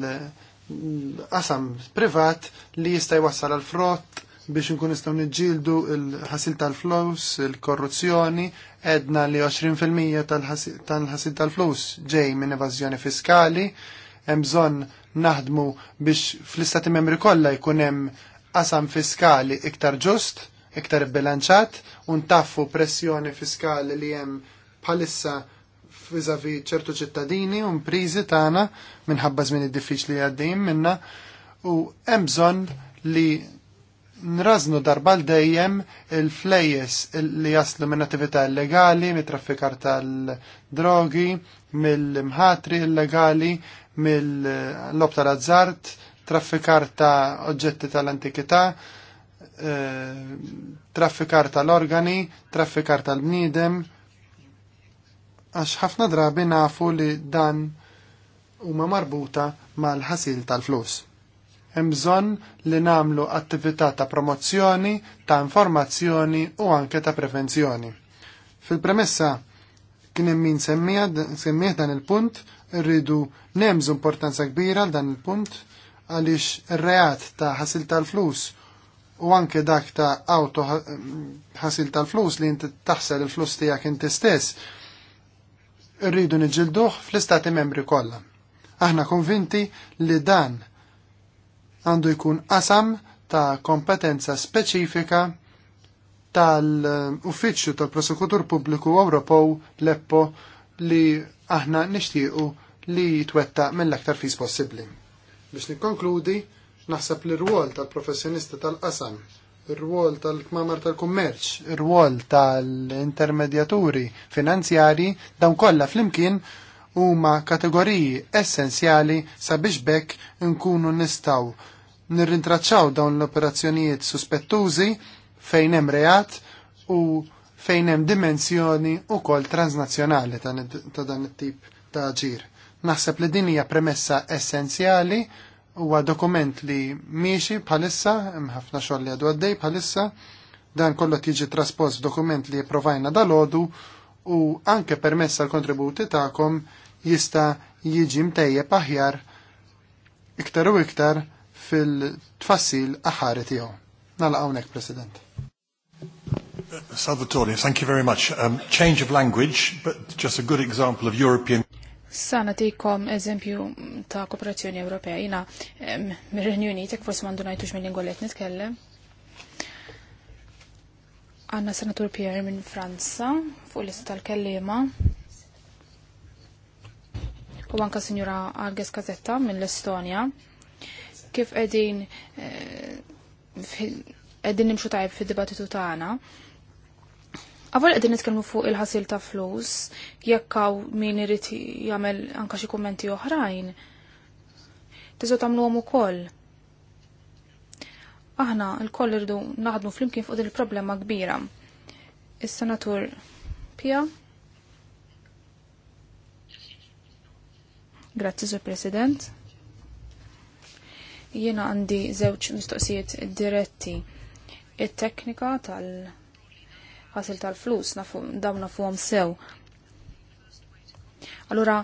qasam privat li jista' jwassal għal frott biex nkun nistgħu niġġieldu il-ħasil tal flows il-korruzzjoni, edna li 20% tal-ħasil tal-flus ġej minn evażjoni fiskali, hemm bżonn naħdmu biex fl-istati membri kollha jkun hemm qasam fiskali iktar ġust, iktar bilanċat, u ntaffu pressjoni fiskali li hemm bħalissa fiżavi ċertu ċittadini u mprizi tagħna minħabba żmien id-diffiċli għaddejjin minna u hemm bżonn li nraznu darba dejjem il-flejjes li jaslu minn attività illegali, mit-traffikar tal-drogi, mill-mħatri illegali, mill-lob tal-azzart, traffikar ta' oġġetti tal-antikità, eh, traffikar tal-organi, traffikar tal-bniedem, għax ħafna drabi nafu li dan huma marbuta mal-ħasil tal-flus hemm bżonn li nagħmlu attività ta' promozzjoni, ta' informazzjoni u anke ta' prevenzjoni. Fil-premessa kien hemm min semmih dan il-punt, rridu nemżu importanza kbira dan il-punt għaliex ir-reat ta' ħasil tal-flus u anke dak ta' auto ħasil tal-flus li inti taħsel il-flus tiegħek inti stess rridu niġilduh fl-istati membri kollha. Aħna konvinti li dan għandu jkun qasam ta' kompetenza speċifika tal-Uffiċċju tal-Prosekutur Pubbliku Ewropew l-EPPO li aħna nixtiequ li jitwetta mill-aktar fis possibbli. Biex nikkonkludi, naħseb li r-rwol tal-professjonista tal-qasam, ir rwol tal-kmamar tal-kummerċ, ir rwol tal-intermedjaturi finanzjari, dawn kollha flimkien huma kategoriji essenzjali sabiex bekk nkunu nistaw nirrintraċċaw dawn l-operazzjonijiet suspettużi fejn hemm reat u fejn hemm dimensjoni wkoll transnazzjonali ta' dan it-tip ta' ġir. Naħseb li din hija premessa essenzjali huwa dokument li miexi bħalissa, hemm ħafna xogħol li għadu għaddej bħalissa, dan kollu tiġi traspost dokument li jipprovajna dal-ħodu u anke permessa l kontributi tagħkom jista' jiġi mtejjeb aħjar iktar u iktar fil-tfassil aħari tiegħu. Nala hawnhekk, President. Salvatore, thank you very much. Um, change of language, but just a good example of European Sana tikom eżempju ta' kooperazzjoni Ewropea. Jina mir-Renju Unitek forsi mandu najtux minn lingwa li nitkellem. Għanna senatur Pierre minn Franza fuq l-lista tal-kellima. U anka sinjura Arges Kazetta minn l estonia kif qegħdin qegħdin eh, nimxu tajb fid-dibattitu tagħna. Għavol qegħdin nitkellmu fuq il-ħasil ta' flus, jekk hawn min irid jagħmel anke xi kummenti oħrajn. Tiżgħu tagħmluhom ukoll aħna il koll irdu naħdmu flimkien fuq il-problema kbira. Is-senatur Pia. Grazzi, Sur President. Jiena għandi żewġ mistoqsijiet diretti. It-teknika tal- ħasil tal-flus, dawn nafuhom sew. Allura,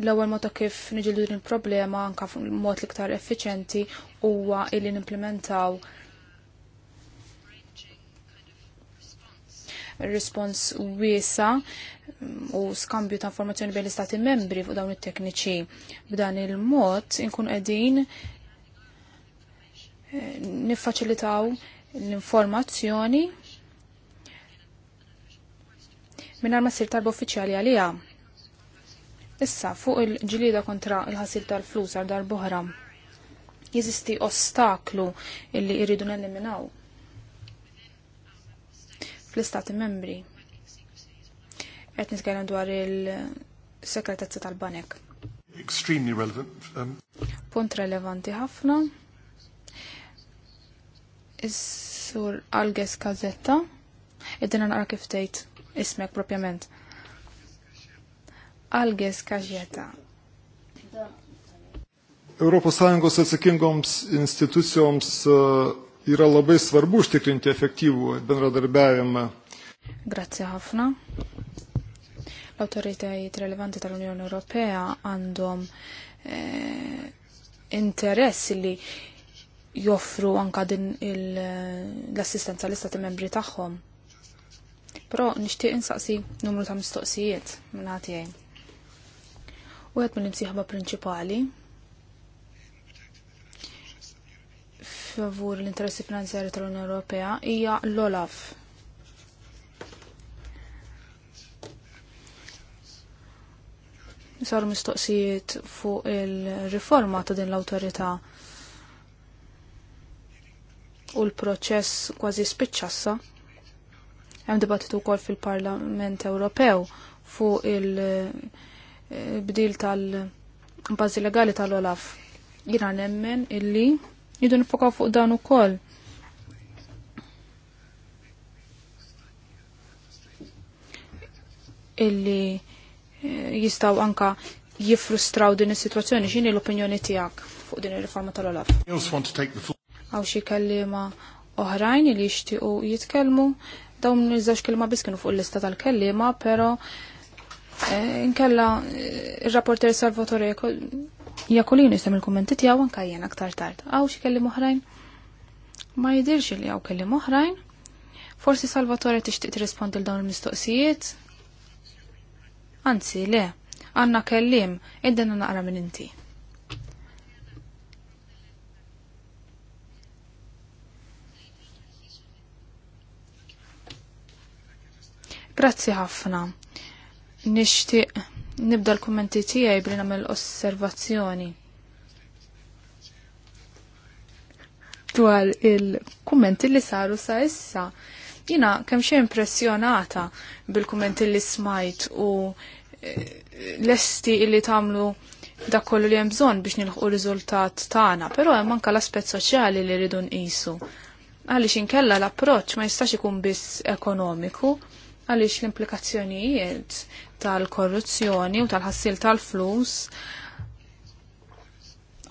l-ewwel mod kif niġildu din il-problema anke mod l-iktar effiċenti huwa illi nimplementaw rispons wiesa mm, u skambju ta' informazzjoni bejn l-istati membri fuq dawn it-tekniċi. B'dan il-mod inkun qegħdin niffaċilitaw l-informazzjoni minn ma sir tarba uffiċjali għalija. Issa, fuq il-ġilida kontra il-ħasil tal-flus għal darbohra, jizisti ostaklu illi irridu neliminaw fl-istati membri. Għet nitkellem dwar il-sekretezza tal-banek. Extremely relevant. Um... Punt relevanti ħafna. Is-sur Alges Gazetta. Id-dina naqra kif ismek propjament. Alges Gazetta. Europos Sąjungos atsakingoms institucijoms yra eh, labai svarbu užtikrinti efektyvų bendradarbiavimą. Grazie Hafna. L-autoritajiet relevanti tal-Unjoni Europea għandhom eh, interess li joffru anka din l-assistenza l-istati membri tagħhom. Però nixtieq insaqsi numru ta' mistoqsijiet minn ħatijaj. U għed mill-imsieħba prinċipali favur l-interessi finanzjari tal-Unjoni Ewropea hija l-OLAF. Saru mistoqsijiet fuq il-riforma ta' din l-awtorità u l-proċess kważi spiċċassa. Hemm dibattitu wkoll fil-Parlament Ewropew fuq il-bdil eh, tal-bażi legali tal-Olaf. Jina nemmen illi jidu nifokaw fuq dan ukoll. Illi eh, jistaw anka jifrustraw din is-sitwazzjoni x'inhi l-opinjoni tiegħek fuq din ir-riforma tal-Olaf għaw xi kellima oħrajn li jixtiequ jitkellmu dawn niżewġ kelma biss kienu fuq il-lista tal-kellima, pero eh, inkella eh, il rapporter Salvatore Jakolin jistam il-kommenti tiegħu anke jien aktar tard. Għaw xi kellim oħrajn? Ma jidirx li għaw kellim oħrajn. Forsi Salvatore tixtieq tirrispondi l dawn il-mistoqsijiet. Anzi, le, għanna kellim, id-denna naqra minn inti. Grazzi ħafna. Nixtieq nibda l-kummenti tiegħi bli nagħmel osservazzjoni. dwar il-kummenti li saru sa issa. Jina kemm xi impressjonata bil-kummenti li smajt u eh, lesti li tagħmlu dak kollu li hemm bżonn biex nilħqu riżultat tagħna, però hemm anke l-aspett soċjali li rridu nqisu. Għaliex inkella l-approċċ ma jistax ikun biss ekonomiku, għaliex l-implikazzjonijiet tal-korruzzjoni u tal-ħassil tal-flus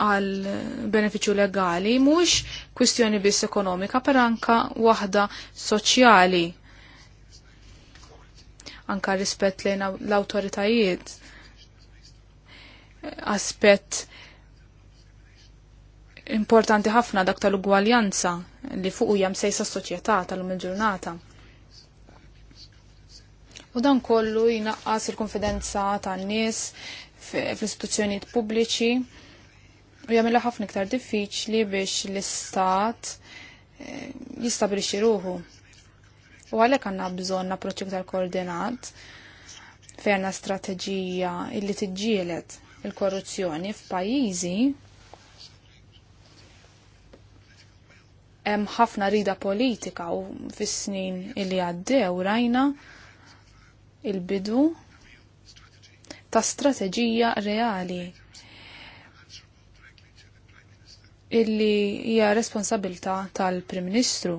għal beneficju legali mhux kwistjoni biss ekonomika per anka waħda soċjali anka rispett lejn l-awtoritajiet aspett importanti ħafna dak tal-ugwaljanza li fuq hija msejsa s-soċjetà tal-lum il-ġurnata. U dan kollu jinaqqas il-konfidenza tan-nies fl-istituzzjonijiet pubbliċi u jagħmilha ħafna iktar diffiċli biex l-istat eh, jistabilixxi ruħu. U għalhekk għandna bżonn approċċ iktar koordinat fejna strateġija illi tiġġielet il-korruzzjoni f'pajjiżi hemm ħafna rida politika u fis-snin illi għaddew rajna il-bidu ta' strateġija reali illi hija responsabilta tal-Prim Ministru.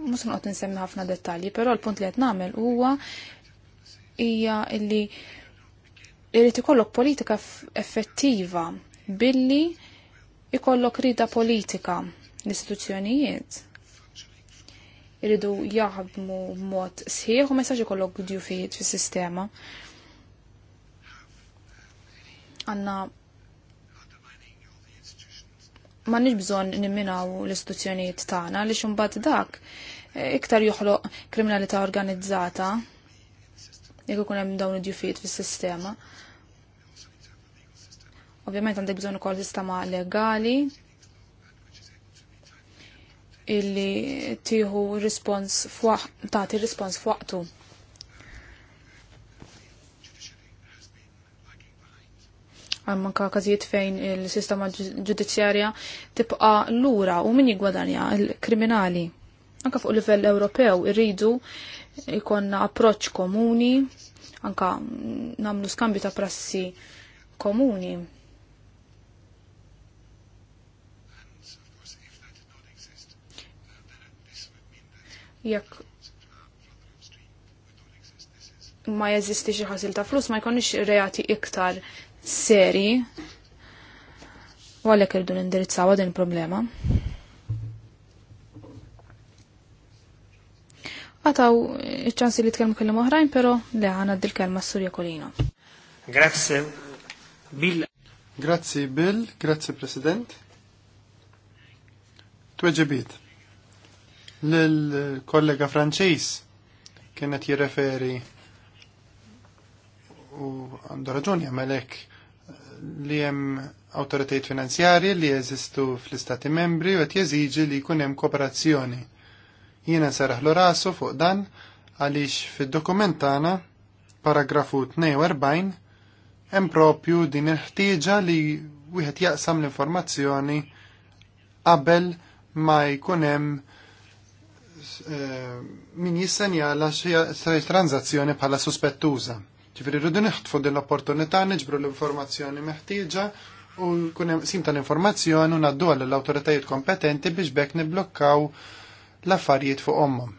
Mus nqgħod nsemmi ħafna dettalji, però l-punt li qed nagħmel huwa hija illi irid ikollok politika effettiva billi ikollok rida politika l-istituzzjonijiet iridu jaħdmu b'mod sħiħ u ma jistax ikollok djufijiet fis-sistema. Għandna m'għandniex bżonn nimminaw l-istituzzjonijiet tagħna li xumbat dak eh, iktar joħloq kriminalità organizzata jekk ikun hemm dawn id-djufijiet fis-sistema. Ovvjament għandek bżonn ukoll sistema legali illi tieħu rispons fuq tagħti rispons fuqtu. Għam ka kazijiet fejn il-sistema ġudizzjarja tibqa lura u min jigwadanja il-kriminali. Anka fuq livell Ewropew irridu ikonna approċ komuni, anka namlu skambju ta' prassi komuni Jekk ma jeżisti xi ħasil ta' flus ma jkunx reati iktar seri u għalhekk irdu nindirizzaw din il-problema. Għataw iċ-ċansi li tkellmu kellim oħrajn, pero le għana d-dil-kelma s-Surja Kolino. Grazie, Bill. Grazie, Bill. Grazie, President. Tweġibiet. Lill-kollega Franċiż kienet jirreferi u għandu raġuni għamelek li hemm awtoritajiet finanzjarji li jeżistu fl-istati membri u qed jeżiġi li jkun hemm kooperazzjoni. Jiena l rasu fuq dan għaliex fid-dokument tagħna paragrafu 42 hemm propju din il-ħtieġa li wieħed jaqsam l-informazzjoni qabel ma jkun hemm Eh, min jissenjala xi tranzazzjoni bħala suspettuza. Ġifieri rridu nħtfu din l-opportunità niġbru l-informazzjoni meħtieġa u kunem hemm l tal-informazzjoni u ngħaddu l-awtoritajiet kompetenti biex bekk niblokkaw l-affarijiet fuq omhom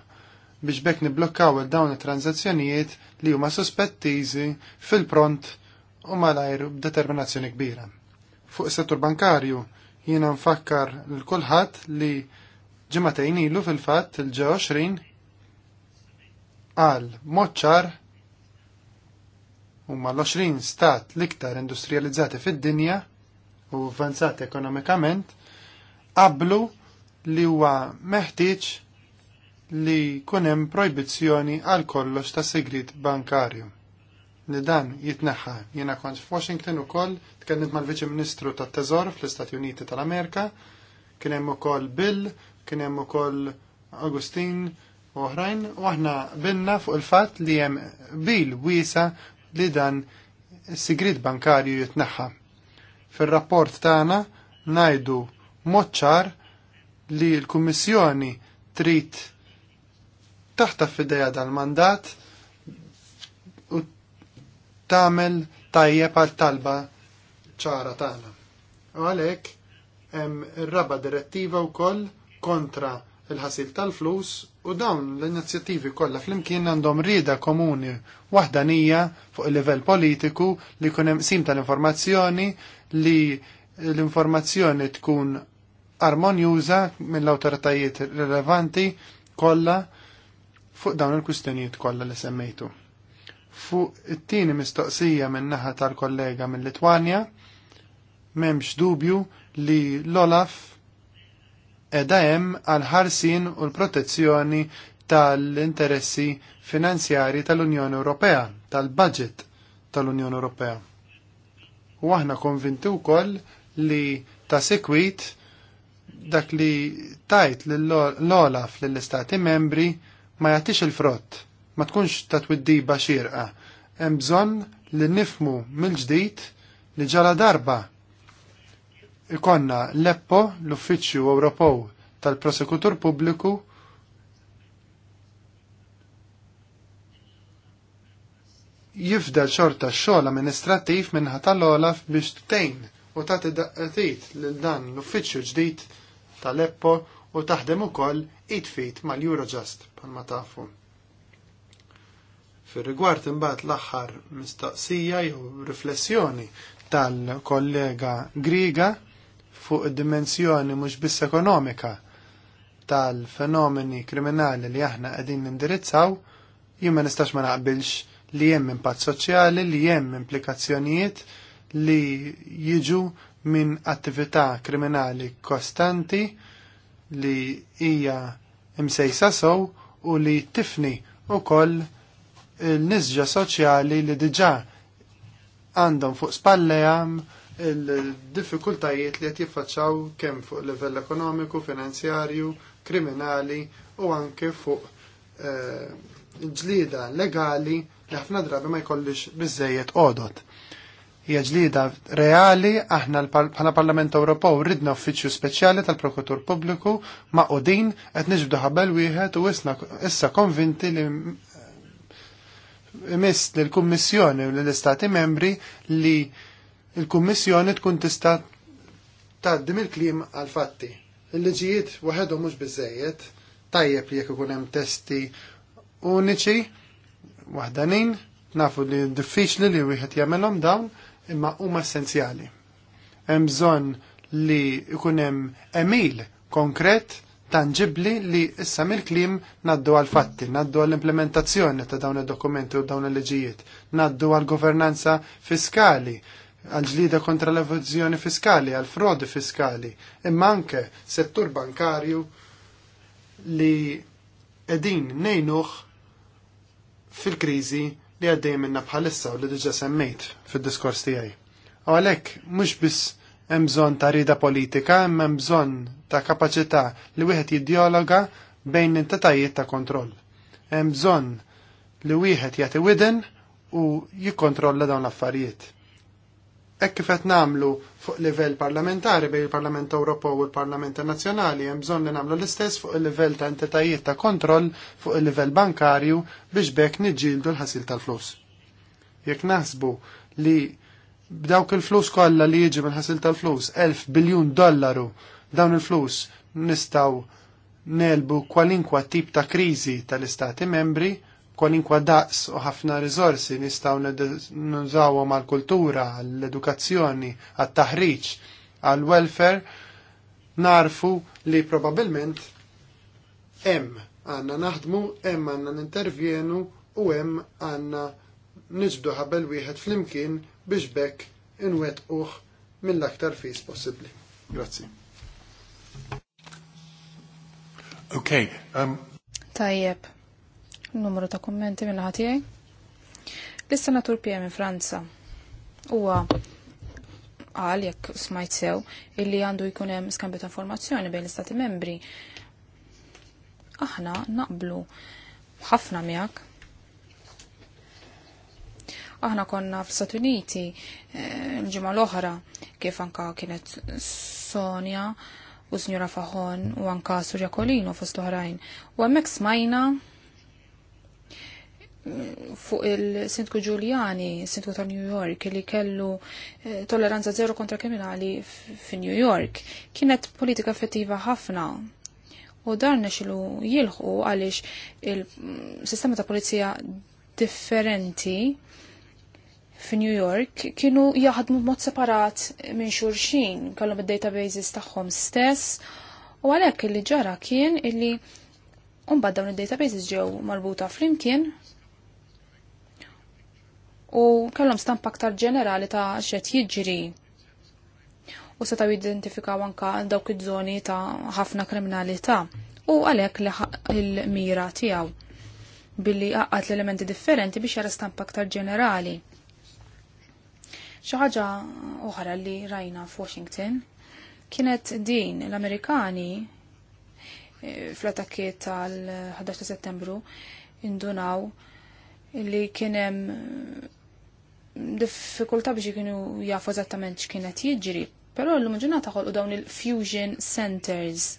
biex bekk niblokkaw dawn it-tranzazzjonijiet li huma suspettiżi fil-pront u malajr b'determinazzjoni kbira. Fuq is-settur bankarju jiena nfakkar l kulħadd li ġimatejn ilu fil-fatt il-20 għal moċċar huma mal 20 stat l-iktar industrializzati fid-dinja u avvanzati ekonomikament qablu li huwa meħtieġ li jkun hemm projbizzjoni għal kollox ta' sigrit bankarju li dan jitneħħa. Jiena kont f'Washington ukoll tkellimt mal-Viċi Ministru tat-Teżor fl-Istati Uniti tal-Amerika, kien hemm ukoll bill kien hemm ukoll Agustin u oħrajn u aħna binna fuq il-fatt li hemm bil wiesa li dan sigrid bankarju jitnaħħa. Fil-rapport tagħna najdu moċċar li l-Kummissjoni trid taħta fideja dal-mandat u tagħmel tajjeb għal talba ċara tagħna. U għalhekk hemm ir-raba direttiva wkoll kontra il-ħasil tal-flus u dawn l-inizjattivi kollha flimkien għandhom rieda komuni waħdanija fuq il-livell politiku li jkun hemm sim tal-informazzjoni li l-informazzjoni tkun armonjuża mill-awtoritajiet rilevanti kollha fuq dawn il-kustjonijiet kollha li semmejtu. Fuq it-tieni mistoqsija minn naħa tal-kollega mill-Litwanja, m'hemmx dubju li l-Olaf edha hemm għal ħarsin u l-protezzjoni tal-interessi finanzjari tal-Unjoni Ewropea, tal-budget tal-Unjoni Ewropea. U aħna konvinti wkoll li ta' sekwit dak li tajt l-olaf lill-istati membri ma jagħtix il-frott, ma tkunx ta' twiddiba xirqa. Hemm bżonn li nifmu mill-ġdid li ġala darba ikonna l-EPPO, l-Uffiċċju Ewropew tal-Prosekutur Pubbliku, jifdel xorta xogħol amministrattiv minħa tal-olaf biex ttejn u tagħti daqqatit lil dan l-uffiċċju ġdid tal-Eppo u taħdem ukoll it-fit mal-Eurojust bħalma tafu. Fir-rigward imbagħad l-aħħar mistoqsija jew riflessjoni tal-kollega Griga fuq id-dimensjoni mhux biss ekonomika tal-fenomeni kriminali li aħna qegħdin nindirizzaw, jien ma nistax ma naqbilx li hemm impatt soċjali, li hemm implikazzjonijiet li jiġu minn attività kriminali kostanti li hija imsejsa sow u li tifni ukoll il-nisġa soċjali li diġà għandhom fuq spallejam il-diffikultajiet li qed kemm fuq livell ekonomiku, finanzjarju, kriminali u anke fuq eh, ġlida legali li ħafna drabi ma jkollix biżejjed qodot. Hija ġlida reali aħna bħala Parlament Ewropew ridna uffiċċju speċjali tal-Prokuratur Pubbliku ma' qudin qed niġbdu ħabel wieħed u issa konvinti li eh, imist l-Kummissjoni u l-Istati membri li il-Kummissjoni tkun tista' tgħaddi il-klim għal fatti. Il-liġijiet waħedhom mhux biżejjed, tajjeb jekk ikun hemm testi uniċi, waħdanin, nafu li diffiċli li wieħed jagħmelhom dawn, imma huma essenzjali. Hemm bżonn li ikun hemm emil konkret tangibli li issa mill-klim naddu għal fatti, naddu għal implementazzjoni ta' dawn id-dokumenti u dawn il-liġijiet, naddu għal governanza fiskali, għal-ġlida kontra l-evazzjoni fiskali, għal-frodi fiskali, imma anke settur bankarju li edin nejnuħ fil-krizi li għaddej minna bħalissa u li diġa semmejt fil-diskors tijaj. U għalek, mux bis emżon ta' rida politika, imma emżon ta' kapacità li wieħed jiddialoga bejn l-intatajiet ta' kontroll. Emżon li wieħed jagħti widen u jikkontrolla dawn l-affarijiet Ek qed namlu fuq livell parlamentari bejn il-Parlament Ewropew u l-Parlament Nazzjonali hemm bżonn li nagħmlu l-istess fuq il-livell ta' entitajiet ta' kontroll fuq il-livell bankarju biex bekk niġġieldu l-ħasil tal-flus. Jekk naħsbu li b'dawk il-flus kollha li jiġi mill-ħasil tal-flus, elf biljun dollaru dawn il-flus nistgħu nelbu kwalinkwa tip ta' kriżi tal-istati membri, kwalinkwa daqs u ħafna rizorsi nistaw nużawhom għal kultura, għall edukazzjoni għat taħriġ għall welfare narfu li probabilment hemm għandna naħdmu, hemm għandna nintervjenu u hemm għandna niġbdu ħabel wieħed flimkien biex bekk inwetquh mill-aktar fis possibbli. Grazzi. Okay, um... Tajjeb numru ta' kommenti minn ħatijaj. L-istanatur PM Franza huwa għal jekk smajt sew illi għandu jkun hemm skambju ta' informazzjoni bejn l-istati membri. Aħna naqblu ħafna miegħek. Aħna konna fl-Stati Uniti eh, l-ġimgħa l-oħra kif anka kienet Sonja u Sinjura Fahon u anka Surja Kolino fost oħrajn. U hemmhekk smajna fuq il-Sintku Giuliani, Sintku ta' New York, li kellu eh, tolleranza zero kontra kriminali fi New York, kienet politika effettiva ħafna. U darna xilu jilħu għalix il-sistema mm, ta' polizija differenti fi New York kienu jaħdmu mod separat minn xurxin, kellhom id-databases tagħhom stess, u għalhekk li ġara kien illi Umbad dawn id-databases ġew marbuta flimkien u kellhom stamp aktar ġenerali ta' xed jiġri. U setaw identifikaw anka dawk id żoni ta' ħafna kriminalità u għalhekk il-mira tiegħu billi għaqqat l-elementi differenti biex jara stamp aktar ġenerali. Xi ħaġa oħra li rajna f'Washington kienet din l-Amerikani eh, fl-attakkiet tal-11 settembru indunaw li kienem diffikulta biex kienu jafu eżattament x'kienet jiġri, però l-lum ġurnata ħolqu dawn il-fusion centers.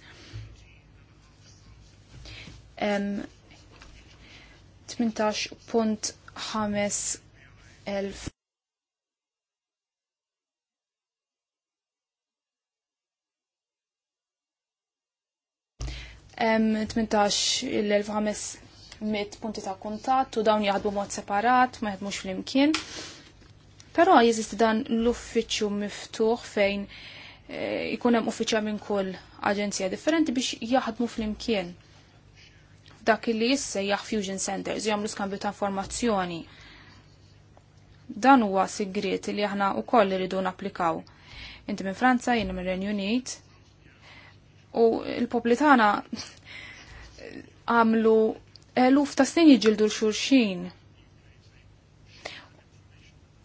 Um, 18.5 Um, 18.5 il-1500 punti ta' kuntat u dawn jaħdmu mod separat, ma jaħdmux fl-imkien. Però jeżisti dan l-uffiċċju miftuħ fejn eh, ikun hemm uffiċja minn kull aġenzija differenti biex jaħdmu fl-imkien. F'dak li jissejjaħ Fusion Centers jagħmlu skambju ta' informazzjoni. Dan huwa sigriet li aħna wkoll iridu napplikaw. Inti minn Franza, jien minn Renju Unit. U l-popli tagħna għamlu eluf ta' snin jiġildu l-xurxin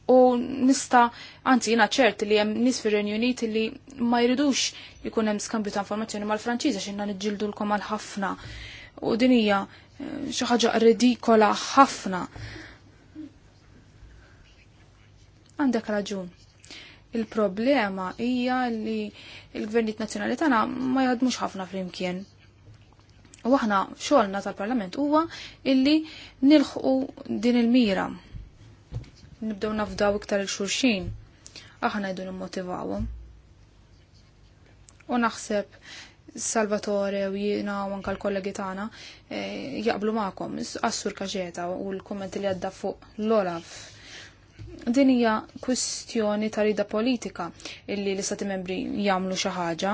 u nista anzi jina ċert li hemm nis fir-Renju Unit li ma jridux jikun hemm skambju ta' informazzjoni mal-Franċiża x'inna niġġildulkom għal ħafna. U din hija eh, xi ħaġa ridikola ħafna. Għandek raġun. Il-problema hija li l-gvernijiet nazzjonali tagħna ma jgħadmux ħafna flimkien. U aħna xogħolna tal-Parlament huwa illi nilħqu din il-mira nibdew nafdaw iktar il-xurxin. Aħna jdu nimmotivawhom. U naħseb Salvatore u jiena u anka l-kollegi tagħna eh, jaqblu magħkom assur kaġeta u l-kumment li għadda fuq l-Olaf. Din hija kwistjoni ta' rida politika illi l-istati membri jagħmlu xi ħaġa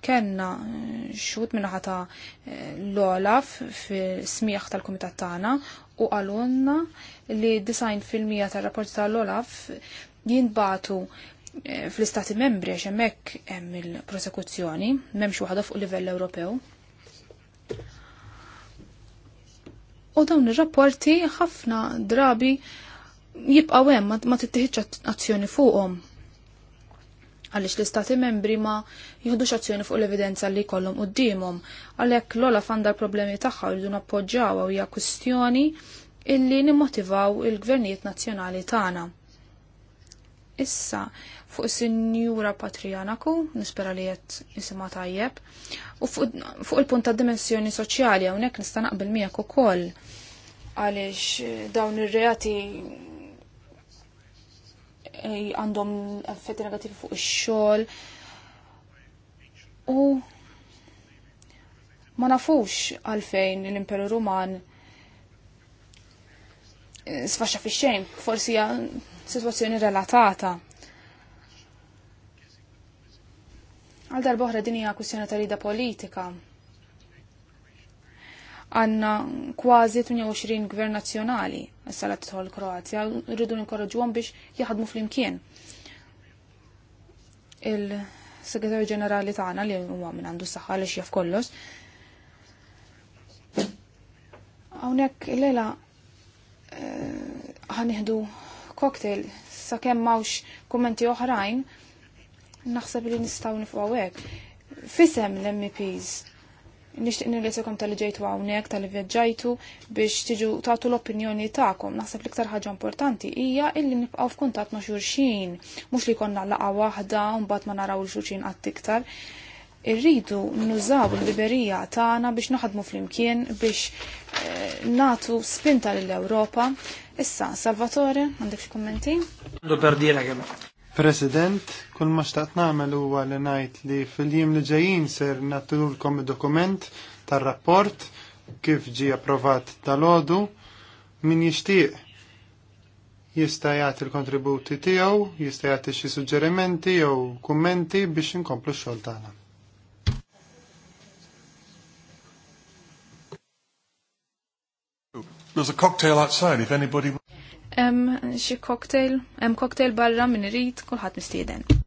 Kenna eh, xut minna ħata eh, l-Olaf fi smieħ tal kumitat tagħna u għalunna li 90% tar-rapport tal-Olaf jinbatu eh, fl-istati membri għax hemmhekk hemm il-prosekuzzjoni, m'hemmx waħda fuq livell Ewropew. U dawn ir-rapporti ħafna drabi jibqa' hemm ma tittieħidx azzjoni fuqhom. Għaliex l-istati membri ma jieħdux azzjoni fuq l-evidenza li jkollhom quddiemhom, għalhekk l-ola għandha l-problemi tagħha jridu nappoġġjaw hija kwistjoni illi nimmotivaw il-gvernijiet nazzjonali tagħna. Issa, fuq is-Sinjura Patrianaku, nispera li qed nisimha tajjeb, u fuq il-punt ta' dimensjoni soċjali hawnhekk nista' naqbel miegħek ukoll għaliex eh, dawn ir-reati eh, għandhom effetti negativi fuq ix-xogħol u ma nafux għalfejn l-Imperu Ruman sfaxxa fi xejn, forsi hija sitwazzjoni relatata. Għal darboħra din hija kwistjoni ta' rida politika. Għanna kważi 28 gvern nazzjonali issa la tidħol Kroazja, rridu nkorraġuhom biex jaħdmu flimkien. Il-Segretarju Ġenerali tagħna li huwa minn għandu s-saħħa li kollox. Hawnhekk lejla Eh, ħaniħdu cocktail sa kemm mawx kummenti oħrajn naħseb li nistgħu nifqgħu hekk. Fisem l-MEPs nixtieq nirrisikom tal-li ġejtu hawnhekk tal-li vjaġġajtu biex tiġu tagħtu l-opinjoni tagħkom. Naħseb l-iktar ħaġa importanti hija illi nibqgħu f'kuntatt ma' xulxin, mhux li konna laqa waħda u mbagħad ma naraw xulxin qatt iktar irridu nużaw il-liberija tagħna biex naħadmu flimkien biex eh, natu spinta lill-Ewropa. Issa, Salvatore, għandek xi kummenti? Għandu perdira kemm. President, kull ma xtaqt nagħmel huwa li ngħid li fil-jiem li ġejjin ser natulkom id-dokument tar-rapport kif ġi approvat tal-ħodu min jixtieq jista' jagħti l-kontributi tiegħu, jista' jagħti xi suġġerimenti jew kummenti biex inkomplu x-xogħol tagħna. There was a cocktail outside if anybody... Um, she cocktail, um, cocktail barra minn irrit, kullħat mistieden.